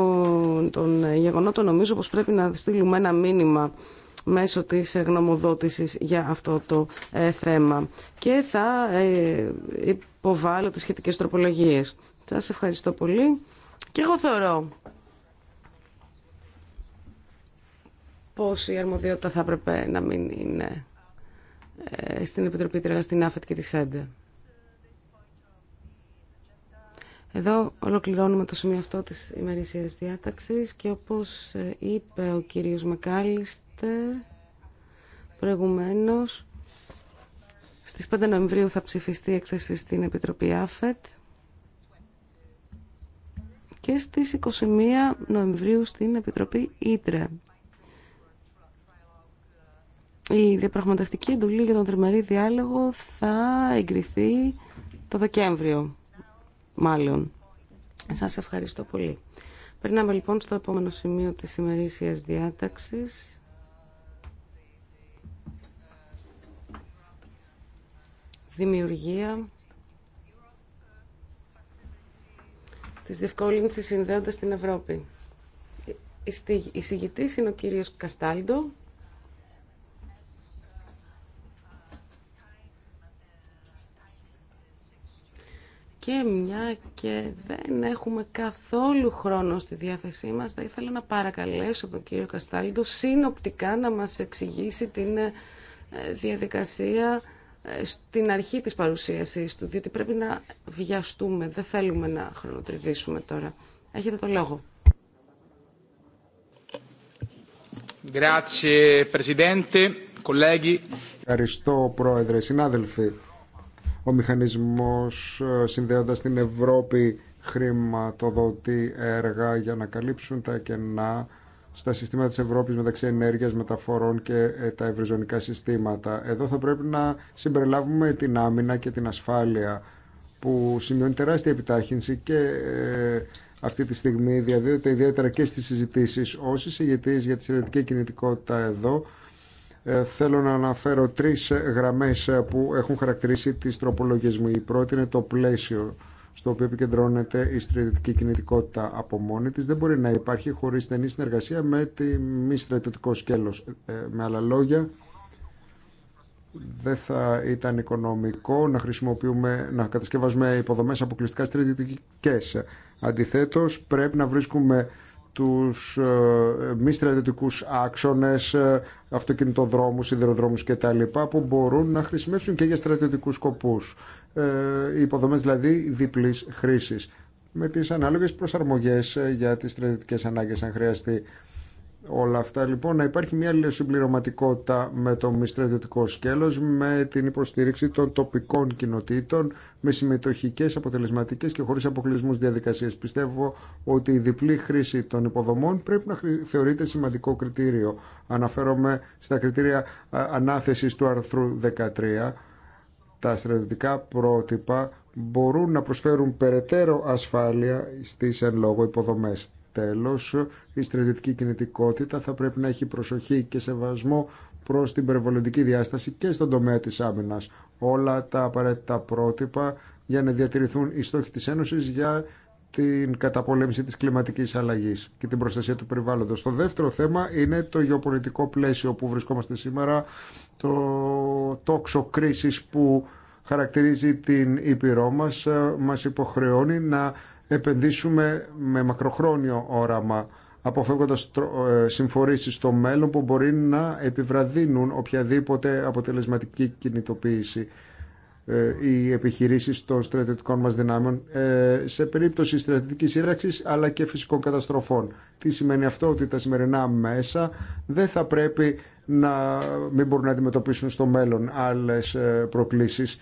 των γεγονότων νομίζω πως πρέπει να στείλουμε ένα μήνυμα μέσω της ε, γνωμοδότησης για αυτό το θέμα. Και θα υποβάλλω τις σχετικές τροπολογίες. Σας ευχαριστώ πολύ. Και εγώ θεωρώ πως η αρμοδιότητα θα έπρεπε να μην είναι ε, στην Επιτροπή Τρέλα, στην ΑΦΕΤ και τη ΣΕΝΤΕ. Εδώ ολοκληρώνουμε το σημείο αυτό της ημερήσιας διάταξης και όπως ε, είπε ο κύριος Μακάλιστερ προηγουμένως στις 5 Νοεμβρίου θα ψηφιστεί η έκθεση στην Επιτροπή ΑΦΕΤ και στις 21 Νοεμβρίου στην Επιτροπή Ίτρε. Η διαπραγματευτική εντολή για τον τριμερή διάλογο θα εγκριθεί το Δεκέμβριο, μάλλον. Σας ευχαριστώ πολύ. Περνάμε λοιπόν στο επόμενο σημείο της ημερήσιας διάταξης. δημιουργία της διευκόλυνσης συνδέοντας την Ευρώπη. Η συγητής είναι ο κύριος Καστάλντο. Και μια και δεν έχουμε καθόλου χρόνο στη διάθεσή μας, θα ήθελα να παρακαλέσω τον κύριο Καστάλντο συνοπτικά να μας εξηγήσει την ε, διαδικασία ε, στην αρχή της παρουσίασης του, διότι πρέπει να βιαστούμε, δεν θέλουμε να χρονοτριβήσουμε τώρα. Έχετε το λόγο. Ευχαριστώ, Πρόεδρε, συνάδελφοι. Ο μηχανισμός ε, συνδέοντας την Ευρώπη χρηματοδοτεί έργα για να καλύψουν τα κενά στα συστήματα της Ευρώπης μεταξύ ενέργειας, μεταφορών και ε, τα ευρυζωνικά συστήματα. Εδώ θα πρέπει να συμπεριλάβουμε την άμυνα και την ασφάλεια που σημειώνει τεράστια επιτάχυνση και ε, αυτή τη στιγμή διαδίδεται ιδιαίτερα και στις συζητήσεις. Όσοι εισηγητής για τη συνεργατική κινητικότητα εδώ, ε, θέλω να αναφέρω τρεις γραμμές που έχουν χαρακτηρίσει τις τροπολογισμοί. Η πρώτη είναι το πλαίσιο στο οποίο επικεντρώνεται η στρατιωτική κινητικότητα από μόνη της δεν μπορεί να υπάρχει χωρίς στενή συνεργασία με τη μη στρατιωτικό σκέλος. Ε, με άλλα λόγια, δεν θα ήταν οικονομικό να χρησιμοποιούμε, να κατασκευάζουμε υποδομές αποκλειστικά στρατιωτικές. Αντιθέτως, πρέπει να βρίσκουμε τους ε, μη στρατιωτικούς άξονες, ε, αυτοκινητοδρόμους, σιδηροδρόμους κτλ. που μπορούν να χρησιμεύσουν και για στρατιωτικούς σκοπούς. Ε, οι υποδομές δηλαδή διπλής χρήσης με τις ανάλογες προσαρμογές ε, για τις στρατιωτικές ανάγκες αν χρειαστεί όλα αυτά λοιπόν να υπάρχει μια συμπληρωματικότητα με το μη στρατιωτικό σκέλος με την υποστήριξη των τοπικών κοινοτήτων με συμμετοχικές, αποτελεσματικές και χωρίς αποκλεισμούς διαδικασίες πιστεύω ότι η διπλή χρήση των υποδομών πρέπει να θεωρείται σημαντικό κριτήριο αναφέρομαι στα κριτήρια ε, ανάθεσης του αρθρού 13 τα στρατιωτικά πρότυπα μπορούν να προσφέρουν περαιτέρω ασφάλεια στις εν λόγω υποδομές. Τέλος, η στρατιωτική κινητικότητα θα πρέπει να έχει προσοχή και σεβασμό προς την περιβαλλοντική διάσταση και στον τομέα της άμυνας. Όλα τα απαραίτητα πρότυπα για να διατηρηθούν οι στόχοι της Ένωσης για την καταπολέμηση της κλιματικής αλλαγής και την προστασία του περιβάλλοντος. Το δεύτερο θέμα είναι το γεωπολιτικό πλαίσιο που βρισκόμαστε σήμερα το τόξο κρίσης που χαρακτηρίζει την Ήπειρό μας ε, μας υποχρεώνει να επενδύσουμε με μακροχρόνιο όραμα αποφεύγοντας ε, συμφορήσεις στο μέλλον που μπορεί να επιβραδύνουν οποιαδήποτε αποτελεσματική κινητοποίηση η ε, επιχειρήσεις των στρατιωτικών μας δυνάμεων σε περίπτωση στρατιωτικής σύραξης αλλά και φυσικών καταστροφών. Τι σημαίνει αυτό ότι τα σημερινά μέσα δεν θα πρέπει να μην μπορούν να αντιμετωπίσουν στο μέλλον άλλες ε, προκλήσεις.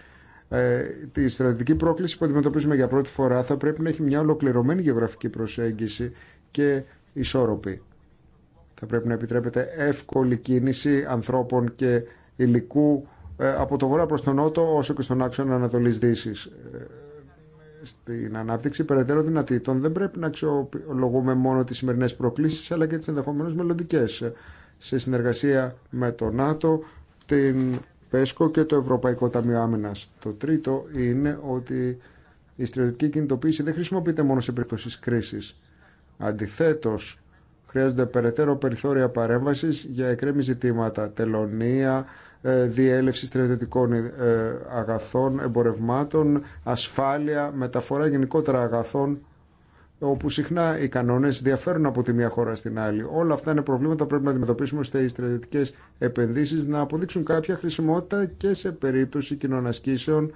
Ε, τη στρατηγική πρόκληση που αντιμετωπίζουμε για πρώτη φορά θα πρέπει να έχει μια ολοκληρωμένη γεωγραφική προσέγγιση και ισόρροπη. Θα πρέπει να επιτρέπεται εύκολη κίνηση ανθρώπων και υλικού ε, από το βορρά προς τον νότο όσο και στον άξονα Ανατολής Δύσης. Ε, στην ανάπτυξη περαιτέρω δυνατήτων δεν πρέπει να αξιολογούμε μόνο τις σημερινές προκλήσεις αλλά και τις ενδεχομένως μελλοντικέ σε συνεργασία με το ΝΑΤΟ, την ΠΕΣΚΟ και το Ευρωπαϊκό Ταμείο Άμυνα. Το τρίτο είναι ότι η στρατιωτική κινητοποίηση δεν χρησιμοποιείται μόνο σε περίπτωση κρίση. Αντιθέτω, χρειάζονται περαιτέρω περιθώρια παρέμβαση για εκρέμη ζητήματα, τελωνία, ε, διέλευση στρατιωτικών ε, αγαθών, εμπορευμάτων, ασφάλεια, μεταφορά γενικότερα αγαθών όπου συχνά οι κανόνες διαφέρουν από τη μία χώρα στην άλλη. Όλα αυτά είναι προβλήματα που πρέπει να αντιμετωπίσουμε ώστε οι στρατιωτικέ επενδύσεις να αποδείξουν κάποια χρησιμότητα και σε περίπτωση ασκήσεων,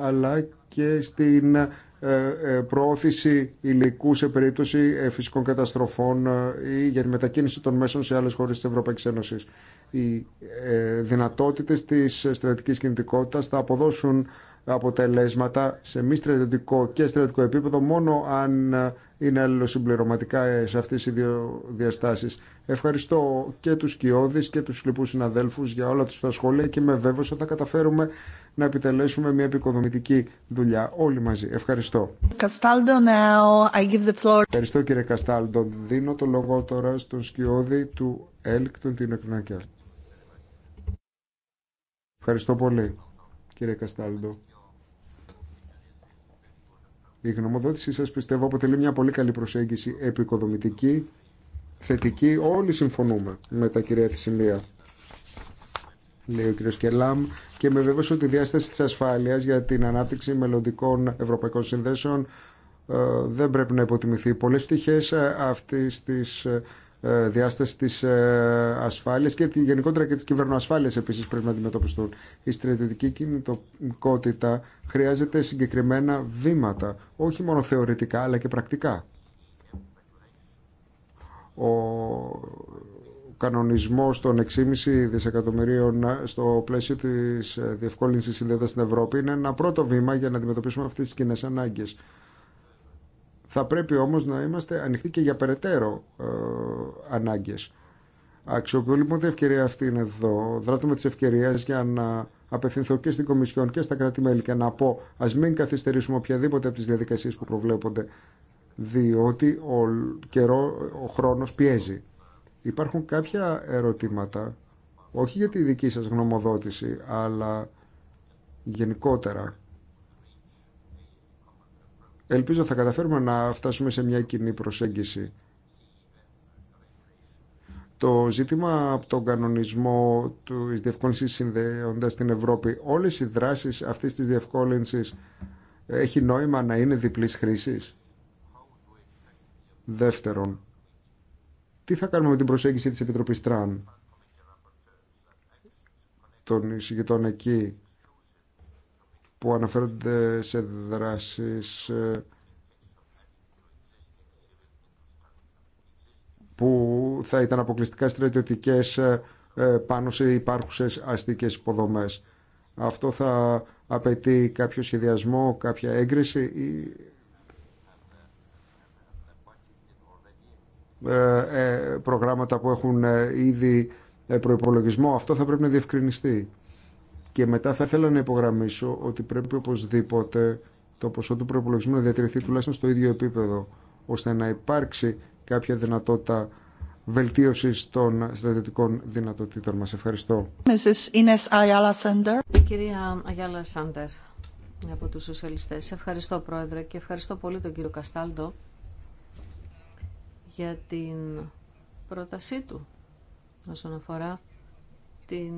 αλλά και στην ε, ε, προώθηση υλικού σε περίπτωση ε, φυσικών καταστροφών ή για τη μετακίνηση των μέσων σε άλλες χώρες της Ευρωπαϊκής Ένωσης. Οι δυνατότητες της στρατιωτικής κινητικότητας θα αποδώσουν αποτελέσματα σε μη στρατιωτικό και στρατιωτικό επίπεδο μόνο αν ε, είναι αλληλοσυμπληρωματικά ε, σε αυτές οι δύο διαστάσεις. Ευχαριστώ και τους Κιώδης και τους λοιπούς συναδέλφους για όλα τους τα σχόλια και με βέβαιο ότι θα καταφέρουμε να επιτελέσουμε μια επικοδομητική δουλειά όλοι μαζί. Ευχαριστώ. now I give the floor. Ευχαριστώ κύριε Καστάλντο. Δίνω το λόγο τώρα στον Σκιώδη του ΕΛΚ, τον Τίνο Ευχαριστώ πολύ κύριε Καστάλντο. Η γνωμοδότησή σας πιστεύω αποτελεί μια πολύ καλή προσέγγιση επικοδομητική, θετική. Όλοι συμφωνούμε με τα κυρία σημεία λέει ο κ. Κελάμ, και με βέβαιο ότι η διάσταση τη ασφάλεια για την ανάπτυξη μελλοντικών ευρωπαϊκών συνδέσεων ε, δεν πρέπει να υποτιμηθεί. Πολλέ ε, αυτής αυτή τη ε, ε, διάσταση της ε, ασφάλειας και γενικότερα και της κυβερνοασφάλειας επίση πρέπει να αντιμετωπιστούν. Η στρατιωτική κινητικότητα χρειάζεται συγκεκριμένα βήματα, όχι μόνο θεωρητικά αλλά και πρακτικά. Ο κανονισμό των 6,5 δισεκατομμυρίων στο πλαίσιο τη ε, διευκόλυνση συνδέοντας στην Ευρώπη είναι ένα πρώτο βήμα για να αντιμετωπίσουμε αυτέ τι κοινέ ανάγκε. Θα πρέπει όμως να είμαστε ανοιχτοί και για περαιτέρω ε, ανάγκες. Αξιοποιώ λοιπόν την ευκαιρία αυτή είναι εδώ. Δράτω με τις ευκαιρίες για να απευθυνθώ και στην Κομισιόν και στα κράτη-μέλη και να πω ας μην καθυστερήσουμε οποιαδήποτε από τις διαδικασίες που προβλέπονται διότι ο, καιρό, ο χρόνος πιέζει. Υπάρχουν κάποια ερωτήματα, όχι για τη δική σας γνωμοδότηση, αλλά γενικότερα Ελπίζω θα καταφέρουμε να φτάσουμε σε μια κοινή προσέγγιση. Το ζήτημα από τον κανονισμό τη διευκόλυνση συνδέοντα την Ευρώπη, όλε οι δράσει αυτή τη διευκόλυνση έχει νόημα να είναι διπλή χρήση. Δεύτερον, τι θα κάνουμε με την προσέγγιση της Επιτροπής Τραν των εισηγητών εκεί που αναφέρονται σε δράσεις ε, που θα ήταν αποκλειστικά στρατιωτικές ε, ε, πάνω σε υπάρχουσες αστικές υποδομές. Αυτό θα απαιτεί κάποιο σχεδιασμό, κάποια έγκριση ή προγράμματα που έχουν ήδη προϋπολογισμό. Αυτό θα πρέπει να διευκρινιστεί. Και μετά θα ήθελα να υπογραμμίσω ότι πρέπει οπωσδήποτε το ποσό του προπολογισμού να διατηρηθεί τουλάχιστον στο ίδιο επίπεδο, ώστε να υπάρξει κάποια δυνατότητα βελτίωση των στρατιωτικών δυνατοτήτων μα. Ευχαριστώ. κυρία από τους σοσιαλιστές. Ευχαριστώ Πρόεδρε και ευχαριστώ πολύ τον κύριο Καστάλτο για την πρότασή του όσον αφορά την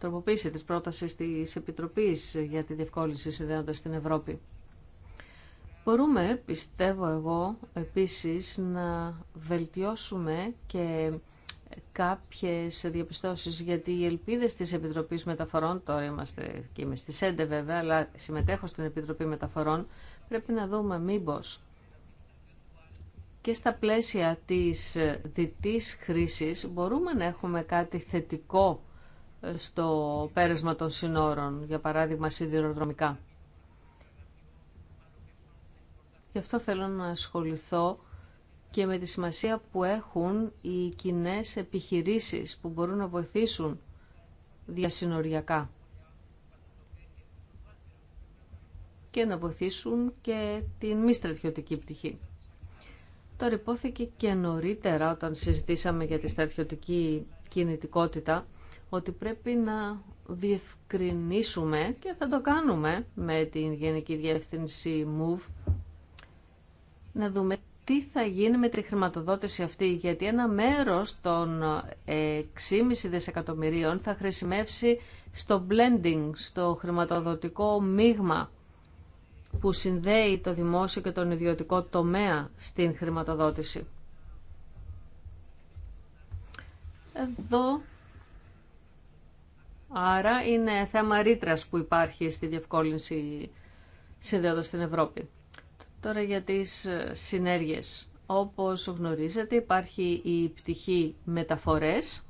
τροποποίηση της πρότασης της Επιτροπής για τη διευκόλυνση συνδέοντας στην Ευρώπη. Μπορούμε, πιστεύω εγώ, επίσης να βελτιώσουμε και κάποιες διαπιστώσεις γιατί οι ελπίδες της Επιτροπής Μεταφορών, τώρα είμαστε και είμαι στη ΣΕΝΤΕ βέβαια, αλλά συμμετέχω στην Επιτροπή Μεταφορών, πρέπει να δούμε μήπως και στα πλαίσια της διτής χρήσης μπορούμε να έχουμε κάτι θετικό στο πέρασμα των συνόρων, για παράδειγμα σιδηροδρομικά. Γι' αυτό θέλω να ασχοληθώ και με τη σημασία που έχουν οι κοινέ επιχειρήσεις που μπορούν να βοηθήσουν διασυνοριακά και να βοηθήσουν και την μη στρατιωτική πτυχή. Τώρα υπόθηκε και νωρίτερα όταν συζητήσαμε για τη στρατιωτική κινητικότητα ότι πρέπει να διευκρινίσουμε και θα το κάνουμε με την Γενική Διεύθυνση MOVE να δούμε τι θα γίνει με τη χρηματοδότηση αυτή, γιατί ένα μέρος των 6,5 ε, δισεκατομμυρίων θα χρησιμεύσει στο blending, στο χρηματοδοτικό μείγμα που συνδέει το δημόσιο και τον ιδιωτικό τομέα στην χρηματοδότηση. Εδώ Άρα είναι θέμα ρήτρα που υπάρχει στη διευκόλυνση συνδέοντας στην Ευρώπη. Τώρα για τις ε, συνέργειες. Όπως γνωρίζετε υπάρχει η πτυχή μεταφορές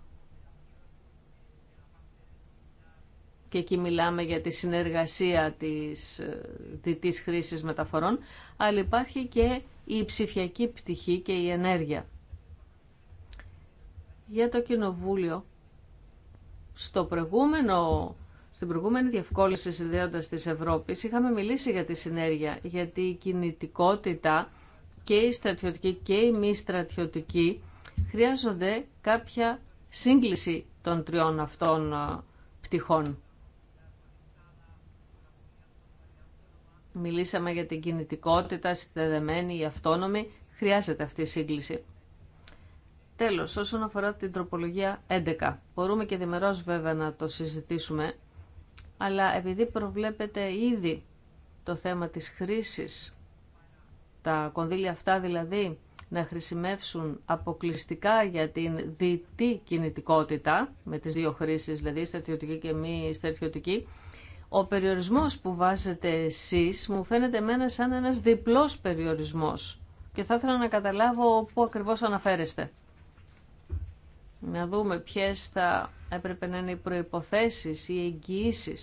και εκεί μιλάμε για τη συνεργασία της ε, χρήσης μεταφορών, αλλά υπάρχει και η ψηφιακή πτυχή και η ενέργεια. Για το Κοινοβούλιο στο προηγούμενο, στην προηγούμενη διευκόλυνση συνδέοντας της Ευρώπης είχαμε μιλήσει για τη συνέργεια, γιατί η κινητικότητα και η στρατιωτική και η μη στρατιωτική χρειάζονται κάποια σύγκληση των τριών αυτών πτυχών. Μιλήσαμε για την κινητικότητα, συνδεδεμένη, η αυτόνομη. Χρειάζεται αυτή η σύγκληση. Τέλος, όσον αφορά την τροπολογία 11, μπορούμε και διμερώς βέβαια να το συζητήσουμε, αλλά επειδή προβλέπεται ήδη το θέμα της χρήσης, τα κονδύλια αυτά δηλαδή να χρησιμεύσουν αποκλειστικά για την διτή κινητικότητα, με τις δύο χρήσεις, δηλαδή στρατιωτική και μη στρατιωτική, ο περιορισμός που βάζετε εσείς μου φαίνεται εμένα σαν ένας διπλός περιορισμός και θα ήθελα να καταλάβω πού ακριβώς αναφέρεστε να δούμε ποιες θα έπρεπε να είναι οι προϋποθέσεις, οι εγγυήσει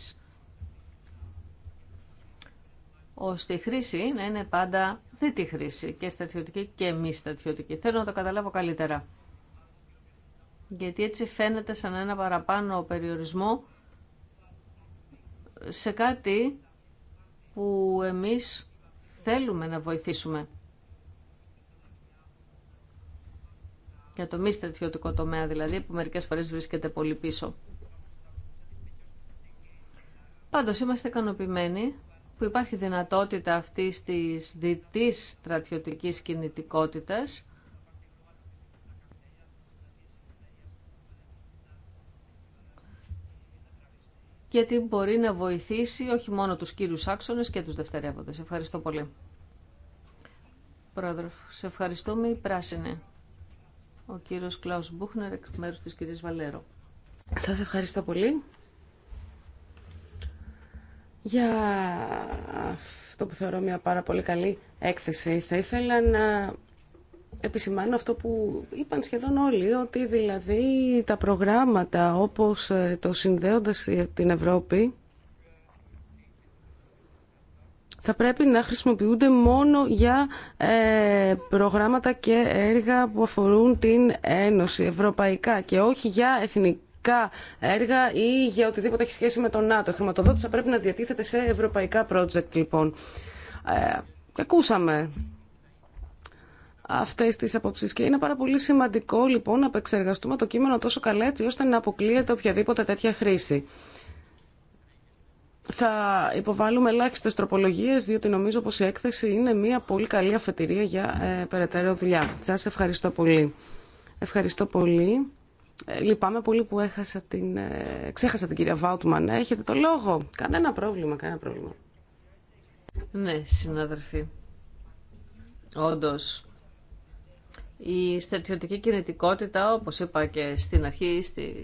ώστε η χρήση να είναι πάντα δίτη χρήση και στρατιωτική και μη στρατιωτική. Θέλω να το καταλάβω καλύτερα. Γιατί έτσι φαίνεται σαν ένα παραπάνω περιορισμό σε κάτι που εμείς θέλουμε να βοηθήσουμε. για το μη στρατιωτικό τομέα δηλαδή, που μερικές φορές βρίσκεται πολύ πίσω. Πάντως είμαστε ικανοποιημένοι που υπάρχει δυνατότητα αυτής της διτής στρατιωτικής κινητικότητας γιατί μπορεί να βοηθήσει όχι μόνο τους κύριους άξονες και τους δευτερεύοντες. Ευχαριστώ πολύ. Πρόεδρο, σε ευχαριστούμε η πράσινη ο κύριος Κλάους Μπούχνερ εκ μέρους της κυρίας Βαλέρο. Σας ευχαριστώ πολύ για αυτό που θεωρώ μια πάρα πολύ καλή έκθεση. Θα ήθελα να επισημάνω αυτό που είπαν σχεδόν όλοι, ότι δηλαδή τα προγράμματα όπως το συνδέοντας την Ευρώπη θα πρέπει να χρησιμοποιούνται μόνο για ε, προγράμματα και έργα που αφορούν την Ένωση ευρωπαϊκά και όχι για εθνικά έργα ή για οτιδήποτε έχει σχέση με τον ΝΑΤΟ. Η χρηματοδότηση θα πρέπει να διατίθεται σε ευρωπαϊκά project λοιπόν. Ε, ακούσαμε αυτές τις απόψεις και είναι πάρα πολύ σημαντικό λοιπόν να επεξεργαστούμε το κείμενο τόσο καλά έτσι ώστε να αποκλείεται οποιαδήποτε τέτοια χρήση θα υποβάλουμε ελάχιστε τροπολογίε, διότι νομίζω πω η έκθεση είναι μια πολύ καλή αφετηρία για ε, περαιτέρω δουλειά. Σα ευχαριστώ πολύ. Ευχαριστώ πολύ. Ε, λυπάμαι πολύ που έχασα την, ε, ξέχασα την κυρία Βάουτμαν. Έχετε το λόγο. Κανένα πρόβλημα, κανένα πρόβλημα. Ναι, συνάδελφοι. όντω. Η στρατιωτική κινητικότητα, όπως είπα και στην αρχή,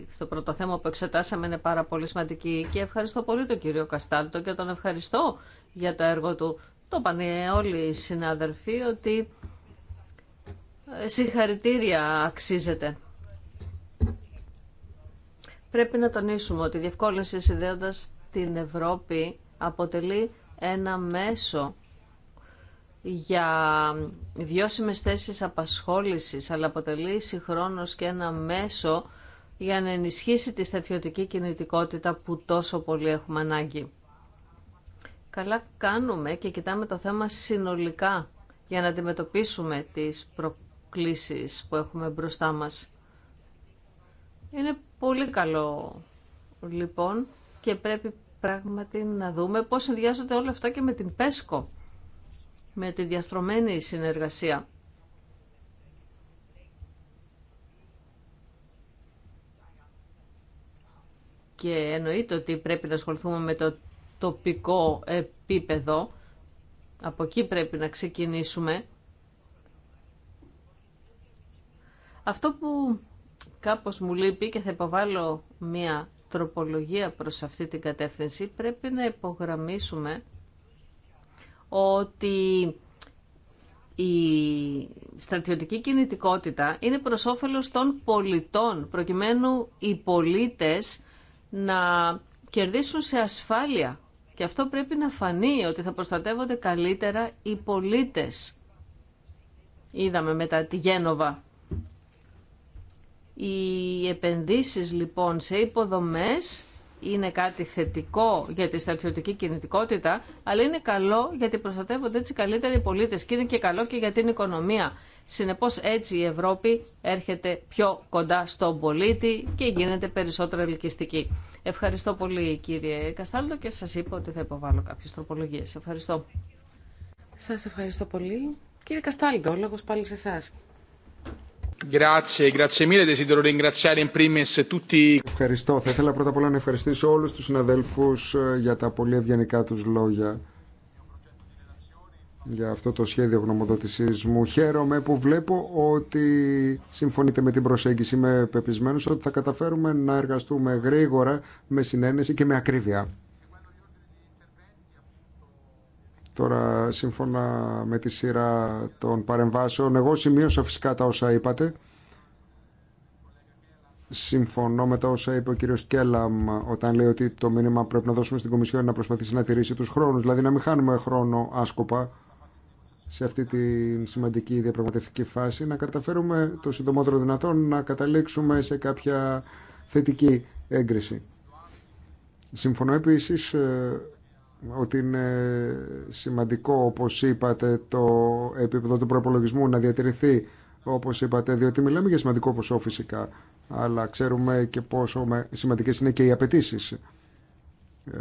στο πρώτο θέμα που εξετάσαμε, είναι πάρα πολύ σημαντική και ευχαριστώ πολύ τον κύριο Καστάλτο και τον ευχαριστώ για το έργο του. Το είπαν όλοι οι συνάδελφοι ότι ε, συγχαρητήρια αξίζεται. Πρέπει να τονίσουμε ότι η διευκόλυνση συνδέοντας την Ευρώπη αποτελεί ένα μέσο για βιώσιμες θέσεις απασχόλησης, αλλά αποτελεί συγχρόνως και ένα μέσο για να ενισχύσει τη στατιωτική κινητικότητα που τόσο πολύ έχουμε ανάγκη. Καλά κάνουμε και κοιτάμε το θέμα συνολικά για να αντιμετωπίσουμε τις προκλήσεις που έχουμε μπροστά μας. Είναι πολύ καλό λοιπόν και πρέπει πράγματι να δούμε πώς συνδυάζονται όλα αυτά και με την ΠΕΣΚΟ με τη διαστρωμένη συνεργασία. Και εννοείται ότι πρέπει να ασχοληθούμε με το τοπικό επίπεδο. Από εκεί πρέπει να ξεκινήσουμε. Αυτό που κάπως μου λείπει και θα υποβάλω μία τροπολογία προς αυτή την κατεύθυνση, πρέπει να υπογραμμίσουμε ότι η στρατιωτική κινητικότητα είναι προς όφελος των πολιτών, προκειμένου οι πολίτες να κερδίσουν σε ασφάλεια. Και αυτό πρέπει να φανεί ότι θα προστατεύονται καλύτερα οι πολίτες. Είδαμε μετά τη Γένοβα. Οι επενδύσεις λοιπόν σε υποδομές είναι κάτι θετικό για τη στρατιωτική κινητικότητα, αλλά είναι καλό γιατί προστατεύονται έτσι καλύτεροι οι πολίτε και είναι και καλό και για την οικονομία. Συνεπώ, έτσι η Ευρώπη έρχεται πιο κοντά στον πολίτη και γίνεται περισσότερο ελκυστική. Ευχαριστώ πολύ, κύριε Καστάλτο, και σα είπα ότι θα υποβάλω κάποιε τροπολογίε. Ευχαριστώ. Σα ευχαριστώ πολύ. Κύριε Καστάλτο, λόγο πάλι σε εσά. Ευχαριστώ. Θα ήθελα πρώτα απ' όλα να ευχαριστήσω όλου τους συναδέλφου ε, για τα πολύ ευγενικά τους λόγια για αυτό το σχέδιο γνωμοδότησής μου. Χαίρομαι που βλέπω ότι συμφωνείτε με την προσέγγιση. Είμαι πεπισμένος ότι θα καταφέρουμε να εργαστούμε γρήγορα, με συνένεση και με ακρίβεια. Τώρα, σύμφωνα με τη σειρά των παρεμβάσεων, εγώ σημείωσα φυσικά τα όσα είπατε. Συμφωνώ με τα όσα είπε ο κύριος Κέλαμ όταν λέει ότι το μήνυμα πρέπει να δώσουμε στην Κομισιόν να προσπαθήσει να τηρήσει τους χρόνους, δηλαδή να μην χάνουμε χρόνο άσκοπα σε αυτή τη σημαντική διαπραγματευτική φάση, να καταφέρουμε το συντομότερο δυνατόν να καταλήξουμε σε κάποια θετική έγκριση. Συμφωνώ επίσης ε, ότι είναι σημαντικό, όπως είπατε, το επίπεδο του προπολογισμού να διατηρηθεί, όπως είπατε, διότι μιλάμε για σημαντικό ποσό φυσικά, αλλά ξέρουμε και πόσο σημαντικές είναι και οι απαιτήσει. Ε,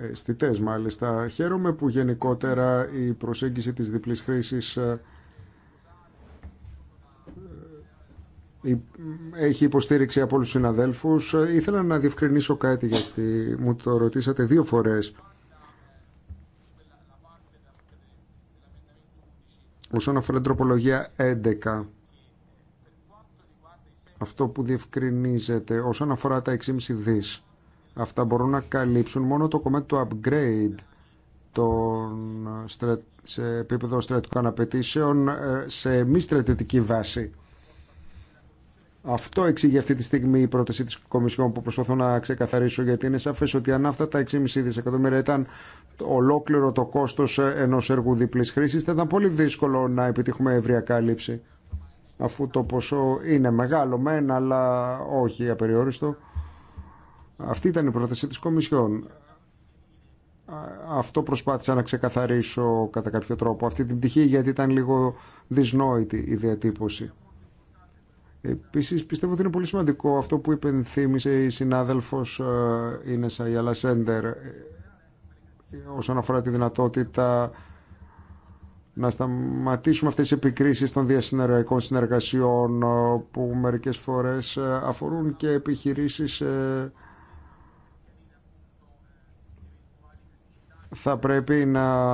Αισθητέ, μάλιστα. Χαίρομαι που γενικότερα η προσέγγιση της διπλής χρήσης ε, ε, έχει υποστήριξη από όλους τους συναδέλφους. Ήθελα να διευκρινίσω κάτι γιατί μου το ρωτήσατε δύο φορές. Όσον αφορά την τροπολογία 11, αυτό που διευκρινίζεται όσον αφορά τα 6,5 δις, αυτά μπορούν να καλύψουν μόνο το κομμάτι του upgrade των, σε επίπεδο στρατιωτικών απαιτήσεων ε, σε μη στρατιωτική βάση. Αυτό εξηγεί αυτή τη στιγμή η πρόταση τη Κομισιόν που προσπαθώ να ξεκαθαρίσω, γιατί είναι σαφέ ότι αν αυτά τα 6,5 δισεκατομμύρια ήταν ολόκληρο το κόστο ε, ενό έργου διπλή χρήση, θα ήταν πολύ δύσκολο να επιτύχουμε ευρεία κάλυψη. Αφού το ποσό είναι μεγάλο μεν, αλλά όχι απεριόριστο. Αυτή ήταν η πρόταση τη Κομισιόν. Αυτό προσπάθησα να ξεκαθαρίσω κατά κάποιο τρόπο αυτή την τυχή γιατί ήταν λίγο δυσνόητη η διατύπωση. Επίση, πιστεύω ότι είναι πολύ σημαντικό αυτό που υπενθύμησε η συνάδελφο Ίνεσα Αγιαλά Σέντερ όσον αφορά τη δυνατότητα να σταματήσουμε αυτές τις επικρίσεις των διασυνεργατικών συνεργασιών ε, που μερικές φορές ε, αφορούν και επιχειρήσεις ε, θα πρέπει να,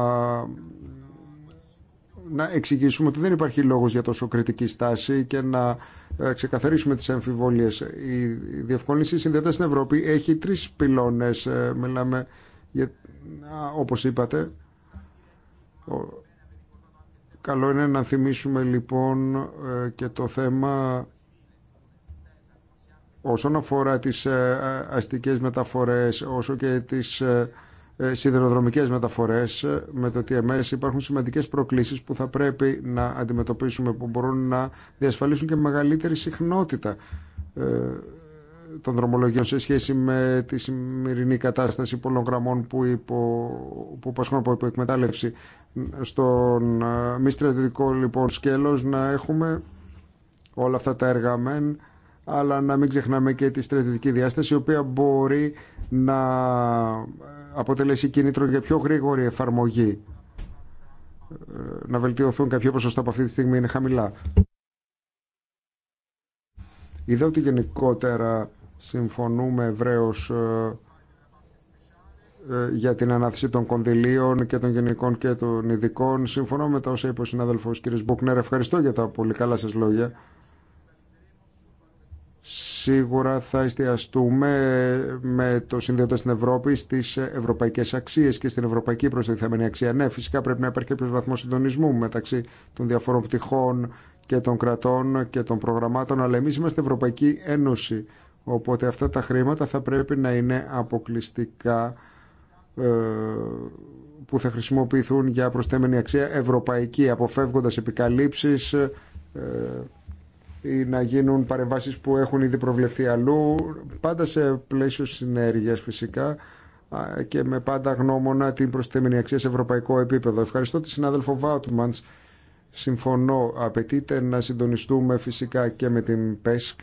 να εξηγήσουμε ότι δεν υπάρχει λόγος για τόσο κριτική στάση και να ε, ξεκαθαρίσουμε τις αμφιβολίες. Η διευκόλυνση συνδέεται στην Ευρώπη έχει τρεις πυλώνες, ε, μιλάμε για, όπως είπατε. Καλό είναι να θυμίσουμε λοιπόν ε, και το θέμα όσον αφορά τις αστικές μεταφορές, όσο και τις ε, σιδηροδρομικές μεταφορές ε, με το TMS υπάρχουν σημαντικές προκλήσεις που θα πρέπει να αντιμετωπίσουμε που μπορούν να διασφαλίσουν και μεγαλύτερη συχνότητα ε, των δρομολογιών σε σχέση με τη σημερινή κατάσταση πολλών γραμμών που, υπο, που πασχούν από υποεκμετάλλευση στον μη στρατιωτικό λοιπόν σκέλος να έχουμε όλα αυτά τα έργα αλλά να μην ξεχνάμε και τη στρατιωτική διάσταση η οποία μπορεί να αποτελέσει κίνητρο για πιο γρήγορη εφαρμογή. Ε, να βελτιωθούν κάποιο ποσοστά από αυτή τη στιγμή είναι χαμηλά. Είδα ότι γενικότερα συμφωνούμε ευρέως ε, ε, για την ανάθεση των κονδυλίων και των γενικών και των ειδικών. Συμφωνώ με τα όσα είπε ο συνάδελφός κ. Μπουκνέρ. Ευχαριστώ για τα πολύ καλά σας λόγια. Σίγουρα θα εστιαστούμε με το Συνδέοντα στην Ευρώπη στι ευρωπαϊκέ αξίε και στην ευρωπαϊκή προστιθέμενη αξία. Ναι, φυσικά πρέπει να υπάρχει κάποιο βαθμό συντονισμού μεταξύ των διαφορών πτυχών και των κρατών και των προγραμμάτων, αλλά εμεί είμαστε Ευρωπαϊκή Ένωση. Οπότε αυτά τα χρήματα θα πρέπει να είναι αποκλειστικά ε, που θα χρησιμοποιηθούν για προσθεμένη αξία ευρωπαϊκή, αποφεύγοντας επικαλύψεις ε, ή να γίνουν παρεμβάσεις που έχουν ήδη προβλεφθεί αλλού, πάντα σε πλαίσιο συνέργειας φυσικά και με πάντα γνώμονα την προσθέμενη αξία σε ευρωπαϊκό επίπεδο. Ευχαριστώ τη συνάδελφο Βάουτμαντς. Συμφωνώ, απαιτείται να συντονιστούμε φυσικά και με την ΠΕΣΚ.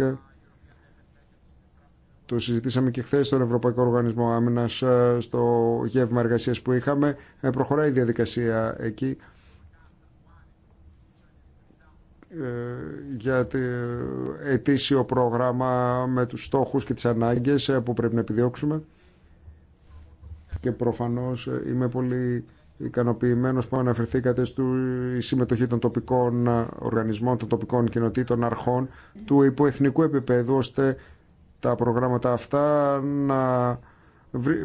Το συζητήσαμε και χθε στον Ευρωπαϊκό Οργανισμό Άμυνα ε, στο γεύμα εργασία που είχαμε. Ε, προχωράει η διαδικασία εκεί. Ε, για το ετήσιο πρόγραμμα με τους στόχους και τις ανάγκες ε, που πρέπει να επιδιώξουμε και προφανώς ε, είμαι πολύ ικανοποιημένος που αναφερθήκατε στη συμμετοχή των τοπικών οργανισμών, των τοπικών κοινοτήτων αρχών του υποεθνικού επίπεδου ώστε τα προγράμματα αυτά να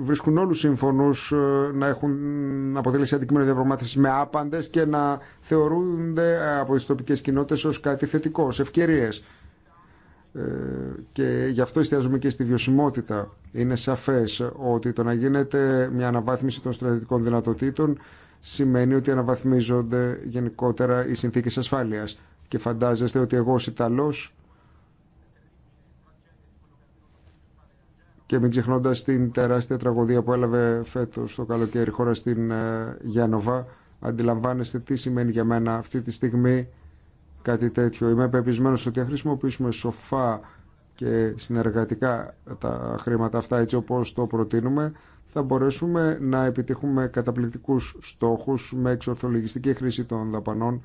βρίσκουν όλους σύμφωνους ε, να έχουν αποτελέσει αντικείμενο διαπραγμάτευση με άπαντες και να θεωρούνται ε, από τις τοπικές κοινότητες ως κάτι θετικό, ως ε, Και γι' αυτό εστιάζουμε και στη βιωσιμότητα. Είναι σαφές ότι το να γίνεται μια αναβάθμιση των στρατιωτικών δυνατοτήτων σημαίνει ότι αναβαθμίζονται γενικότερα οι συνθήκες ασφάλειας. Και φαντάζεστε ότι εγώ ως Ιταλός και μην ξεχνώντα την τεράστια τραγωδία που έλαβε φέτο το καλοκαίρι χώρα στην ε, Γιάνοβα, αντιλαμβάνεστε τι σημαίνει για μένα αυτή τη στιγμή κάτι τέτοιο. Είμαι πεπισμένο ότι αν χρησιμοποιήσουμε σοφά και συνεργατικά τα χρήματα αυτά έτσι όπως το προτείνουμε θα μπορέσουμε να επιτύχουμε καταπληκτικού στόχου με εξορθολογιστική χρήση των δαπανών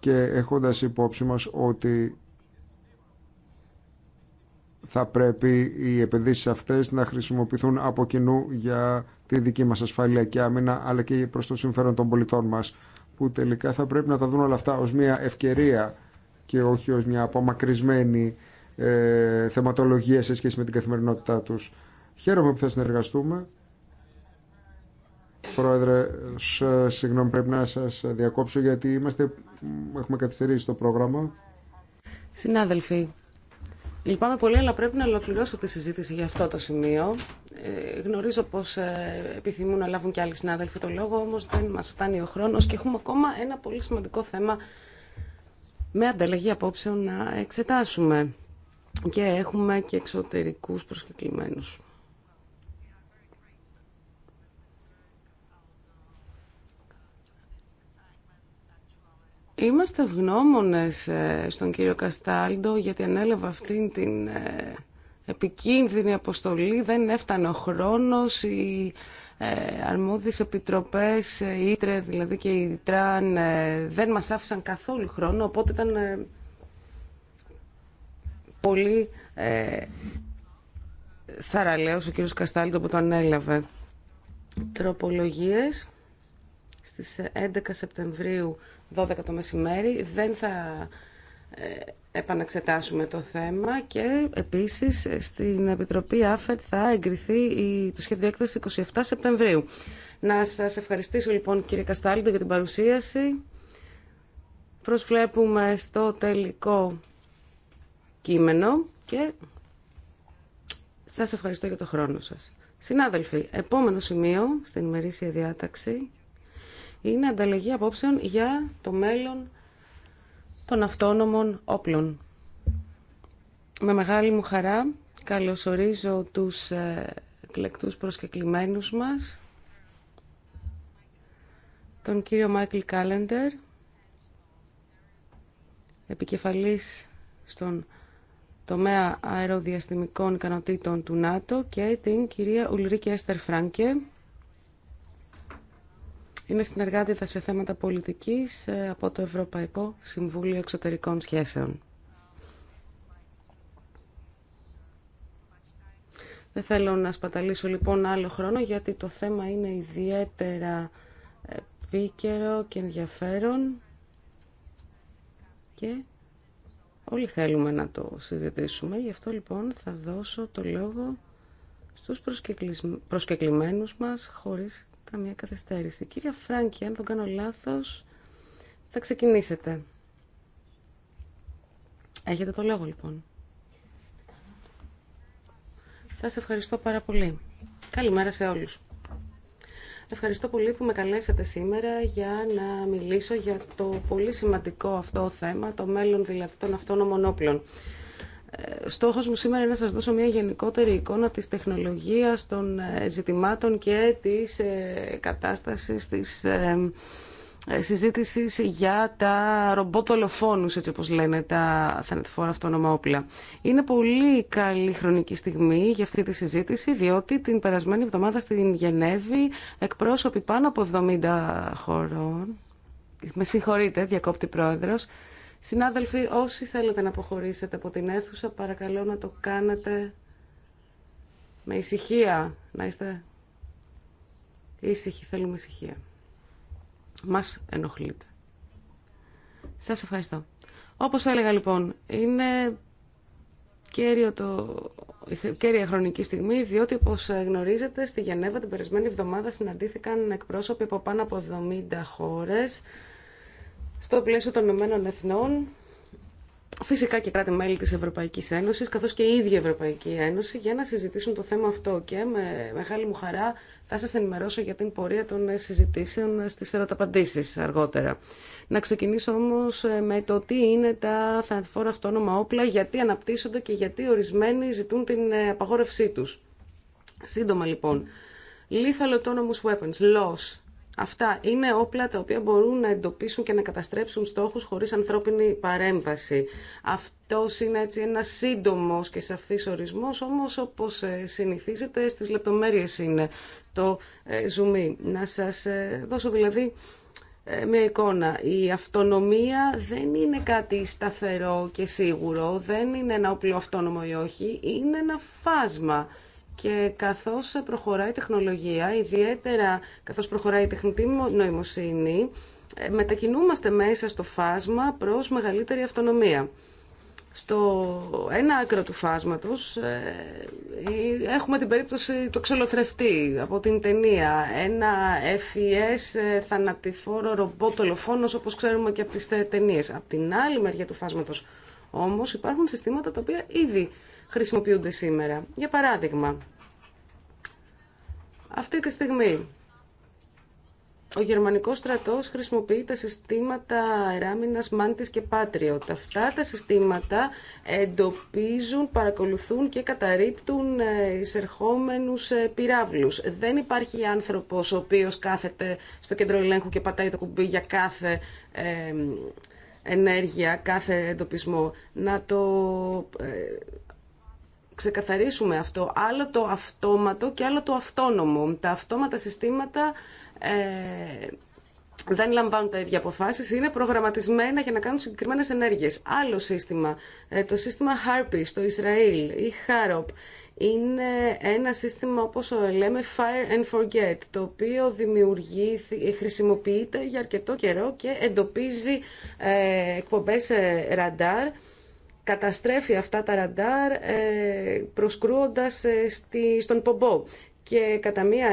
και έχοντα υπόψη μα ότι θα πρέπει οι επενδύσεις αυτές να χρησιμοποιηθούν από κοινού για τη δική μας ασφάλεια και άμυνα αλλά και προς το συμφέρον των πολιτών μας που τελικά θα πρέπει να τα δουν όλα αυτά ως μια ευκαιρία και όχι ως μια απομακρυσμένη ε, θεματολογία σε σχέση με την καθημερινότητά τους. Χαίρομαι που θα συνεργαστούμε. Πρόεδρε, συγγνώμη πρέπει να σας διακόψω γιατί είμαστε, έχουμε καθυστερήσει το πρόγραμμα. Συνάδελφοι, Λυπάμαι πολύ, αλλά πρέπει να ολοκληρώσω τη συζήτηση για αυτό το σημείο. Ε, γνωρίζω πω ε, επιθυμούν να λάβουν και άλλοι συνάδελφοι το λόγο, όμω δεν μα φτάνει ο χρόνο και έχουμε ακόμα ένα πολύ σημαντικό θέμα με ανταλλαγή απόψεων να εξετάσουμε. Και έχουμε και εξωτερικού προσκεκλημένου Είμαστε ευγνώμονες ε, στον κύριο Καστάλντο γιατί ανέλαβε αυτήν την ε, επικίνδυνη αποστολή. Δεν έφτανε ο χρόνος, οι ε, αρμόδιες επιτροπές, η Ήτρε δηλαδή και η Τραν δεν μας άφησαν καθόλου χρόνο, οπότε ήταν πολύ θαραλέος ο κύριος Καστάλντο που το ανέλαβε. Τροπολογίες στις 11 Σεπτεμβρίου 12 το μεσημέρι. Δεν θα ε, επαναξετάσουμε το θέμα και επίσης ε, στην Επιτροπή ΑΦΕΤ θα εγκριθεί το σχέδιο έκθεση 27 Σεπτεμβρίου. Να σας ευχαριστήσω λοιπόν κύριε Καστάλιντο για την παρουσίαση. Προσβλέπουμε στο τελικό κείμενο και σας ευχαριστώ για το χρόνο σας. Συνάδελφοι, επόμενο σημείο στην ημερήσια διάταξη είναι ανταλλαγή απόψεων για το μέλλον των αυτόνομων όπλων. Με μεγάλη μου χαρά καλωσορίζω τους ε, εκλεκτούς προσκεκλημένους μας, τον κύριο Μάικλ Κάλεντερ, επικεφαλής στον τομέα αεροδιαστημικών ικανοτήτων του ΝΑΤΟ και την κυρία Ουλρίκη Έστερ Φράνκε, είναι συνεργάτητα σε θέματα πολιτικής ε, από το Ευρωπαϊκό Συμβούλιο Εξωτερικών Σχέσεων. Δεν θέλω να σπαταλήσω λοιπόν άλλο χρόνο γιατί το θέμα είναι ιδιαίτερα επίκαιρο και ενδιαφέρον και όλοι θέλουμε να το συζητήσουμε. Γι' αυτό λοιπόν θα δώσω το λόγο στους προσκεκλημένους μας χωρίς καμία καθυστέρηση. Κύριε Φράγκη, αν δεν κάνω λάθος, θα ξεκινήσετε. Έχετε το λόγο, λοιπόν. Σας ευχαριστώ πάρα πολύ. Καλημέρα σε όλους. Ευχαριστώ πολύ που με καλέσατε σήμερα για να μιλήσω για το πολύ σημαντικό αυτό θέμα, το μέλλον δηλαδή των αυτόνομων όπλων. Στόχος μου σήμερα είναι να σας δώσω μια γενικότερη εικόνα της τεχνολογίας, των ε, ζητημάτων και της ε, κατάστασης της ε, συζήτησης για τα ρομπότ έτσι όπως λένε τα θανατηφόρα αυτόνομα όπλα. Είναι πολύ καλή χρονική στιγμή για αυτή τη συζήτηση, διότι την περασμένη εβδομάδα στην Γενέβη εκπρόσωποι πάνω από 70 χωρών, με συγχωρείτε, διακόπτη πρόεδρος, Συνάδελφοι, όσοι θέλετε να αποχωρήσετε από την αίθουσα, παρακαλώ να το κάνετε με ησυχία. Να είστε ήσυχοι, θέλουμε ησυχία. Μας ενοχλείτε. Σας ευχαριστώ. Όπως έλεγα λοιπόν, είναι κέριο το... κέρια χρονική στιγμή, διότι όπως γνωρίζετε στη Γενέβα την περισμένη εβδομάδα συναντήθηκαν εκπρόσωποι από πάνω από 70 χώρες στο πλαίσιο των Ηνωμένων Εθνών, φυσικά και κράτη-μέλη της Ευρωπαϊκής Ένωσης, καθώς και η ίδια Ευρωπαϊκή Ένωση, για να συζητήσουν το θέμα αυτό. Και με μεγάλη μου χαρά θα σας ενημερώσω για την πορεία των συζητήσεων στις ερωταπαντήσεις αργότερα. Να ξεκινήσω όμως ε, με το τι είναι τα θανατηφόρα αυτόνομα όπλα, γιατί αναπτύσσονται και γιατί ορισμένοι ζητούν την ε, απαγόρευσή τους. Σύντομα λοιπόν, lethal autonomous weapons, LOS, Αυτά είναι όπλα τα οποία μπορούν να εντοπίσουν και να καταστρέψουν στόχους χωρίς ανθρώπινη παρέμβαση. αυτό είναι έτσι ένα σύντομος και σαφής ορισμός, όμως όπως ε, συνηθίζεται στις λεπτομέρειες είναι το ζουμί. Ε, να σας ε, δώσω δηλαδή μια εικόνα. Η αυτονομία δεν είναι κάτι σταθερό και σίγουρο, δεν είναι ένα όπλο αυτόνομο ή όχι, είναι ένα φάσμα και καθώς προχωράει η τεχνολογία, ιδιαίτερα καθώς προχωράει η τεχνητή νοημοσύνη, ε, μετακινούμαστε μέσα στο φάσμα προς μεγαλύτερη αυτονομία. Στο ένα άκρο του φάσματος ε, ε, έχουμε την περίπτωση του ξελοθρευτή από την ταινία. Ένα FES θανατηφόρο ρομπότολοφόνος όπως ξέρουμε και από τις ταινίες. Από την άλλη μεριά του φάσματος όμως υπάρχουν συστήματα τα οποία ήδη χρησιμοποιούνται σήμερα. Για παράδειγμα, αυτή τη στιγμή ο γερμανικός στρατός χρησιμοποιεί τα συστήματα αεράμινας Μάντης και πάτριο. Αυτά τα συστήματα εντοπίζουν, παρακολουθούν και καταρρύπτουν ε, εισερχόμενους ε, πυράβλους. Δεν υπάρχει άνθρωπος ο οποίος κάθεται στο κέντρο ελέγχου και πατάει το κουμπί για κάθε ε, ενέργεια, κάθε εντοπισμό. Να το ξεκαθαρίσουμε αυτό. Άλλο το αυτόματο και άλλο το αυτόνομο. Τα αυτόματα συστήματα ε, δεν λαμβάνουν τα ίδια αποφάσει, είναι προγραμματισμένα για να κάνουν συγκεκριμένε ενέργειε. Άλλο σύστημα, ε, το σύστημα Harpy στο Ισραήλ ή Harop, είναι ένα σύστημα όπως λέμε fire and forget, το οποίο δημιουργεί, χρησιμοποιείται για αρκετό καιρό και εντοπίζει ε, εκπομπές ε, ραντάρ καταστρέφει αυτά τα ραντάρ ε, προσκρούοντας ε, στη, στον πομπό. Και κατά μία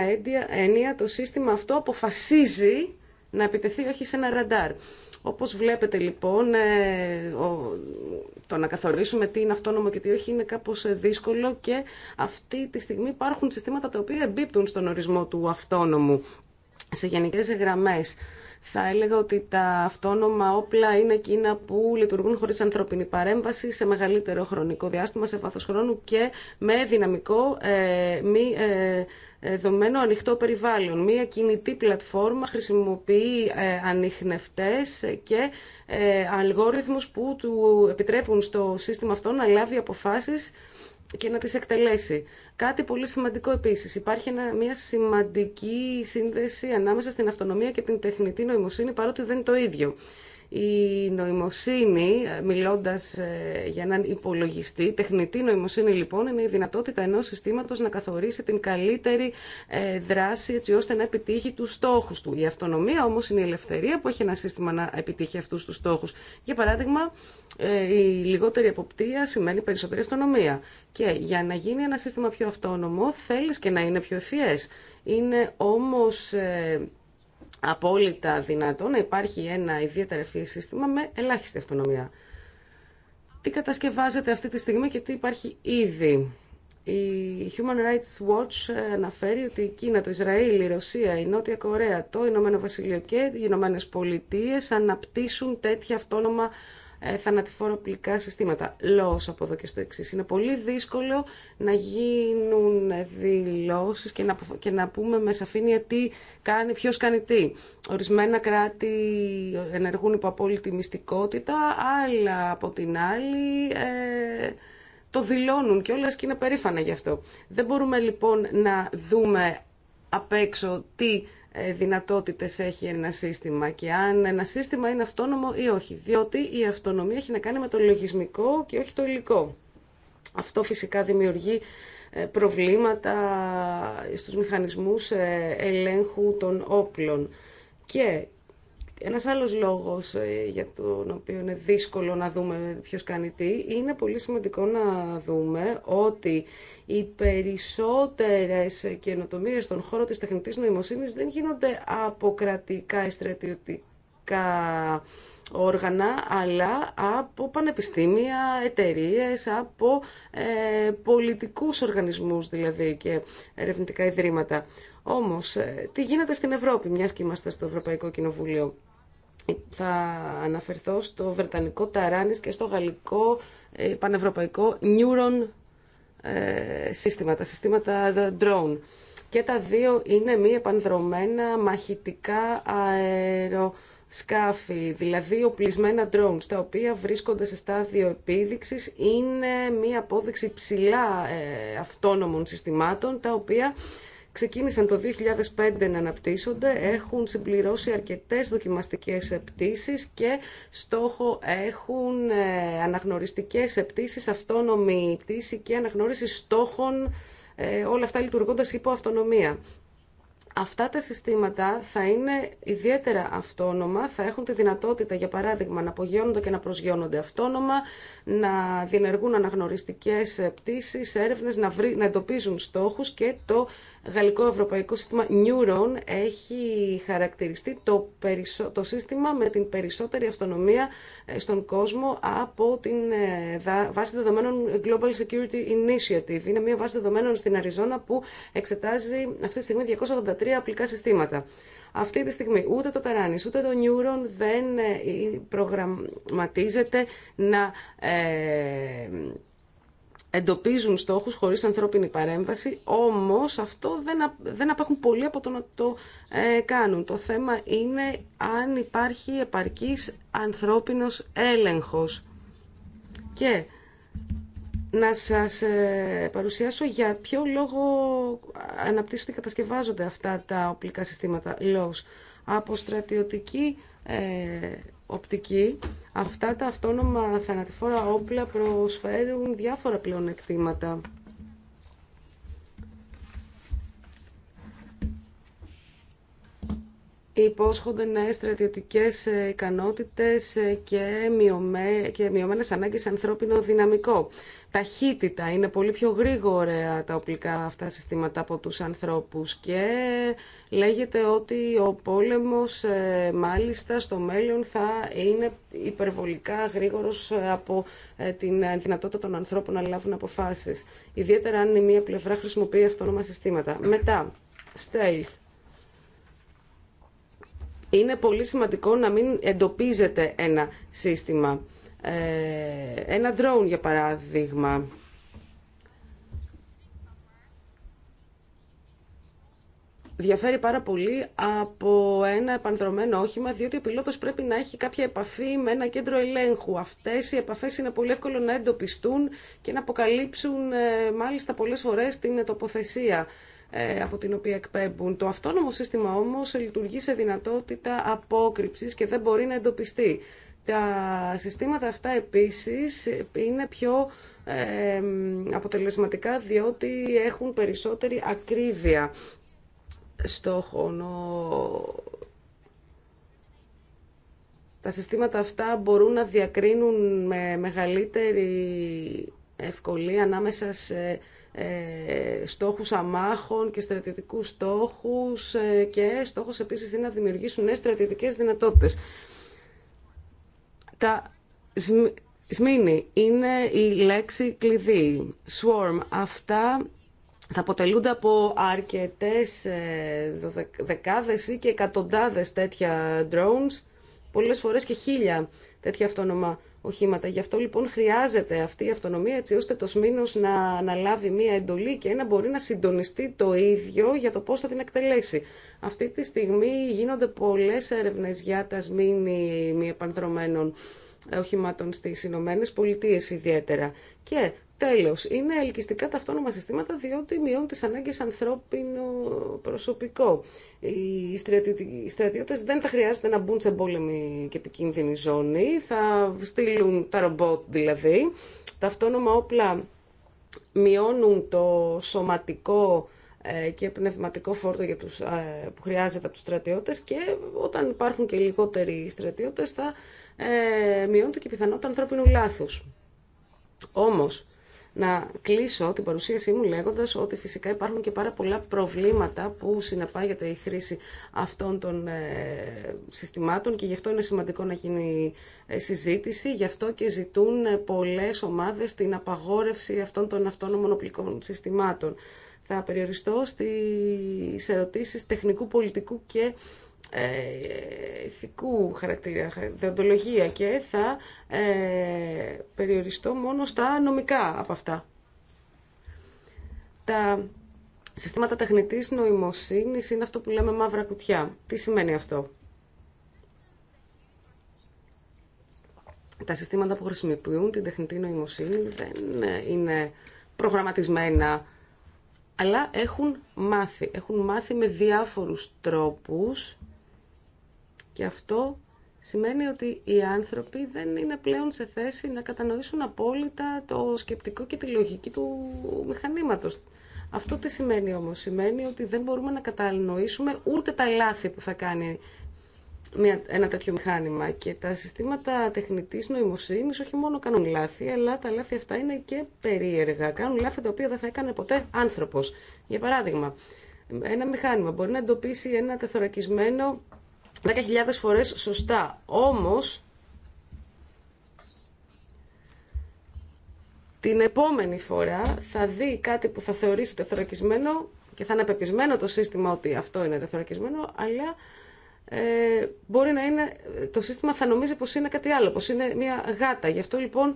έννοια το σύστημα αυτό αποφασίζει να επιτεθεί όχι σε ένα ραντάρ. Όπως βλέπετε λοιπόν, ε, το να καθορίσουμε τι είναι αυτόνομο και τι όχι είναι κάπως δύσκολο και αυτή τη στιγμή υπάρχουν συστήματα τα οποία εμπίπτουν στον ορισμό του αυτόνομου σε γενικές γραμμές θα έλεγα ότι τα αυτόνομα όπλα είναι εκείνα που λειτουργούν χωρίς ανθρώπινη παρέμβαση σε μεγαλύτερο χρονικό διάστημα, σε βάθος χρόνου και με δυναμικό ε, μη ε, ε δομένο ανοιχτό περιβάλλον. Μία κινητή πλατφόρμα χρησιμοποιεί ε, και ε, αλγόριθμους που του επιτρέπουν στο σύστημα αυτό να λάβει αποφάσεις και να τις εκτελέσει. Κάτι πολύ σημαντικό επίσης. Υπάρχει μια σημαντική σύνδεση ανάμεσα στην αυτονομία και την τεχνητή νοημοσύνη, παρότι δεν είναι το ίδιο. Η νοημοσύνη, ε, μιλώντας ε, για έναν υπολογιστή, τεχνητή νοημοσύνη λοιπόν, είναι η δυνατότητα ενός συστήματος να καθορίσει την καλύτερη ε, δράση έτσι ώστε να επιτύχει τους στόχους του. Η αυτονομία όμως είναι η ελευθερία που έχει ένα σύστημα να επιτύχει αυτούς τους στόχους. Για παράδειγμα, η λιγότερη εποπτεία σημαίνει περισσότερη αυτονομία. Και για να γίνει ένα σύστημα πιο αυτόνομο θέλεις και να είναι πιο ευφυές. Είναι όμως απόλυτα δυνατό να υπάρχει ένα ιδιαίτερα ευφύ σύστημα με ελάχιστη αυτονομία. Τι κατασκευάζεται αυτή τη στιγμή και τι υπάρχει ήδη. Η Human Rights Watch ε, αναφέρει ότι η Κίνα, το Ισραήλ, η Ρωσία, η Νότια Κορέα, το Ηνωμένο Βασίλειο και οι Ηνωμένε Πολιτείε αναπτύσσουν τέτοια αυτόνομα ε, θανατηφόροπλικά συστήματα. Λόγος από εδώ και στο εξή. Είναι πολύ δύσκολο να γίνουν δηλώσεις και να, και να πούμε με σαφήνεια τι κάνει, ποιος κάνει τι. Ορισμένα κράτη ενεργούν υπό απόλυτη μυστικότητα, άλλα από την άλλη... Ε, το δηλώνουν και όλα και είναι περήφανα γι' αυτό. Δεν μπορούμε λοιπόν να δούμε απ' έξω τι ε, δυνατότητες έχει ένα σύστημα και αν ένα σύστημα είναι αυτόνομο ή όχι, διότι η αυτονομία έχει να κάνει με το λογισμικό και όχι το υλικό. Αυτό φυσικά δημιουργεί ε, προβλήματα στους μηχανισμούς ε, ελέγχου των όπλων και ένας άλλος λόγος ε, για τον οποίο είναι δύσκολο να δούμε ποιος κάνει τι, είναι πολύ σημαντικό να δούμε ότι οι περισσότερες καινοτομίες στον χώρο της τεχνητής νοημοσύνης δεν γίνονται από κρατικά ή στρατιωτικά όργανα, αλλά από πανεπιστήμια, εταιρείες, από ε, πολιτικούς οργανισμούς δηλαδή και ερευνητικά ιδρύματα. Όμως, ε, τι γίνεται στην Ευρώπη, μιας και είμαστε στο Ευρωπαϊκό Κοινοβούλιο. Θα αναφερθώ στο βρετανικό ταράνις και στο γαλλικό ε, πανευρωπαϊκό neuron ε, σύστημα, τα συστήματα drone. Και τα δύο είναι μία επανδρομένα μαχητικά αεροσκάφη, δηλαδή οπλισμένα drones, τα οποία βρίσκονται σε στάδιο επίδειξης. Είναι μία απόδειξη ψηλά ε, αυτόνομων συστημάτων, τα οποία ξεκίνησαν το 2005 να αναπτύσσονται, έχουν συμπληρώσει αρκετές δοκιμαστικές πτήσεις και στόχο έχουν ε, αναγνωριστικές πτήσεις, αυτόνομη πτήση και αναγνώριση στόχων, ε, όλα αυτά λειτουργώντας υπό αυτονομία. Αυτά τα συστήματα θα είναι ιδιαίτερα αυτόνομα, θα έχουν τη δυνατότητα, για παράδειγμα, να απογειώνονται και να προσγειώνονται αυτόνομα, να διενεργούν αναγνωριστικές πτήσεις, έρευνες, να, να εντοπίζουν στόχους και το γαλλικό ευρωπαϊκό σύστημα Neuron έχει χαρακτηριστεί το, το σύστημα με την περισσότερη αυτονομία ε, στον κόσμο από την ε, βάση δεδομένων Global Security Initiative. Είναι μια βάση δεδομένων στην Αριζόνα που εξετάζει αυτή τη στιγμή 283 απλικά συστήματα. Αυτή τη στιγμή ούτε το Ταράνις ούτε το Neuron δεν ε, προγραμματίζεται να εντοπίζουν στόχους χωρίς ανθρώπινη παρέμβαση, όμως αυτό δεν, δεν απέχουν πολύ από το να το ε, κάνουν. Το θέμα είναι αν υπάρχει επαρκής ανθρώπινος έλεγχος. Και να σας ε, παρουσιάσω για ποιο λόγο αναπτύσσονται και κατασκευάζονται αυτά τα οπλικά συστήματα Λόγος Από στρατιωτική ε, οπτική, αυτά τα αυτόνομα θανατηφόρα όπλα προσφέρουν διάφορα πλεονεκτήματα. υπόσχονται νέες στρατιωτικές ικανότητες και, μειωμέ, και μειωμένες ανάγκες ανθρώπινο δυναμικό ταχύτητα, είναι πολύ πιο γρήγορα τα οπλικά αυτά συστήματα από τους ανθρώπους και λέγεται ότι ο πόλεμος ε, μάλιστα στο μέλλον θα είναι υπερβολικά γρήγορος ε, από ε, την δυνατότητα των ανθρώπων να λάβουν αποφάσεις. Ιδιαίτερα αν η μία πλευρά χρησιμοποιεί αυτόνομα συστήματα. Μετά, stealth. Είναι πολύ σημαντικό να μην εντοπίζεται ένα σύστημα ε, ένα drone για παράδειγμα. Διαφέρει πάρα πολύ από ένα επανδρομένο όχημα, διότι ο πιλότος πρέπει να έχει κάποια επαφή με ένα κέντρο ελέγχου. Αυτές οι επαφές είναι πολύ εύκολο να εντοπιστούν και να αποκαλύψουν ε, μάλιστα πολλές φορές την τοποθεσία ε, από την οποία εκπέμπουν. Το αυτόνομο σύστημα όμως λειτουργεί σε δυνατότητα απόκρυψης και δεν μπορεί να εντοπιστεί. Τα συστήματα αυτά επίσης είναι πιο αποτελεσματικά διότι έχουν περισσότερη ακρίβεια στο Τα συστήματα αυτά μπορούν να διακρίνουν με μεγαλύτερη ευκολία ανάμεσα σε ε, στόχους αμάχων και στρατιωτικούς στόχους ε, και στόχος επίσης είναι να δημιουργήσουν νέες στρατιωτικές δυνατότητες. Τα σμήνι είναι η λέξη κλειδί. Swarm. Αυτά θα αποτελούνται από αρκετές ε, δεκάδες ή και εκατοντάδες τέτοια drones, πολλές φορές και χίλια τέτοια αυτόνομα οχήματα. Γι' αυτό λοιπόν χρειάζεται αυτή η αυτονομία έτσι ώστε το Σμήνος να αναλάβει μία εντολή και να μπορεί να συντονιστεί το ίδιο για το πώς θα την εκτελέσει. Αυτή τη στιγμή γίνονται πολλές έρευνες για τα Σμήνη μη επανδρομένων ε, οχημάτων στις Ηνωμένε Πολιτείε ιδιαίτερα. Και Τέλο, είναι ελκυστικά τα αυτόνομα συστήματα διότι μειώνουν τι ανάγκε ανθρώπινο προσωπικό. Οι στρατιώτε δεν θα χρειάζεται να μπουν σε πόλεμη και επικίνδυνη ζώνη, θα στείλουν τα ρομπότ δηλαδή. Τα αυτόνομα όπλα μειώνουν το σωματικό ε, και πνευματικό φόρτο για τους, ε, που χρειάζεται από τους στρατιώτες και όταν υπάρχουν και λιγότεροι στρατιώτες θα ε, μειώνεται και η πιθανότητα ανθρώπινου λάθους. Όμως, να κλείσω την παρουσίασή μου λέγοντας ότι φυσικά υπάρχουν και πάρα πολλά προβλήματα που συνεπάγεται η χρήση αυτών των ε, συστημάτων και γι' αυτό είναι σημαντικό να γίνει ε, συζήτηση. Γι' αυτό και ζητούν ε, πολλές ομάδες την απαγόρευση αυτών των αυτόνομων οπλικών συστημάτων. Θα περιοριστώ στις ερωτήσεις τεχνικού, πολιτικού και ε, ηθικού χαρακτήρα, διοντολογία και θα ε, περιοριστώ μόνο στα νομικά από αυτά. Τα συστήματα τεχνητής νοημοσύνης είναι αυτό που λέμε μαύρα κουτιά. Τι σημαίνει αυτό. Τα συστήματα που χρησιμοποιούν την τεχνητή νοημοσύνη δεν ε, είναι προγραμματισμένα, αλλά έχουν μάθει. Έχουν μάθει με διάφορους τρόπους και αυτό σημαίνει ότι οι άνθρωποι δεν είναι πλέον σε θέση να κατανοήσουν απόλυτα το σκεπτικό και τη λογική του μηχανήματος. Αυτό τι σημαίνει όμως. Σημαίνει ότι δεν μπορούμε να κατανοήσουμε ούτε τα λάθη που θα κάνει μια, ένα τέτοιο μηχάνημα. Και τα συστήματα τεχνητής νοημοσύνης όχι μόνο κάνουν λάθη, αλλά τα λάθη αυτά είναι και περίεργα. Κάνουν λάθη τα οποία δεν θα έκανε ποτέ άνθρωπος. Για παράδειγμα, ένα μηχάνημα μπορεί να εντοπίσει ένα τεθωρακισμένο 10.000 φορές σωστά. Όμως, την επόμενη φορά θα δει κάτι που θα θεωρήσει τεθωρακισμένο και θα είναι πεπισμένο το σύστημα ότι αυτό είναι τεθωρακισμένο, αλλά ε, μπορεί να είναι, το σύστημα θα νομίζει πως είναι κάτι άλλο, πως είναι μια γάτα. Γι' αυτό λοιπόν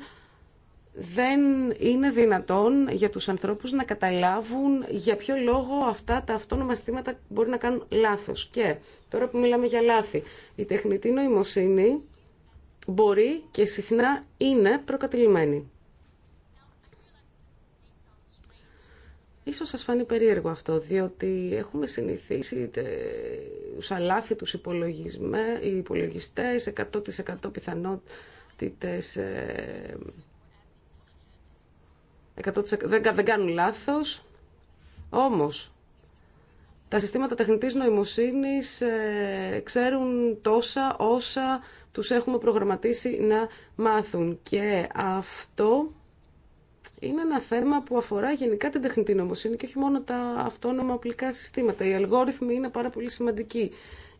δεν είναι δυνατόν για τους ανθρώπους να καταλάβουν για ποιο λόγο αυτά τα αυτόνομα συστήματα μπορεί να κάνουν λάθος. Και τώρα που μιλάμε για λάθη, η τεχνητή νοημοσύνη μπορεί και συχνά είναι προκατηλημένη. Ίσως σας φανεί περίεργο αυτό, διότι έχουμε συνηθίσει τους οι υπολογιστές, 100% πιθανότητες ε, δεν, κάνουν λάθος. Όμως, τα συστήματα τεχνητής νοημοσύνης ε, ξέρουν τόσα όσα τους έχουμε προγραμματίσει να μάθουν. Και αυτό είναι ένα θέμα που αφορά γενικά την τεχνητή νοημοσύνη και όχι μόνο τα αυτόνομα οπλικά συστήματα. Οι αλγόριθμοι είναι πάρα πολύ σημαντικοί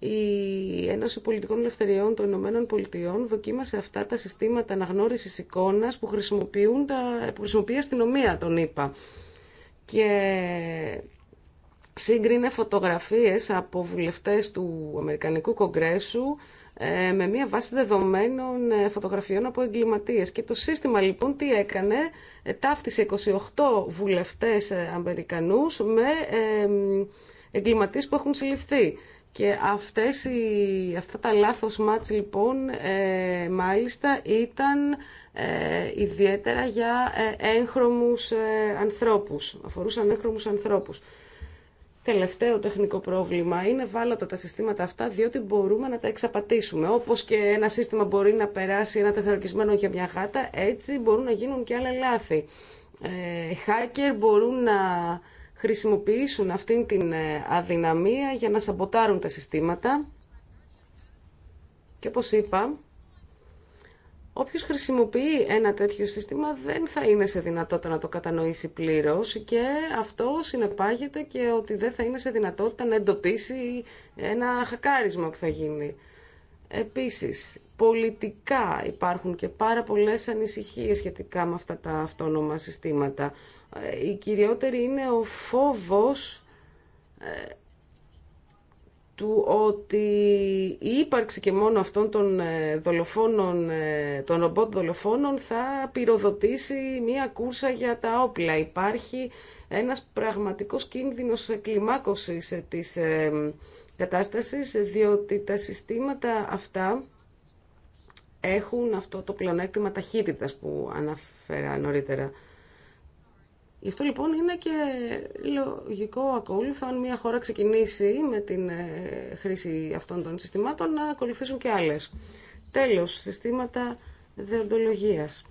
η Ένωση Πολιτικών Ελευθεριών των Ηνωμένων Πολιτειών δοκίμασε αυτά τα συστήματα αναγνώρισης εικόνας που, χρησιμοποιούν τα, που χρησιμοποιεί η αστυνομία, τον είπα. Και σύγκρινε φωτογραφίες από βουλευτές του Αμερικανικού Κογκρέσου ε, με μία βάση δεδομένων ε, φωτογραφιών από εγκληματίες. Και το σύστημα λοιπόν τι έκανε, ε, ταύτισε 28 βουλευτές Αμερικανούς με εγκληματίες που έχουν συλληφθεί. Και αυτές οι, αυτά τα λάθος μάτς λοιπόν ε, μάλιστα ήταν ε, ιδιαίτερα για ε, έγχρωμους ε, ανθρώπους, αφορούσαν έγχρωμους ανθρώπους. Τελευταίο τεχνικό πρόβλημα είναι βάλατα τα συστήματα αυτά διότι μπορούμε να τα εξαπατήσουμε. Όπως και ένα σύστημα μπορεί να περάσει ένα τεθωρακισμένο για μια χάτα, έτσι μπορούν να γίνουν και άλλα λάθη. hacker μπορούν να χρησιμοποιήσουν αυτήν την ε, αδυναμία για να σαμποτάρουν τα συστήματα. Και όπως είπα, όποιος χρησιμοποιεί ένα τέτοιο σύστημα δεν θα είναι σε δυνατότητα να το κατανοήσει πλήρως και αυτό συνεπάγεται και ότι δεν θα είναι σε δυνατότητα να εντοπίσει ένα χακάρισμα που θα γίνει. Επίσης, πολιτικά υπάρχουν και πάρα πολλές ανησυχίες σχετικά με αυτά τα αυτόνομα συστήματα. Ε, η κυριότερη είναι ο φόβος ε, του ότι η ύπαρξη και μόνο αυτών των ε, δολοφόνων, των ρομπότ δολοφόνων θα πυροδοτήσει μία κούρσα για τα όπλα. Υπάρχει ένας πραγματικός κίνδυνος κλιμάκωσης της κατάστασης, διότι τα συστήματα αυτά έχουν αυτό το πλεονέκτημα ταχύτητας που αναφέρα νωρίτερα. Γι' αυτό λοιπόν είναι και λογικό ακόλουθο αν μια χώρα ξεκινήσει με την ε, χρήση αυτών των συστημάτων να ακολουθήσουν και άλλες. Τέλος, συστήματα δεοντολογίας.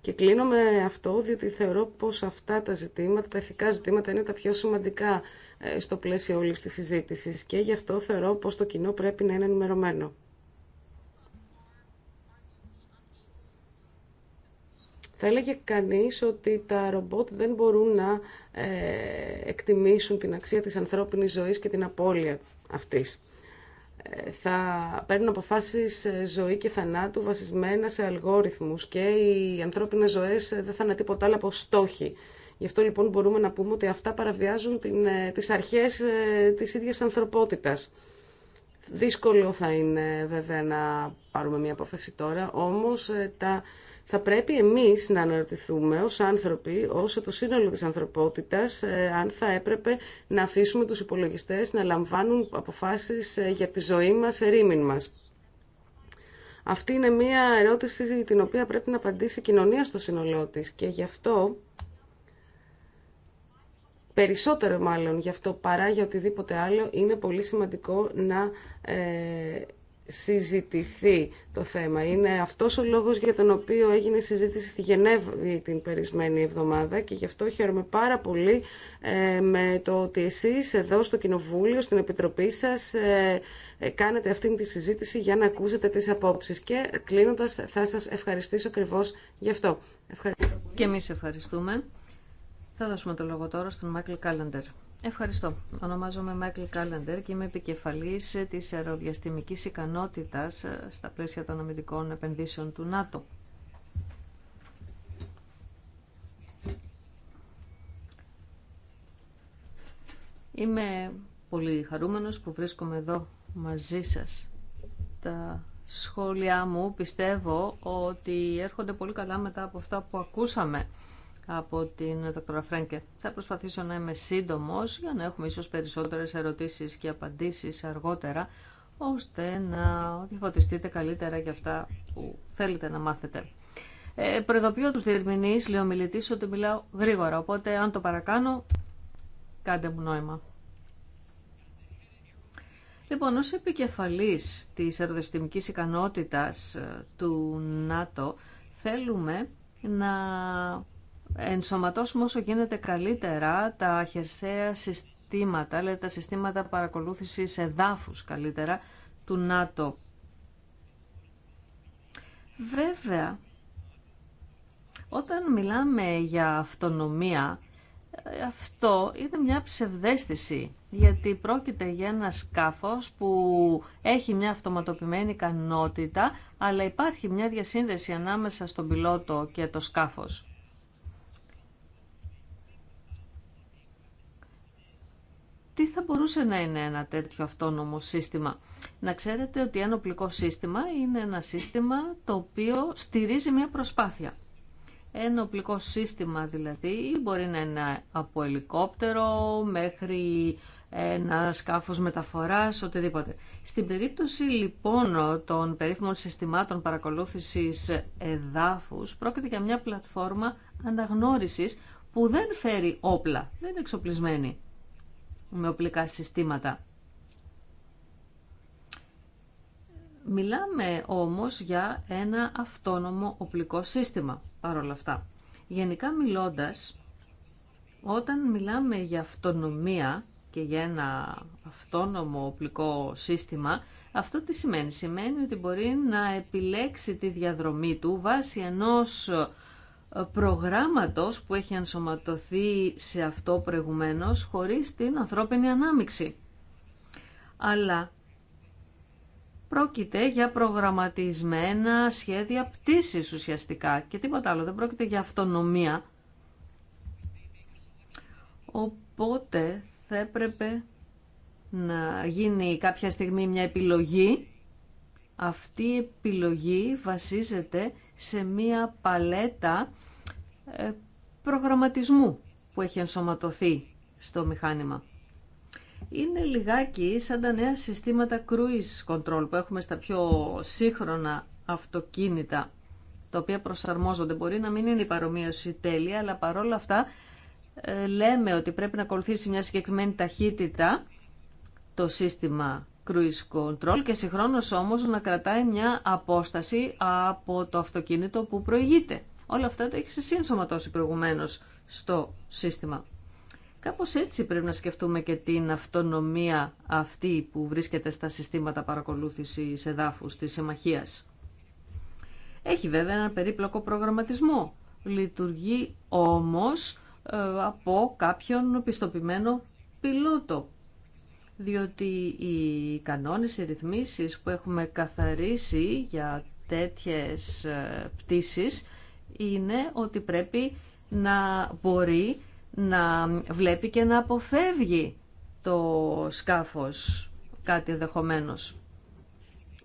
Και κλείνω με αυτό, διότι θεωρώ πως αυτά τα ζητήματα, τα ηθικά ζητήματα, είναι τα πιο σημαντικά ε, στο πλαίσιο όλης της συζήτησης και γι' αυτό θεωρώ πως το κοινό πρέπει να είναι ενημερωμένο. Θα έλεγε κανείς ότι τα ρομπότ δεν μπορούν να ε, εκτιμήσουν την αξία της ανθρώπινης ζωής και την απώλεια αυτής. Ε, θα παίρνουν αποφάσεις ζωή και θανάτου βασισμένα σε αλγόριθμους και οι ανθρώπινες ζωές ε, δεν θα είναι τίποτα άλλο από στόχοι. Γι' αυτό λοιπόν μπορούμε να πούμε ότι αυτά παραβιάζουν την, τις αρχές της ίδιας ανθρωπότητας. Δύσκολο θα είναι βέβαια να πάρουμε μια απόφαση τώρα, όμως τα θα πρέπει εμείς να αναρωτηθούμε ως άνθρωποι, ως το σύνολο της ανθρωπότητας, ε, αν θα έπρεπε να αφήσουμε τους υπολογιστές να λαμβάνουν αποφάσεις ε, για τη ζωή μας, ερήμην μας. Αυτή είναι μια ερώτηση την οποία πρέπει να απαντήσει η κοινωνία στο σύνολό της και γι' αυτό περισσότερο μάλλον γι' αυτό παρά για οτιδήποτε άλλο είναι πολύ σημαντικό να ε, συζητηθεί το θέμα. Είναι αυτός ο λόγος για τον οποίο έγινε συζήτηση στη Γενέβη την περισμένη εβδομάδα και γι' αυτό χαίρομαι πάρα πολύ ε, με το ότι εσείς εδώ στο Κοινοβούλιο, στην Επιτροπή σας ε, ε, κάνετε αυτή τη συζήτηση για να ακούσετε τις απόψεις και κλείνοντας θα σας ευχαριστήσω ακριβώ γι' αυτό. Και εμείς ευχαριστούμε. Θα δώσουμε το λόγο τώρα στον Μάικλ Κάλεντερ. Ευχαριστώ. Ονομάζομαι Μάικλ Κάλεντερ και είμαι επικεφαλής ε, της αεροδιαστημικής ικανότητας ε, στα πλαίσια των αμυντικών επενδύσεων του ΝΑΤΟ. Είμαι πολύ χαρούμενος που βρίσκομαι εδώ μαζί σας. Τα σχόλιά μου πιστεύω ότι έρχονται πολύ καλά μετά από αυτά που ακούσαμε από την Δ. Φρέγκε. Θα προσπαθήσω να είμαι σύντομος για να έχουμε ίσως περισσότερες ερωτήσεις και απαντήσεις αργότερα, ώστε να διαφωτιστείτε καλύτερα για αυτά που θέλετε να μάθετε. Ε, προειδοποιώ τους διερμηνείς, λέω μιλητής, ότι μιλάω γρήγορα, οπότε αν το παρακάνω, κάντε μου νόημα. Λοιπόν, ως επικεφαλής της αεροδεστημικής ικανότητας ε, του ΝΑΤΟ, θέλουμε να ενσωματώσουμε όσο γίνεται καλύτερα τα χερσαία συστήματα, δηλαδή τα συστήματα παρακολούθησης εδάφους καλύτερα του ΝΑΤΟ. Βέβαια, όταν μιλάμε για αυτονομία, αυτό είναι μια ψευδέστηση, γιατί πρόκειται για ένα σκάφος που έχει μια αυτοματοποιημένη ικανότητα, αλλά υπάρχει μια διασύνδεση ανάμεσα στον πιλότο και το σκάφος. τι θα μπορούσε να είναι ένα τέτοιο αυτόνομο σύστημα. Να ξέρετε ότι ένα οπλικό σύστημα είναι ένα σύστημα το οποίο στηρίζει μια προσπάθεια. Ένα οπλικό σύστημα δηλαδή μπορεί να είναι από ελικόπτερο μέχρι ένα σκάφος μεταφοράς, οτιδήποτε. Στην περίπτωση λοιπόν των περίφημων συστημάτων παρακολούθησης εδάφους, πρόκειται για μια πλατφόρμα αναγνώρισης που δεν φέρει όπλα, δεν είναι εξοπλισμένη με οπλικά συστήματα. Μιλάμε όμως για ένα αυτόνομο οπλικό σύστημα παρόλα αυτά. Γενικά μιλώντας, όταν μιλάμε για αυτονομία και για ένα αυτόνομο οπλικό σύστημα, αυτό τι σημαίνει. Σημαίνει ότι μπορεί να επιλέξει τη διαδρομή του βάσει ενός προγράμματος που έχει ενσωματωθεί σε αυτό προηγουμένως χωρίς την ανθρώπινη ανάμιξη. Αλλά πρόκειται για προγραμματισμένα σχέδια πτήσης ουσιαστικά και τίποτα άλλο, δεν πρόκειται για αυτονομία. Οπότε θα έπρεπε να γίνει κάποια στιγμή μια επιλογή. Αυτή η επιλογή βασίζεται σε μία παλέτα ε, προγραμματισμού που έχει ενσωματωθεί στο μηχάνημα. Είναι λιγάκι σαν τα νέα συστήματα cruise control που έχουμε στα πιο σύγχρονα αυτοκίνητα, τα οποία προσαρμόζονται. Μπορεί να μην είναι η παρομοίωση τέλεια, αλλά παρόλα αυτά ε, λέμε ότι πρέπει να ακολουθήσει μια συγκεκριμένη ταχύτητα το σύστημα cruise και συγχρόνως όμως να κρατάει μια απόσταση από το αυτοκίνητο που προηγείται. Όλα αυτά τα έχει συνσωματώσει προηγουμένω στο σύστημα. Κάπως έτσι πρέπει να σκεφτούμε και την αυτονομία αυτή που βρίσκεται στα συστήματα παρακολούθησης εδάφους της συμμαχίας. Έχει βέβαια ένα περίπλοκο προγραμματισμό. Λειτουργεί όμως ε, από κάποιον πιστοποιημένο πιλότο διότι οι κανόνες, οι ρυθμίσεις που έχουμε καθαρίσει για τέτοιες ε, πτήσεις είναι ότι πρέπει να μπορεί να βλέπει και να αποφεύγει το σκάφος κάτι ενδεχομένω.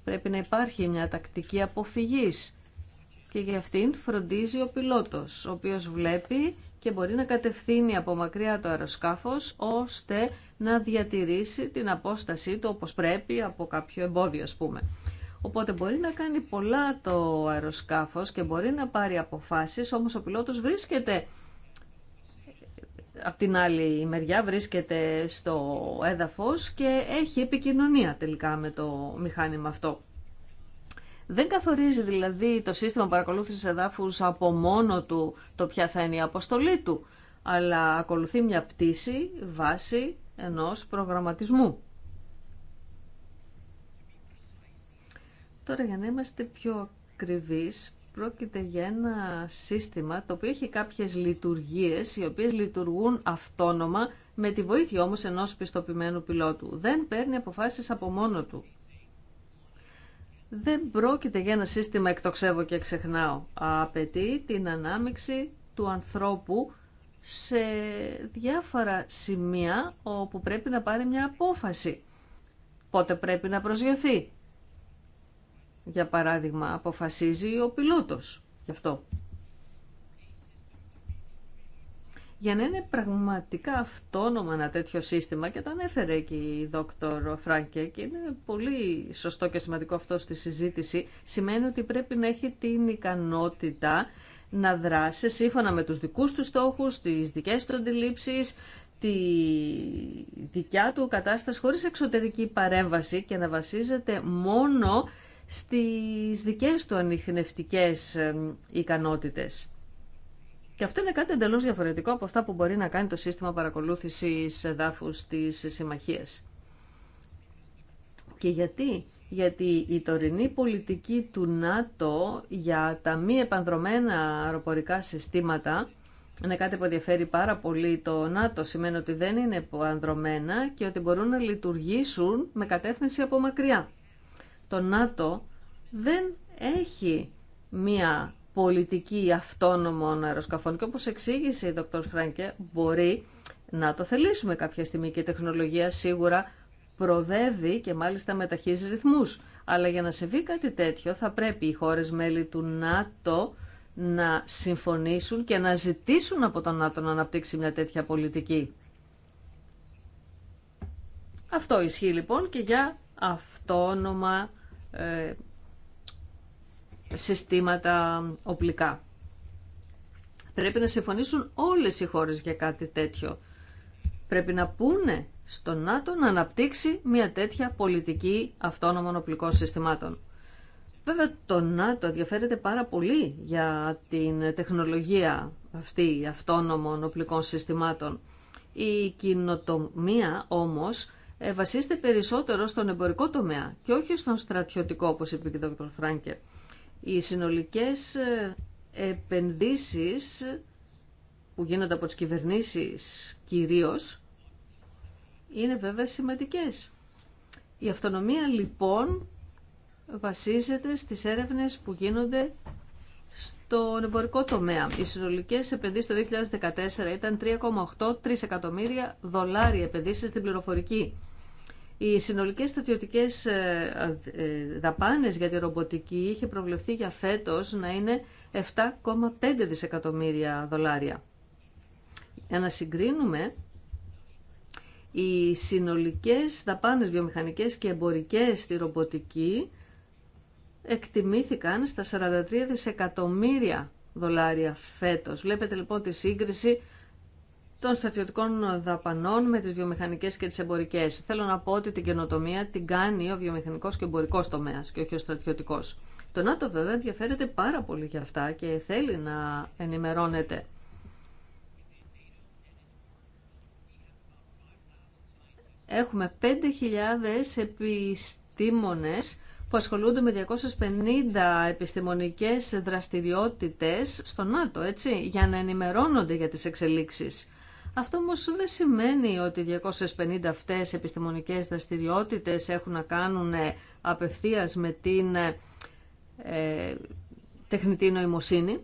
Πρέπει να υπάρχει μια τακτική αποφυγής και για αυτήν φροντίζει ο πιλότος, ο οποίος βλέπει και μπορεί να κατευθύνει από μακριά το αεροσκάφος ώστε να διατηρήσει την απόστασή του όπως πρέπει από κάποιο εμπόδιο ας πούμε. Οπότε μπορεί να κάνει πολλά το αεροσκάφος και μπορεί να πάρει αποφάσεις, όμως ο πιλότος βρίσκεται από την άλλη μεριά βρίσκεται στο έδαφος και έχει επικοινωνία τελικά με το μηχάνημα αυτό. Δεν καθορίζει δηλαδή το σύστημα παρακολούθησης εδάφους από μόνο του το ποια θα είναι η αποστολή του, αλλά ακολουθεί μια πτήση βάση ενός προγραμματισμού. Τώρα για να είμαστε πιο ακριβείς, πρόκειται για ένα σύστημα το οποίο έχει κάποιες λειτουργίες οι οποίες λειτουργούν αυτόνομα με τη βοήθεια όμως ενός πιστοποιημένου πιλότου. Δεν παίρνει αποφάσεις από μόνο του. Δεν πρόκειται για ένα σύστημα εκτοξεύω και ξεχνάω. Απαιτεί την ανάμειξη του ανθρώπου σε διάφορα σημεία όπου πρέπει να πάρει μια απόφαση. Πότε πρέπει να προσγειωθεί. Για παράδειγμα, αποφασίζει ο πιλότος γι' αυτό. Για να είναι πραγματικά αυτόνομα ένα τέτοιο σύστημα και το ανέφερε και η δόκτωρ Φράγκε και είναι πολύ σωστό και σημαντικό αυτό στη συζήτηση, σημαίνει ότι πρέπει να έχει την ικανότητα να δράσει σύμφωνα με τους δικούς του στόχους, τις δικές του αντιλήψεις, τη δικιά του κατάσταση χωρίς εξωτερική παρέμβαση και να βασίζεται μόνο στις δικές του ανιχνευτικές ικανότητες. Και αυτό είναι κάτι εντελώς διαφορετικό από αυτά που μπορεί να κάνει το σύστημα παρακολούθησης εδάφους της συμμαχίας. Και γιατί γιατί η τωρινή πολιτική του ΝΑΤΟ για τα μη επανδρομένα αεροπορικά συστήματα είναι κάτι που ενδιαφέρει πάρα πολύ το ΝΑΤΟ. Σημαίνει ότι δεν είναι επανδρομένα και ότι μπορούν να λειτουργήσουν με κατεύθυνση από μακριά. Το ΝΑΤΟ δεν έχει μία πολιτική αυτόνομων αεροσκαφών και όπως εξήγησε η Δ. Φράνκε μπορεί να το θελήσουμε κάποια στιγμή και η τεχνολογία σίγουρα προδεύει και μάλιστα με ταχύς ρυθμούς. Αλλά για να συμβεί κάτι τέτοιο θα πρέπει οι χώρες μέλη του ΝΑΤΟ να συμφωνήσουν και να ζητήσουν από τον ΝΑΤΟ να αναπτύξει μια τέτοια πολιτική. Αυτό ισχύει λοιπόν και για αυτόνομα ε, συστήματα οπλικά. Πρέπει να συμφωνήσουν όλες οι χώρες για κάτι τέτοιο. Πρέπει να πούνε στο ΝΑΤΟ να αναπτύξει μια τέτοια πολιτική αυτόνομων οπλικών συστημάτων. Βέβαια το ΝΑΤΟ ενδιαφέρεται πάρα πολύ για την τεχνολογία αυτή αυτόνομων οπλικών συστημάτων. Η κοινοτομία όμως ε, βασίζεται περισσότερο στον εμπορικό τομέα και όχι στον στρατιωτικό όπως είπε και ο Δ. Οι συνολικές ε, επενδύσεις που γίνονται από τις κυβερνήσεις κυρίως είναι βέβαια σημαντικές. Η αυτονομία λοιπόν βασίζεται στις έρευνες που γίνονται στον εμπορικό τομέα. Οι συνολικέ επενδύσει το 2014 ήταν τρισεκατομμύρια εκατομμύρια δολάρια επενδύσει στην πληροφορική. Οι συνολικέ στρατιωτικέ ε, ε, δαπάνε για τη ρομποτική είχε προβλεφθεί για φέτο να είναι 7,5 δισεκατομμύρια δολάρια. Για να συγκρίνουμε, οι συνολικές δαπάνες βιομηχανικές και εμπορικές στη ρομποτική εκτιμήθηκαν στα 43 δισεκατομμύρια δολάρια φέτος. Βλέπετε λοιπόν τη σύγκριση των στρατιωτικών δαπανών με τις βιομηχανικές και τις εμπορικές. Θέλω να πω ότι την καινοτομία την κάνει ο βιομηχανικός και εμπορικός τομέας και όχι ο στρατιωτικός. Το ΝΑΤΟ βέβαια ενδιαφέρεται πάρα πολύ για αυτά και θέλει να ενημερώνεται. Έχουμε 5.000 επιστήμονες που ασχολούνται με 250 επιστημονικές δραστηριότητες στο ΝΑΤΟ, έτσι, για να ενημερώνονται για τις εξελίξεις. Αυτό όμω δεν σημαίνει ότι 250 αυτές επιστημονικές δραστηριότητες έχουν να κάνουν ε, απευθείας με την ε, ε, τεχνητή νοημοσύνη.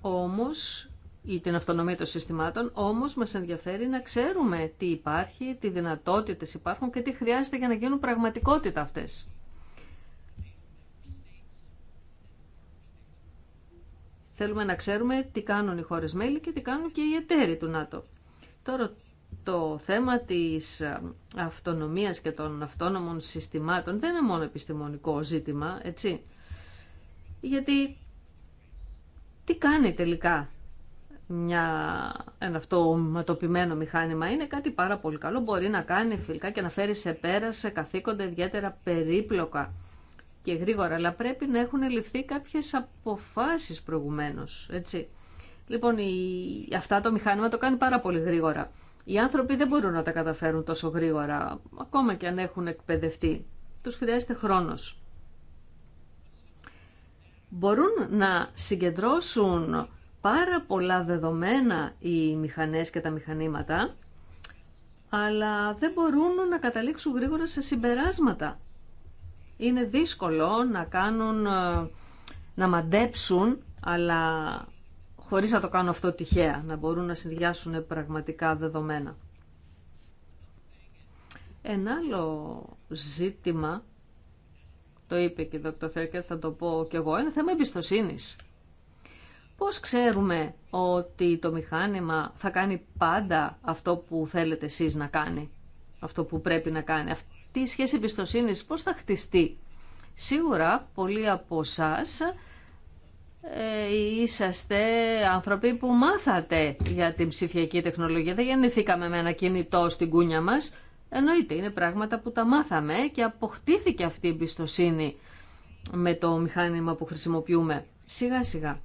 Όμως ή την αυτονομία των συστημάτων, όμως μας ενδιαφέρει να ξέρουμε τι υπάρχει, τι δυνατότητες υπάρχουν και τι χρειάζεται για να γίνουν πραγματικότητα αυτές. Θέλουμε να ξέρουμε τι κάνουν οι χώρες μέλη και τι κάνουν και οι εταίροι του ΝΑΤΟ. Τώρα το θέμα της ε, αυτονομίας και των αυτόνομων συστημάτων δεν είναι μόνο επιστημονικό ζήτημα, έτσι. Γιατί τι κάνει τελικά μια, ένα αυτοματοποιημένο μηχάνημα είναι κάτι πάρα πολύ καλό. Μπορεί να κάνει φιλικά και να φέρει σε πέρα σε καθήκοντα ιδιαίτερα περίπλοκα και γρήγορα, αλλά πρέπει να έχουν ληφθεί κάποιες αποφάσεις προηγουμένως, έτσι. Λοιπόν, η... αυτά το μηχάνημα το κάνει πάρα πολύ γρήγορα. Οι άνθρωποι δεν μπορούν να τα καταφέρουν τόσο γρήγορα, ακόμα και αν έχουν εκπαιδευτεί. Τους χρειάζεται χρόνος. Μπορούν να συγκεντρώσουν πάρα πολλά δεδομένα οι μηχανές και τα μηχανήματα, αλλά δεν μπορούν να καταλήξουν γρήγορα σε συμπεράσματα. Είναι δύσκολο να κάνουν, ε, να μαντέψουν, αλλά χωρίς να το κάνω αυτό τυχαία, να μπορούν να συνδυάσουν πραγματικά δεδομένα. Ένα άλλο ζήτημα, το είπε και η Δ. Φέρκερ, θα το πω κι εγώ, είναι θέμα εμπιστοσύνης Πώς ξέρουμε ότι το μηχάνημα θα κάνει πάντα αυτό που θέλετε εσείς να κάνει, αυτό που πρέπει να κάνει. Αυτή η σχέση εμπιστοσύνη πώς θα χτιστεί. Σίγουρα πολλοί από εσά είσαστε άνθρωποι που μάθατε για την ψηφιακή τεχνολογία. Δεν γεννηθήκαμε με ένα κινητό στην κούνια μας. Εννοείται, είναι πράγματα που τα μάθαμε και αποκτήθηκε αυτή η εμπιστοσύνη με το μηχάνημα που χρησιμοποιούμε. Σιγά σιγά.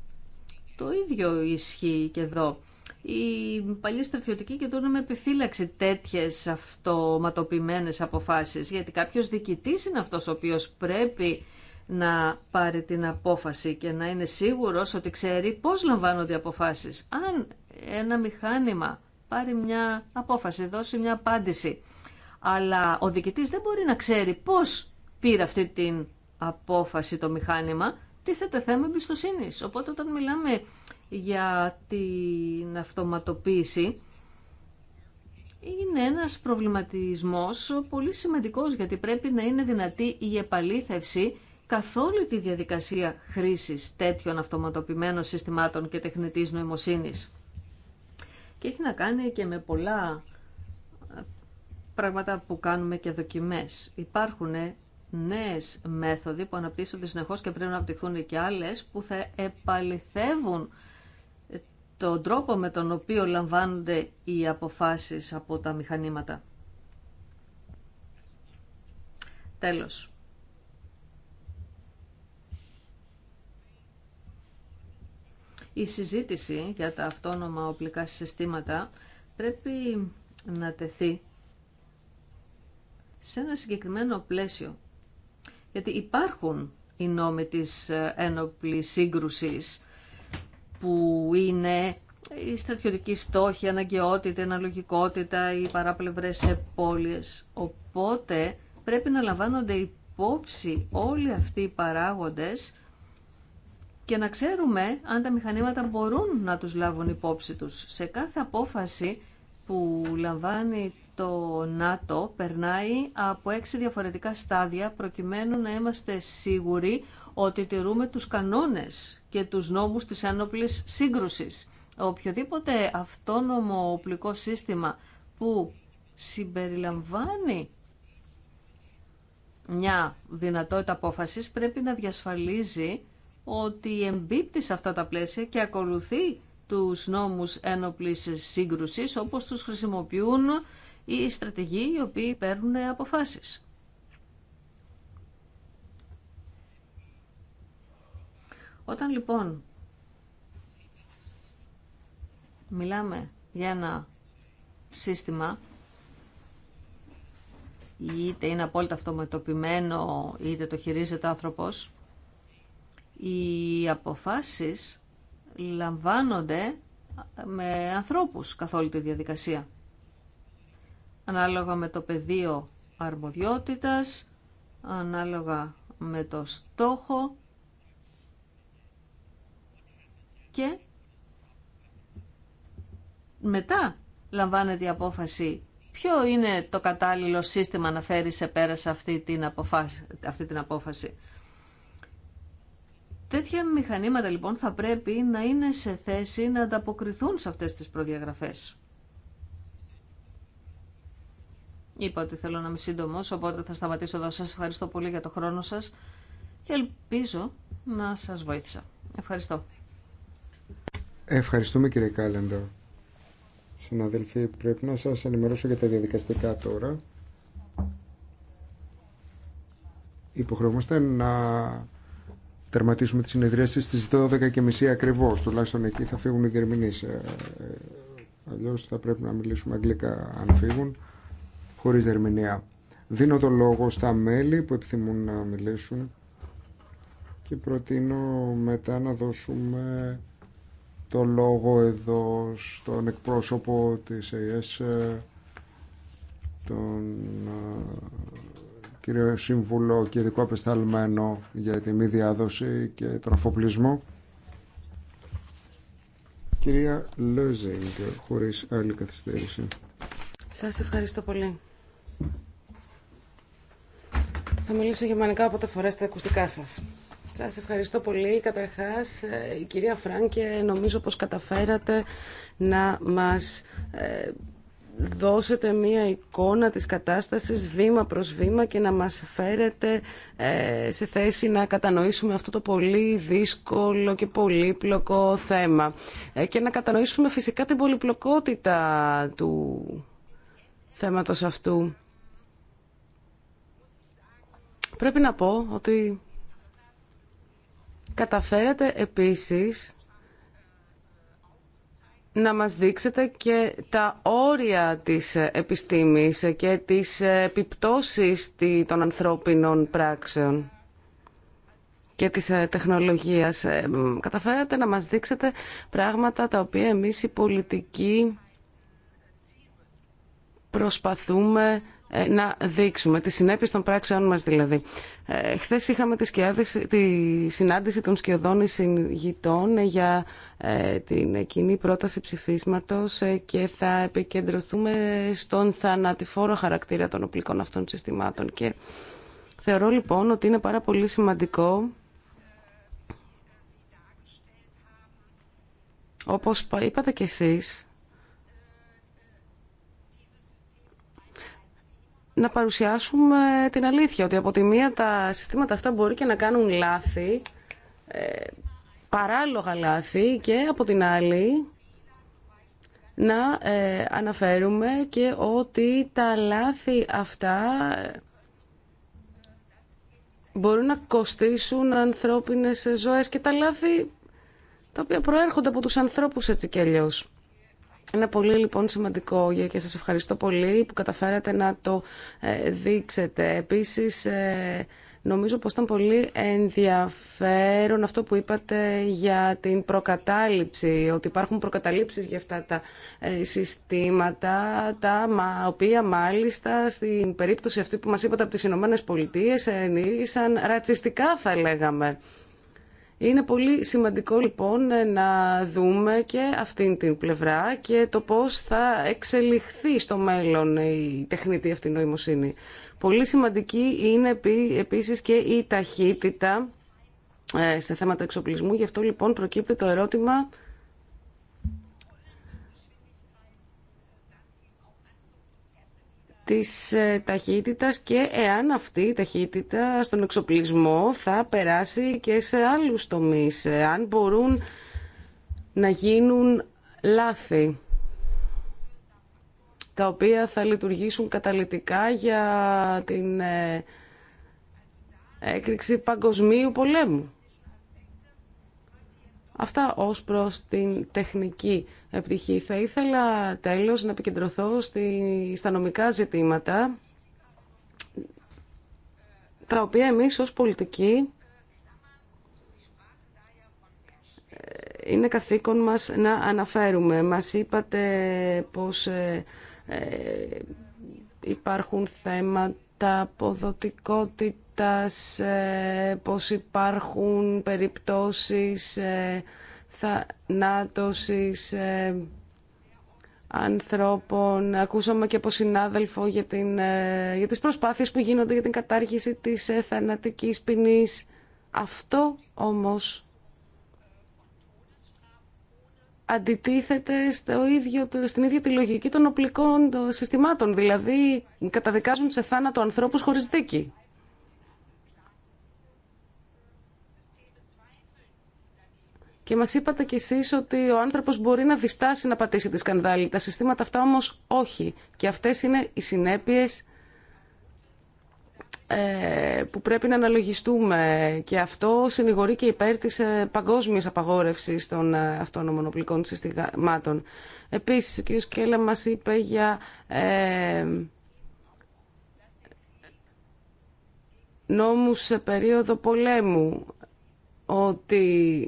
Το ίδιο ισχύει και εδώ. Οι παλιοί στρατιωτικοί κοιτούν με επιφύλαξη τέτοιες αυτοματοποιημένε αποφάσεις, γιατί κάποιο διοικητή είναι αυτός ο οποίο πρέπει να πάρει την απόφαση και να είναι σίγουρος ότι ξέρει πώς λαμβάνονται οι αποφάσεις. Αν ένα μηχάνημα πάρει μια απόφαση, δώσει μια απάντηση, αλλά ο διοικητή δεν μπορεί να ξέρει πώ πήρε αυτή την απόφαση το μηχάνημα, τίθεται θέμα εμπιστοσύνη. Οπότε όταν μιλάμε για την αυτοματοποίηση, είναι ένας προβληματισμός πολύ σημαντικός γιατί πρέπει να είναι δυνατή η επαλήθευση καθόλου τη διαδικασία χρήσης τέτοιων αυτοματοποιημένων συστημάτων και τεχνητής νοημοσύνης. Και έχει να κάνει και με πολλά ε, πράγματα που κάνουμε και δοκιμές. Υπάρχουν νέες μέθοδοι που αναπτύσσονται συνεχώ και πρέπει να αναπτυχθούν και άλλες που θα επαληθεύουν τον τρόπο με τον οποίο λαμβάνονται οι αποφάσεις από τα μηχανήματα. Τέλος. Η συζήτηση για τα αυτόνομα οπλικά συστήματα πρέπει να τεθεί σε ένα συγκεκριμένο πλαίσιο γιατί υπάρχουν οι νόμοι της ε, ένοπλης σύγκρουσης που είναι η στρατιωτική στόχη, η αναγκαιότητα, η αναλογικότητα, οι παράπλευρες επόλειες. Οπότε πρέπει να λαμβάνονται υπόψη όλοι αυτοί οι παράγοντες και να ξέρουμε αν τα μηχανήματα μπορούν να τους λάβουν υπόψη τους. Σε κάθε απόφαση που λαμβάνει το ΝΑΤΟ περνάει από έξι διαφορετικά στάδια προκειμένου να είμαστε σίγουροι ότι τηρούμε τους κανόνες και τους νόμους της άνοπλης σύγκρουσης. Οποιοδήποτε αυτόνομο οπλικό σύστημα που συμπεριλαμβάνει μια δυνατότητα απόφασης πρέπει να διασφαλίζει ότι εμπίπτει σε αυτά τα πλαίσια και ακολουθεί τους νόμους ένοπλης σύγκρουσης όπως τους χρησιμοποιούν ή οι στρατηγοί οι οποίοι παίρνουν αποφάσεις. Όταν λοιπόν μιλάμε για ένα σύστημα είτε είναι απόλυτα αυτοματοποιημένο είτε το χειρίζεται άνθρωπος οι αποφάσεις λαμβάνονται με ανθρώπους καθ' όλη τη διαδικασία ανάλογα με το πεδίο αρμοδιότητας, ανάλογα με το στόχο και μετά λαμβάνεται η απόφαση ποιο είναι το κατάλληλο σύστημα να φέρει σε πέρα αυτή την, αποφάση, αυτή την απόφαση. Τέτοια μηχανήματα λοιπόν θα πρέπει να είναι σε θέση να ανταποκριθούν σε αυτές τις προδιαγραφές. Είπα ότι θέλω να είμαι σύντομο, οπότε θα σταματήσω εδώ. Σα ευχαριστώ πολύ για το χρόνο σας και ελπίζω να σας βοήθησα. Ευχαριστώ. Ευχαριστούμε κύριε Κάλεντα. Συναδελφοί, πρέπει να σας ενημερώσω για τα διαδικαστικά τώρα. Υποχρεωμάστε να τερματίσουμε τη συνεδρίες στις 12.30 ακριβώς. Τουλάχιστον εκεί θα φύγουν οι διερμηνείς. Ε, ε, αλλιώς θα πρέπει να μιλήσουμε αγγλικά αν φύγουν χωρίς ερμηνεία. Δίνω το λόγο στα μέλη που επιθυμούν να μιλήσουν και προτείνω μετά να δώσουμε το λόγο εδώ στον εκπρόσωπο της ΕΕΣ τον κύριο Σύμβουλο και ειδικό απεσταλμένο για τη μη διάδοση και τον αφοπλισμό κυρία Λόζινγκ χωρίς άλλη καθυστέρηση Σας ευχαριστώ πολύ θα μιλήσω γερμανικά, οπότε φορέστε ακουστικά σας. Σας ευχαριστώ πολύ. Καταρχάς, ε, η κυρία Φράνκε, νομίζω πως καταφέρατε να μας ε, δώσετε μία εικόνα της κατάστασης βήμα προς βήμα και να μας φέρετε ε, σε θέση να κατανοήσουμε αυτό το πολύ δύσκολο και πολύπλοκο θέμα και να κατανοήσουμε φυσικά την πολυπλοκότητα του θέματος αυτού. Πρέπει να πω ότι καταφέρατε επίσης να μας δείξετε και τα όρια της επιστήμης και τις επιπτώσεις των ανθρώπινων πράξεων και της ε, τεχνολογίας. Ε, καταφέρατε να μας δείξετε πράγματα τα οποία εμείς οι πολιτικοί προσπαθούμε ε, να δείξουμε, τις συνέπειες των πράξεών μας δηλαδή. Ε, είχαμε τη, τη συνάντηση των σκιωδών εισηγητών για ε, την κοινή πρόταση ψηφίσματος ε, και θα επικεντρωθούμε στον θανατηφόρο χαρακτήρα των οπλικών αυτών συστημάτων. Και θεωρώ λοιπόν ότι είναι πάρα πολύ σημαντικό όπως είπατε κι εσείς, να παρουσιάσουμε την αλήθεια, ότι από τη μία τα συστήματα αυτά μπορεί και να κάνουν λάθη, ε, παράλογα λάθη και από την άλλη να ε, αναφέρουμε και ότι τα λάθη αυτά μπορούν να κοστίσουν ανθρώπινες ζωές και τα λάθη τα οποία προέρχονται από τους ανθρώπους έτσι και αλλιώς. Είναι πολύ λοιπόν σημαντικό και σας ευχαριστώ πολύ που καταφέρατε να το ε, δείξετε. Επίσης, ε, νομίζω πως ήταν πολύ ενδιαφέρον αυτό που είπατε για την προκατάληψη, ότι υπάρχουν προκαταλήψεις για αυτά τα ε, συστήματα, τα οποία μάλιστα στην περίπτωση αυτή που μας είπατε από τις Ηνωμένε Πολιτείες ενήργησαν ρατσιστικά θα λέγαμε. Είναι πολύ σημαντικό λοιπόν να δούμε και αυτή την πλευρά και το πώς θα εξελιχθεί στο μέλλον η τεχνητή αυτή νοημοσύνη. Πολύ σημαντική είναι επίσης και η ταχύτητα ε, σε θέματα εξοπλισμού. Γι' αυτό λοιπόν προκύπτει το ερώτημα της ε, ταχύτητας και εάν αυτή η ταχύτητα στον εξοπλισμό θα περάσει και σε άλλους τομείς, ε, αν μπορούν να γίνουν λάθη τα οποία θα λειτουργήσουν καταλητικά για την ε, έκρηξη παγκοσμίου πολέμου. Αυτά ως προς την τεχνική επιτυχή. Θα ήθελα τέλος να επικεντρωθώ στη, στα νομικά ζητήματα, τα οποία εμείς ως πολιτικοί ε, είναι καθήκον μας να αναφέρουμε. Μας είπατε πως ε, ε, υπάρχουν θέματα αποδοτικότητα ε, πως υπάρχουν περιπτώσεις ε, θανάτωσης ε, ανθρώπων. Ακούσαμε και από συνάδελφο για, την, για τις προσπάθειες που γίνονται για την κατάργηση της ε, θανατικής ποινή. Αυτό όμως αντιτίθεται στο ίδιο, στην ίδια τη λογική των οπλικών συστημάτων. Δηλαδή καταδικάζουν σε θάνατο ανθρώπους χωρίς δίκη. Και μα είπατε κι εσείς ότι ο άνθρωπος μπορεί να διστάσει να πατήσει τη σκανδάλη. Τα συστήματα αυτά όμως όχι. Και αυτές είναι οι συνέπειες ε, που πρέπει να αναλογιστούμε και αυτό συνηγορεί και υπέρ της ε, παγκόσμια απαγόρευσης των ε, αυτών οπλικών συστημάτων. Επίσης, ο κ. σκέλα μα είπε για ε, νόμους σε περίοδο πολέμου ότι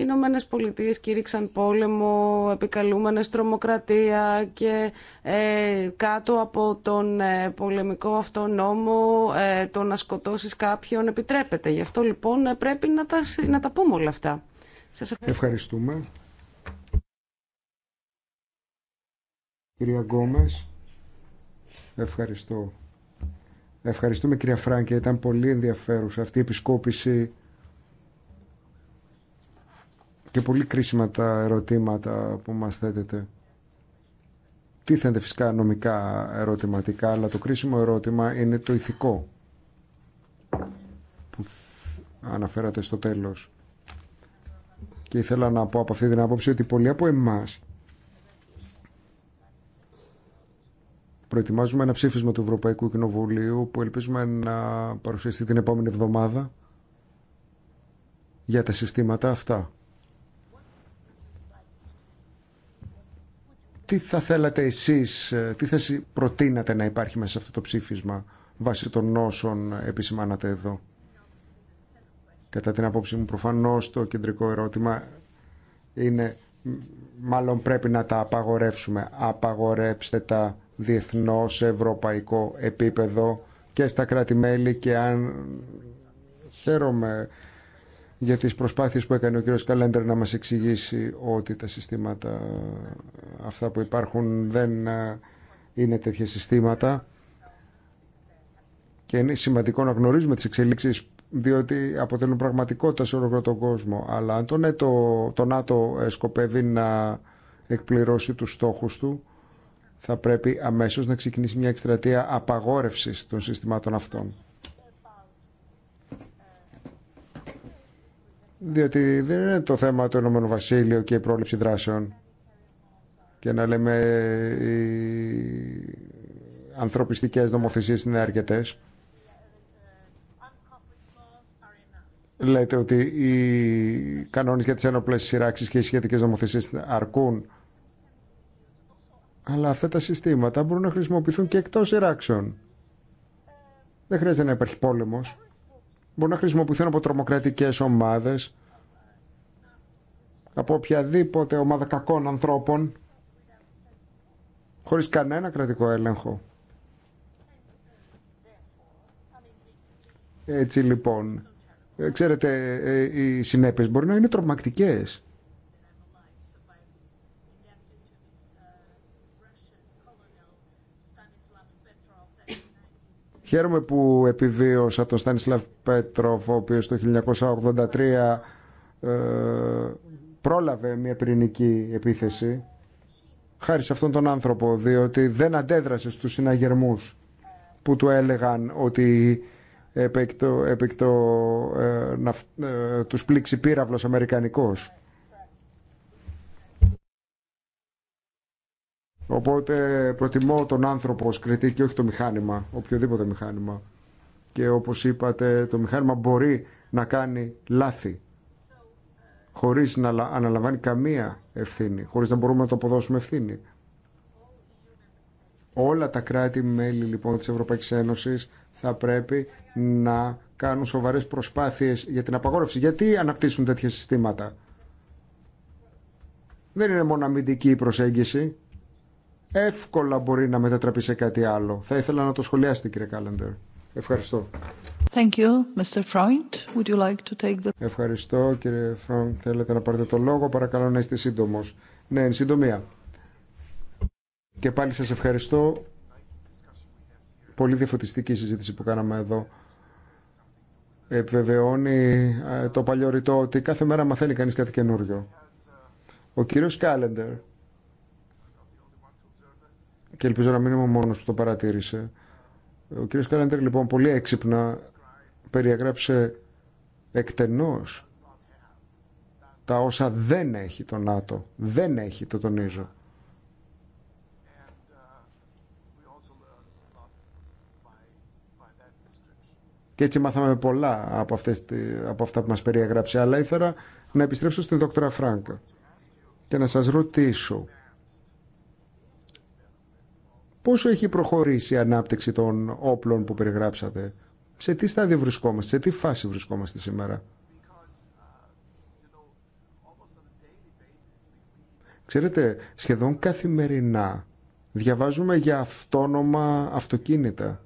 οι Ηνωμένε Πολιτείε κήρυξαν πόλεμο επικαλούμενες τρομοκρατία και ε, κάτω από τον ε, πολεμικό αυτό νόμο ε, το να σκοτώσεις κάποιον επιτρέπεται. Γι' αυτό λοιπόν ε, πρέπει να τα, να τα πούμε όλα αυτά. Σας ευχαριστούμε. Κυρία Γκόμες, ευχαριστώ. Ευχαριστούμε κυρία Φράνκη, ήταν πολύ ενδιαφέρουσα αυτή η επισκόπηση και πολύ κρίσιμα τα ερωτήματα που μας θέτετε. Τίθενται φυσικά νομικά ερωτηματικά, αλλά το κρίσιμο ερώτημα είναι το ηθικό που αναφέρατε στο τέλος. Και ήθελα να πω από αυτή την άποψη ότι πολλοί από εμάς προετοιμάζουμε ένα ψήφισμα του Ευρωπαϊκού Κοινοβουλίου που ελπίζουμε να παρουσιαστεί την επόμενη εβδομάδα για τα συστήματα αυτά. Τι θα θέλατε εσείς, ε, τι θέση προτείνατε να υπάρχει μέσα σε αυτό το ψήφισμα βάσει των όσων επισημάνατε εδώ. Κατά την απόψη μου προφανώς το κεντρικό ερώτημα είναι μάλλον πρέπει να τα απαγορεύσουμε. Απαγορέψτε τα διεθνώς ευρωπαϊκό επίπεδο και στα κράτη-μέλη και αν χαίρομαι για τις προσπάθειες που έκανε ο κ. Καλέντερ να μας εξηγήσει ότι τα συστήματα αυτά που υπάρχουν δεν ε, είναι τέτοια συστήματα και είναι σημαντικό να γνωρίζουμε τις εξελίξεις διότι αποτελούν πραγματικότητα σε όλο τον κόσμο. Αλλά αν το ΝΑΤΟ, το ΝΑΤΟ ε, σκοπεύει να εκπληρώσει τους στόχους του, θα πρέπει αμέσως να ξεκινήσει μια εκστρατεία απαγόρευσης των συστημάτων αυτών. Διότι δεν είναι το θέμα του Ηνωμένο Βασίλειο και η πρόληψη δράσεων. Και να λέμε οι ανθρωπιστικές νομοθεσίες είναι αρκετές. Λέτε ότι οι κανόνες για τις ένοπλες σειράξεις και οι σχετικές νομοθεσίες αρκούν. Αλλά αυτά τα συστήματα μπορούν να χρησιμοποιηθούν και εκτός σειράξεων. Δεν χρειάζεται να υπάρχει πόλεμος. Μπορεί να χρησιμοποιηθούν από τρομοκρατικές ομάδες, από οποιαδήποτε ομάδα κακών ανθρώπων, χωρίς κανένα κρατικό έλεγχο. Έτσι λοιπόν, ε, ξέρετε, ε, οι συνέπειες μπορεί να είναι τρομακτικές. Χαίρομαι που επιβίωσα τον Στανισλάβ Πέτροφ, ο οποίος το 1983 ε, πρόλαβε μια πυρηνική επίθεση χάρη σε αυτόν τον άνθρωπο, διότι δεν αντέδρασε στους συναγερμούς που του έλεγαν ότι επεκτο, επεκτο, ε, ε, τους πλήξει πύραυλος αμερικανικός. Οπότε προτιμώ τον άνθρωπο ως κριτή και όχι το μηχάνημα, οποιοδήποτε μηχάνημα. Και όπως είπατε, το μηχάνημα μπορεί να κάνει λάθη χωρίς να αναλαμβάνει καμία ευθύνη, χωρίς να μπορούμε να το αποδώσουμε ευθύνη. Όλα τα κράτη-μέλη λοιπόν της Ευρωπαϊκής Ένωσης θα πρέπει να κάνουν σοβαρές προσπάθειες για την απαγόρευση. Γιατί αναπτύσσουν τέτοια συστήματα. Δεν είναι μόνο αμυντική η προσέγγιση, εύκολα μπορεί να μετατραπεί σε κάτι άλλο. Θα ήθελα να το σχολιάσετε κύριε Κάλεντερ. Ευχαριστώ. Ευχαριστώ κύριε Φρόντ. Θέλετε να πάρετε το λόγο. Παρακαλώ να είστε σύντομο. Ναι, εν συντομία. Και πάλι σας ευχαριστώ. Πολύ διαφωτιστική συζήτηση που κάναμε εδώ. Επιβεβαιώνει ε, το παλιό ρητό ότι κάθε μέρα μαθαίνει κανείς κάτι καινούριο. Ο κύριος Κάλεντερ και ελπίζω να μην είμαι ο μόνος που το παρατήρησε. Ο κύριος Καλέντερ λοιπόν πολύ έξυπνα περιέγραψε εκτενώς τα όσα δεν έχει το ΝΑΤΟ. Δεν έχει, το τονίζω. Και έτσι μάθαμε πολλά από, αυτές, από αυτά που μας περιέγραψε. Αλλά ήθελα να επιστρέψω στην δόκτωρα Φράγκα και να σας ρωτήσω Πόσο έχει προχωρήσει η ανάπτυξη των όπλων που περιγράψατε. Σε τι στάδιο βρισκόμαστε, σε τι φάση βρισκόμαστε σήμερα. Ξέρετε, σχεδόν καθημερινά διαβάζουμε για αυτόνομα αυτοκίνητα.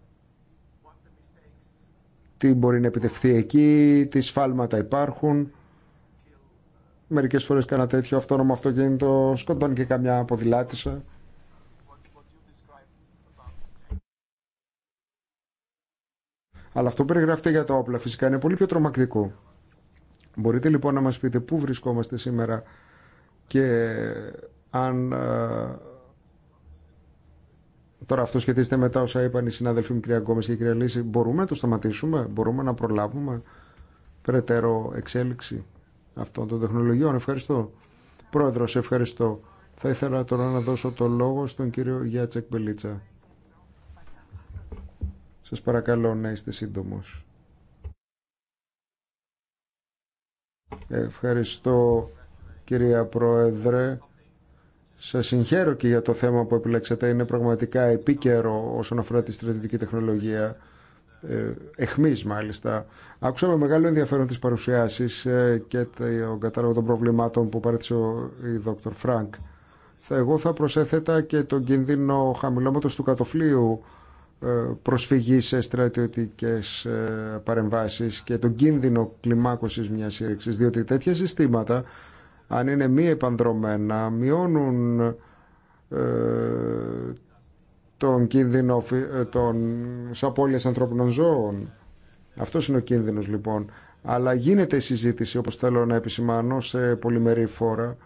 Τι μπορεί να επιτευχθεί εκεί, τι σφάλματα υπάρχουν. Μερικές φορές κάνα τέτοιο αυτόνομα αυτοκίνητο σκοτώνει και καμιά ποδηλάτησα. Αλλά αυτό που περιγράφεται για τα όπλα φυσικά είναι πολύ πιο τρομακτικό. Μπορείτε λοιπόν να μας πείτε πού βρισκόμαστε σήμερα και αν... Ε, τώρα αυτό σχετίζεται μετά όσα είπαν οι συνάδελφοί μου κυρία και η κυρία Λύση. Μπορούμε να το σταματήσουμε, μπορούμε να προλάβουμε περαιτέρω εξέλιξη αυτών των τεχνολογιών. Ευχαριστώ. σε ευχαριστώ. Θα ήθελα τώρα να δώσω το λόγο στον κύριο Γιάτσεκ Μπελίτσα σας παρακαλώ να είστε σύντομος. Ευχαριστώ κυρία Πρόεδρε. Σας συγχαίρω και για το θέμα που επιλέξατε. Είναι πραγματικά επίκαιρο όσον αφορά τη στρατιωτική τεχνολογία. Ε, εχμής μάλιστα. Άκουσα με μεγάλο ενδιαφέρον τις παρουσιάσεις ε, και τον κατάλογο των προβλημάτων που παρέτησε η Δόκτωρ Φρανκ. Εγώ θα προσέθετα και τον κίνδυνο χαμηλώματος του κατοφλίου ε, προσφυγή σε στρατιωτικές ε, παρεμβάσεις και τον κίνδυνο κλιμάκωσης μιας σύρρηξης, διότι τέτοια συστήματα, αν είναι μη επανδρομένα, μειώνουν ε, τον κίνδυνο των απώλειας ανθρώπινων ζώων. Αυτό είναι ο κίνδυνος λοιπόν. Αλλά γίνεται συζήτηση, όπως θέλω να επισημάνω, σε πολυμερή φόρα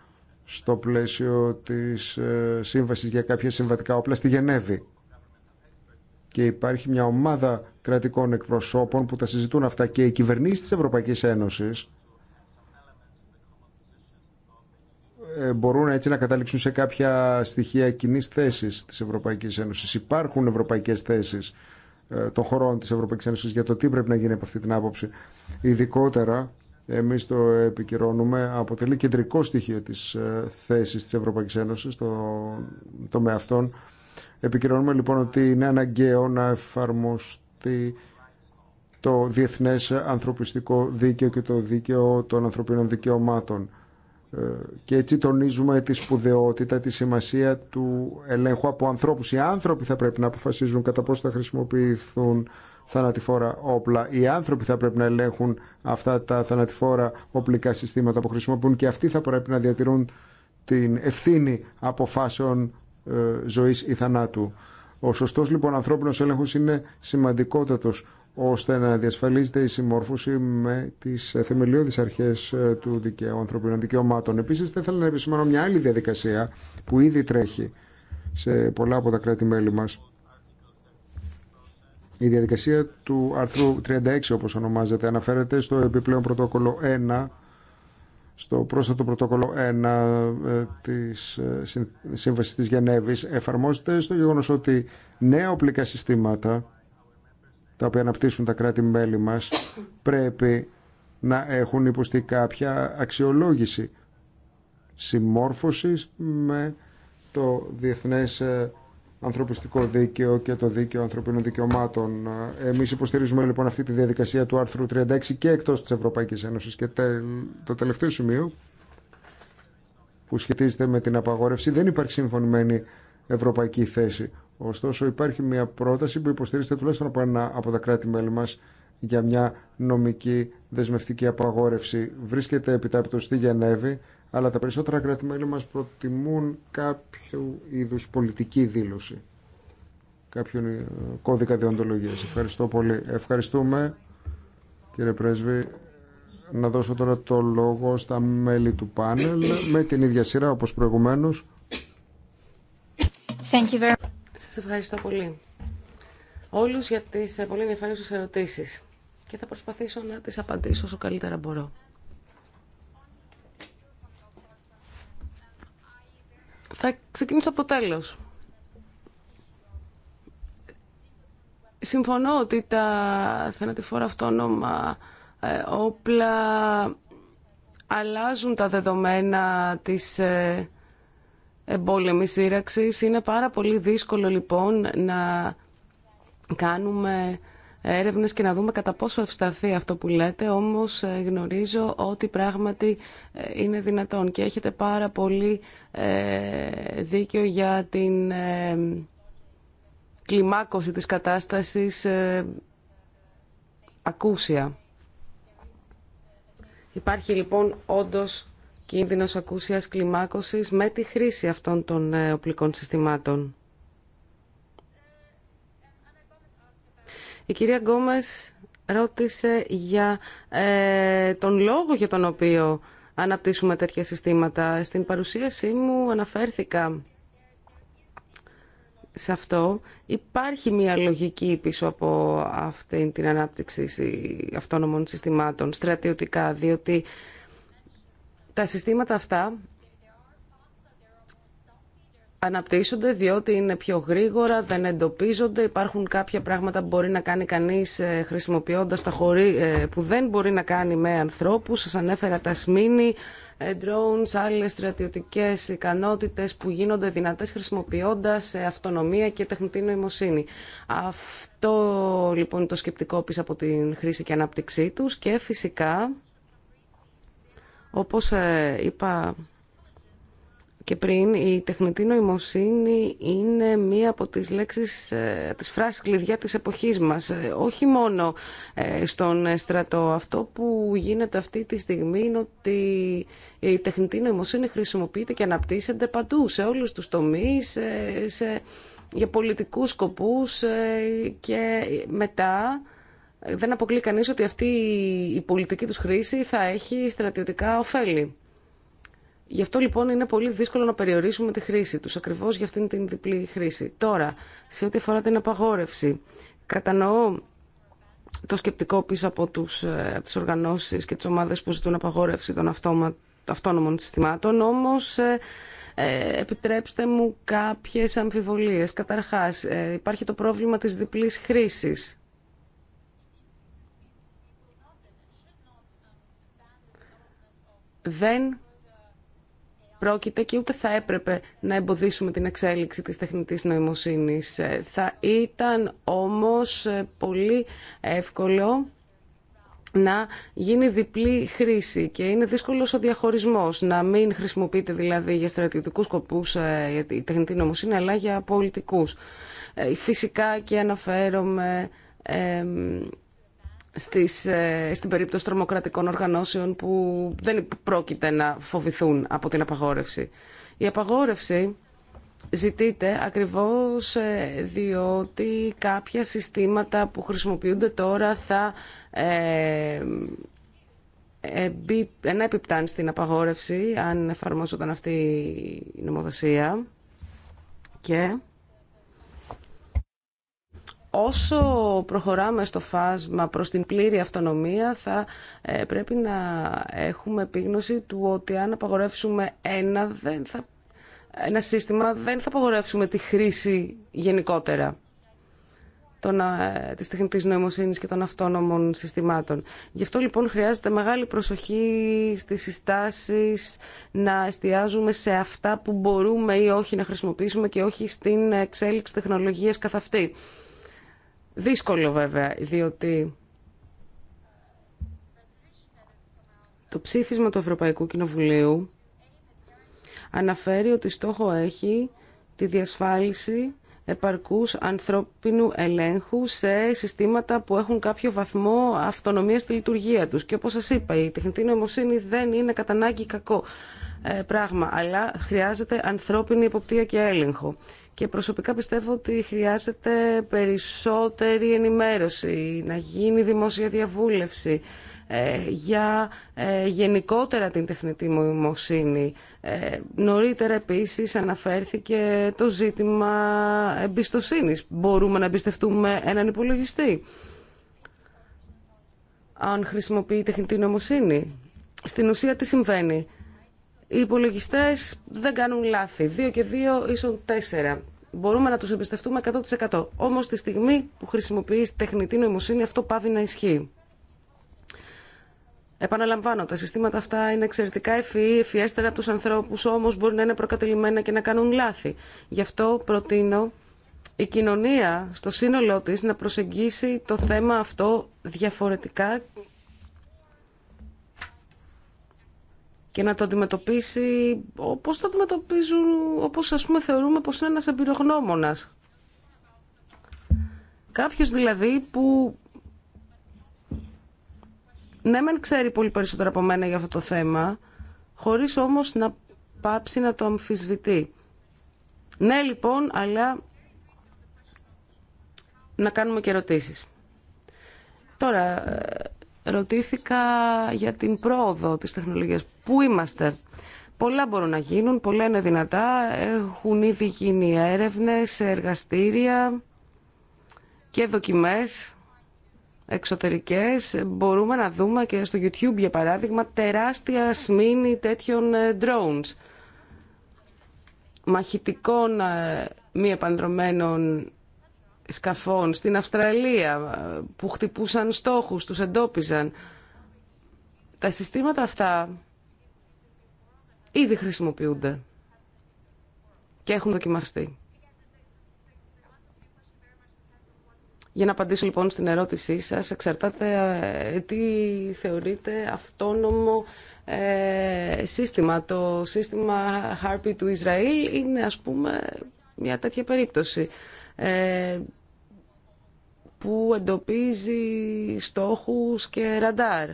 στο πλαίσιο της σύμβασης για κάποια συμβατικά όπλα στη Γενέβη και υπάρχει μια ομάδα κρατικών εκπροσώπων που τα συζητούν αυτά και οι κυβερνήσει της Ευρωπαϊκής Ένωσης ε, μπορούν έτσι να καταλήξουν σε κάποια στοιχεία κοινή θέση τη Ευρωπαϊκή Ένωση. Υπάρχουν ευρωπαϊκέ θέσει ε, των χωρών τη Ευρωπαϊκή Ένωση για το τι πρέπει να γίνει από αυτή την άποψη. Ειδικότερα, εμεί το επικυρώνουμε, αποτελεί κεντρικό στοιχείο τη ε, θέση τη Ευρωπαϊκή Ένωση, το, το με αυτόν. Επικοινωνούμε λοιπόν ότι είναι αναγκαίο να εφαρμοστεί το διεθνές ανθρωπιστικό δίκαιο και το δίκαιο των ανθρωπίνων δικαιωμάτων. Ε, και έτσι τονίζουμε τη σπουδαιότητα, τη σημασία του ελέγχου από ανθρώπους. Οι άνθρωποι θα πρέπει να αποφασίζουν κατά πώς θα χρησιμοποιηθούν θανατηφόρα όπλα. Οι άνθρωποι θα πρέπει να ελέγχουν αυτά τα θανατηφόρα οπλικά συστήματα που χρησιμοποιούν και αυτοί θα πρέπει να διατηρούν την ευθύνη αποφάσεων ε, Ζωή λοιπόν, η θανατου ο σωστό λοιπον ανθρώπινο έλεγχο ειναι σημαντικότατο ωστε να διασφαλιζεται η συμμορφωση με τι ε, θεμελιώδει αρχέ ε, του δικαίου ανθρωπίνων δικαιωμάτων. Επίση, θα ήθελα να επισημάνω μια άλλη διαδικασία που ήδη τρέχει σε πολλά από τα κράτη-μέλη μα. Η διαδικασία του άρθρου 36, όπω ονομάζεται, αναφέρεται στο επιπλέον πρωτόκολλο 1 στο πρόσθετο πρωτόκολλο 1 ε, της ε, Σύμβασης της Γενέβης εφαρμόζεται στο γεγονός ότι νέα οπλικά συστήματα τα οποία αναπτύσσουν τα κράτη-μέλη μας πρέπει να έχουν υποστεί κάποια αξιολόγηση συμμόρφωσης με το διεθνές ε, ανθρωπιστικό δίκαιο και το δίκαιο ανθρωπίνων δικαιωμάτων. Εμεί υποστηρίζουμε λοιπόν αυτή τη διαδικασία του άρθρου 36 και εκτό τη Ευρωπαϊκή Ένωση Και το τελευταίο σημείο που σχετίζεται με την απαγόρευση δεν υπάρχει συμφωνημένη ευρωπαϊκή θέση. Ωστόσο υπάρχει μια πρόταση που υποστηρίζεται τουλάχιστον από ένα από τα κράτη-μέλη μα για μια νομική δεσμευτική απαγόρευση. Βρίσκεται επιτάπητο στη Γενέβη αλλά τα περισσότερα κράτη-μέλη μας προτιμούν κάποιο είδους πολιτική δήλωση, κάποιον ε, κώδικα διοντολογίας. Ευχαριστώ πολύ. Ευχαριστούμε, κύριε Πρέσβη. Να δώσω τώρα το λόγο στα μέλη του πάνελ με την ίδια σειρά όπως προηγουμένως. Thank you Σας ευχαριστώ πολύ. Όλους για τις ε, πολύ ενδιαφέρουσες ερωτήσεις και θα προσπαθήσω να τις απαντήσω όσο καλύτερα μπορώ. Θα ξεκινήσω από τέλος. Συμφωνώ ότι τα θανατηφόρα αυτόνομα ε, όπλα αλλάζουν τα δεδομένα της ε, εμπόλεμη σύραξης. Είναι πάρα πολύ δύσκολο λοιπόν να κάνουμε έρευνες και να δούμε κατά πόσο ευσταθεί αυτό που λέτε, όμως ε, γνωρίζω ότι πράγματι ε, είναι δυνατόν και έχετε πάρα πολύ ε, δίκιο για την κλιμάκωση της κατάστασης ακούσια. Υπάρχει λοιπόν όντως κίνδυνος ακούσιας κλιμάκωσης με τη χρήση αυτών των οπλικών συστημάτων. Η κυρία Γκόμες ρώτησε για ε, τον λόγο για τον οποίο αναπτύσσουμε τέτοια συστήματα. Στην παρουσίασή μου αναφέρθηκα σε αυτό. Υπάρχει μια λογική πίσω από αυτή την ανάπτυξη αυτόνομων συστημάτων στρατιωτικά, διότι τα συστήματα αυτά αναπτύσσονται διότι είναι πιο γρήγορα, δεν εντοπίζονται, υπάρχουν κάποια πράγματα που μπορεί να κάνει κανείς ε, χρησιμοποιώντας τα χωρί, ε, που δεν μπορεί να κάνει με ανθρώπους, σας ανέφερα τα σμήνη, ε, drones, άλλες στρατιωτικές ικανότητες που γίνονται δυνατές χρησιμοποιώντας αυτονομία και τεχνητή νοημοσύνη. Αυτό λοιπόν είναι το σκεπτικό πίσω από την χρήση και ανάπτυξή τους και φυσικά, όπως είπα και πριν, η τεχνητή νοημοσύνη είναι μία από τις λέξεις, ε, της φράσεις κλειδιά της εποχής μας. Ε, όχι μόνο ε, στον στρατό. Αυτό που γίνεται αυτή τη στιγμή είναι ότι η τεχνητή νοημοσύνη χρησιμοποιείται και αναπτύσσεται παντού, σε όλους τους τομείς, σε, σε, για πολιτικούς σκοπούς και μετά... Δεν αποκλεί κανείς ότι αυτή η πολιτική τους χρήση θα έχει στρατιωτικά ωφέλη. Γι' αυτό λοιπόν είναι πολύ δύσκολο να περιορίσουμε τη χρήση τους, ακριβώς για αυτήν την διπλή χρήση. Τώρα, σε ό,τι αφορά την απαγόρευση, κατανοώ το σκεπτικό πίσω από, τους, ε, από τις οργανώσεις και τις ομάδες που ζητούν απαγόρευση των αυτόμα, αυτόνομων συστημάτων, όμως ε, ε, επιτρέψτε μου κάποιες αμφιβολίες. Καταρχάς, υπάρχει το πρόβλημα της διπλής χρήσης. Δεν πρόκειται και ούτε θα έπρεπε να εμποδίσουμε την εξέλιξη της τεχνητής νοημοσύνης. Ε, θα ήταν όμως ε, πολύ εύκολο να γίνει διπλή χρήση και είναι δύσκολος ο διαχωρισμός να μην χρησιμοποιείται δηλαδή για στρατιωτικούς σκοπούς ε, η τεχνητή νοημοσύνη, αλλά για πολιτικούς. Φυσικά και αναφέρομαι στις, ε, στην περίπτωση τρομοκρατικών οργανώσεων που δεν πρόκειται να φοβηθούν από την απαγόρευση. Η απαγόρευση ζητείται ακριβώς ε, διότι κάποια συστήματα που χρησιμοποιούνται τώρα θα ε, στην απαγόρευση αν εφαρμόζονταν αυτή η νομοθεσία και όσο προχωράμε στο φάσμα προς την πλήρη αυτονομία θα ε, πρέπει να έχουμε επίγνωση του ότι αν απαγορεύσουμε ένα, δεν θα, ένα σύστημα δεν θα απαγορεύσουμε τη χρήση γενικότερα των, ε, της τεχνητής νοημοσύνης και των αυτόνομων συστημάτων. Γι' αυτό λοιπόν χρειάζεται μεγάλη προσοχή στις συστάσεις, να εστιάζουμε σε αυτά που μπορούμε ή όχι να χρησιμοποιήσουμε και όχι στην εξέλιξη τεχνολογίας καθ' αυτή. Δύσκολο βέβαια, διότι το ψήφισμα του Ευρωπαϊκού Κοινοβουλίου αναφέρει ότι στόχο έχει τη διασφάλιση επαρκούς ανθρώπινου ελέγχου σε συστήματα που έχουν κάποιο βαθμό αυτονομία στη λειτουργία τους. Και όπως σας είπα, η τεχνητή νοημοσύνη δεν είναι κατά ανάγκη κακό. Ε, πράγμα, αλλά χρειάζεται ανθρώπινη υποπτία και έλεγχο. Και προσωπικά πιστεύω ότι χρειάζεται περισσότερη ενημέρωση, να γίνει δημόσια διαβούλευση ε, για ε, γενικότερα την τεχνητή νοημοσύνη. Νωρίτερα επίσης αναφέρθηκε το ζήτημα εμπιστοσύνης. Μπορούμε να εμπιστευτούμε έναν υπολογιστή αν χρησιμοποιεί τεχνητή νομοσύνη Στην ουσία τι συμβαίνει. Οι υπολογιστέ δεν κάνουν λάθη. 2 και 2 ίσον τέσσερα. Μπορούμε να του εμπιστευτούμε 100%. Όμω τη στιγμή που χρησιμοποιεί τεχνητή νοημοσύνη αυτό πάβει να ισχύει. Επαναλαμβάνω, τα συστήματα αυτά είναι εξαιρετικά ευφυή, ευφιέστερα από του ανθρώπου, όμω μπορεί να είναι προκατελημένα και να κάνουν λάθη. Γι' αυτό προτείνω η κοινωνία στο σύνολό τη να προσεγγίσει το θέμα αυτό διαφορετικά και να το αντιμετωπίσει όπως το αντιμετωπίζουν, όπως ας πούμε θεωρούμε πως είναι ένας εμπειρογνώμονας. Κάποιος δηλαδή που ναι μεν ξέρει πολύ περισσότερο από μένα για αυτό το θέμα, χωρίς όμως να πάψει να το αμφισβητεί. Ναι λοιπόν, αλλά να κάνουμε και ερωτήσεις. Τώρα, ρωτήθηκα για την πρόοδο της τεχνολογίας. Πού είμαστε. Πολλά μπορούν να γίνουν, πολλά είναι δυνατά, έχουν ήδη γίνει έρευνες, εργαστήρια και δοκιμές εξωτερικές. Μπορούμε να δούμε και στο YouTube, για παράδειγμα, τεράστια σμήνη τέτοιων ε, drones μαχητικών ε, μη επανδρομένων σκαφών στην Αυστραλία ε, που χτυπούσαν στόχους, τους εντόπιζαν. Τα συστήματα αυτά ήδη χρησιμοποιούνται και έχουν δοκιμαστεί. Για να απαντήσω λοιπόν στην ερώτησή σας, εξαρτάται ε, τι θεωρείτε αυτόνομο ε, σύστημα. Το σύστημα Harpy του Ισραήλ είναι ας πούμε μια τέτοια περίπτωση. Ε, που εντοπίζει στόχους και ραντάρ.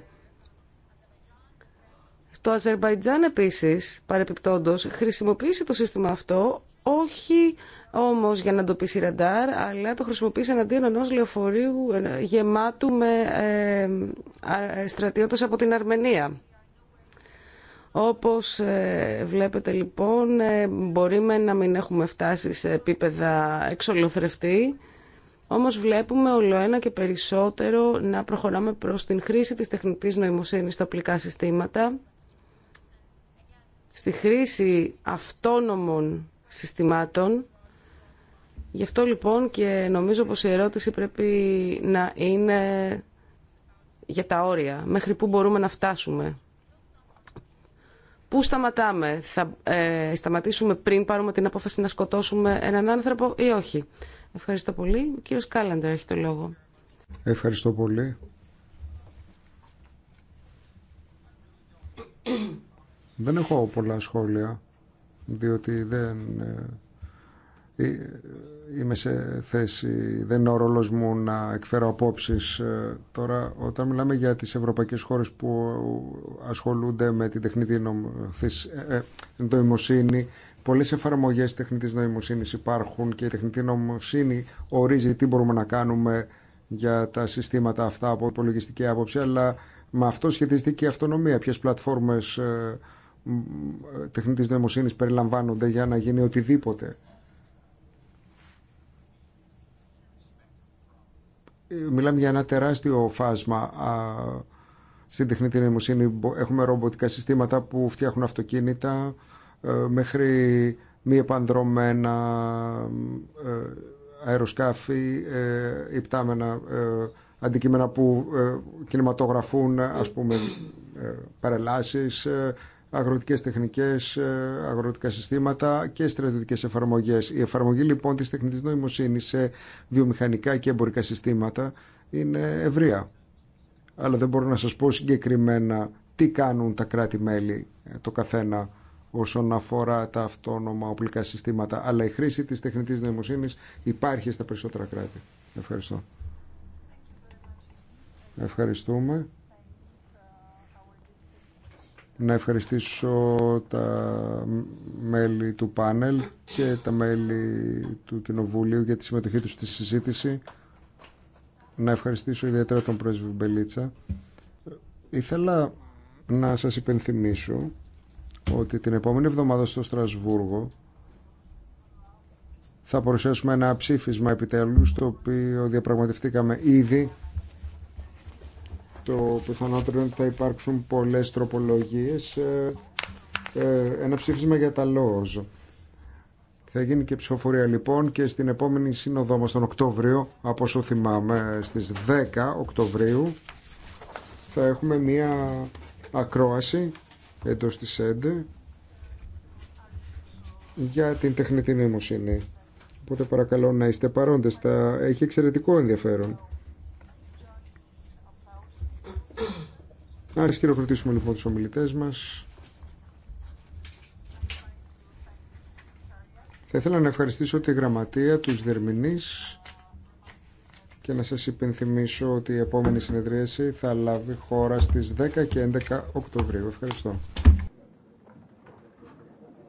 Το Αζερβαϊτζάν επίσης, παρεπιπτόντος, χρησιμοποίησε το σύστημα αυτό όχι όμως για να εντοπίσει ραντάρ, αλλά το χρησιμοποίησε εναντίον ενός λεωφορείου ε, γεμάτου με ε, ε, στρατιώτες από την Αρμενία. Όπως βλέπετε λοιπόν, μπορείμε να μην έχουμε φτάσει σε επίπεδα εξολοθρευτή, όμως βλέπουμε όλο ένα και περισσότερο να προχωράμε προς την χρήση της τεχνητής νοημοσύνης στα οπλικά συστήματα, στη χρήση αυτόνομων συστημάτων. Γι' αυτό λοιπόν και νομίζω πως η ερώτηση πρέπει να είναι για τα όρια, μέχρι πού μπορούμε να φτάσουμε. Πού σταματάμε, θα ε, σταματήσουμε πριν πάρουμε την απόφαση να σκοτώσουμε έναν άνθρωπο ή όχι. Ευχαριστώ πολύ. Ο κύριο Κάλαντα έχει το λόγο. Ευχαριστώ πολύ. δεν έχω πολλά σχόλια, διότι δεν ε, ε, είμαι σε θέση, δεν είναι ο μου να εκφέρω απόψεις. Ε, τώρα, όταν μιλάμε για τις ευρωπαϊκές χώρες που ασχολούνται με την τεχνητή νομοθεσία, Πολλές εφαρμογές τεχνητής νοημοσύνης υπάρχουν και η τεχνητή νοημοσύνη ορίζει τι μπορούμε να κάνουμε για τα συστήματα αυτά από υπολογιστική άποψη, αλλά με αυτό σχετίζεται και η αυτονομία. Ποιες πλατφόρμες ε, ε, τεχνητής νοημοσύνης περιλαμβάνονται για να γίνει οτιδήποτε. Ε, μιλάμε για ένα τεράστιο φάσμα στην τεχνητή νοημοσύνη. Έχουμε ρομποτικά συστήματα που φτιάχνουν αυτοκίνητα, ε, μέχρι μη επανδρομένα ε, αεροσκάφη, ε, υπτάμενα αντικείμενα που κινηματογραφούν ας πούμε παρελάσεις, αγροτικές τεχνικές, αγροτικά συστήματα και στρατιωτικές εφαρμογές. Η εφαρμογή λοιπόν της τεχνητής νοημοσύνης σε βιομηχανικά και εμπορικά συστήματα είναι ευρεία. Αλλά δεν μπορώ να σας πω συγκεκριμένα τι κάνουν τα κράτη-μέλη το καθένα όσον αφορά τα αυτόνομα οπλικά συστήματα. Αλλά η χρήση της τεχνητής νοημοσύνης υπάρχει στα περισσότερα κράτη. Ευχαριστώ. Ευχαριστούμε. Να ευχαριστήσω τα μέλη του πάνελ και τα μέλη του Κοινοβουλίου για τη συμμετοχή τους στη συζήτηση. Να ευχαριστήσω ιδιαίτερα τον πρόεδρο Μπελίτσα. Ήθελα να σας υπενθυμίσω ότι την επόμενη εβδομάδα στο Στρασβούργο θα παρουσιάσουμε ένα ψήφισμα επιτέλους το οποίο διαπραγματευτήκαμε ήδη το πιθανότερο είναι ότι θα υπάρξουν πολλές τροπολογίες ε, ε, ένα ψήφισμα για τα ΛΟΟΖ θα γίνει και ψηφοφορία λοιπόν και στην επόμενη σύνοδό μας τον Οκτώβριο από όσο θυμάμαι στις 10 Οκτωβρίου θα έχουμε μία ακρόαση εντός της ΕΝΤΕ για την τεχνητή νοημοσύνη. Οπότε παρακαλώ να είστε παρόντες. Τα... Έχει εξαιρετικό ενδιαφέρον. Ας χειροκροτήσουμε λοιπόν τους ομιλητές μας. Θα ήθελα να ευχαριστήσω τη γραμματεία, τους δερμηνείς και να σας υπενθυμίσω ότι η επόμενη συνεδρίαση θα λάβει χώρα στις 10 και 11 Οκτωβρίου. Ευχαριστώ.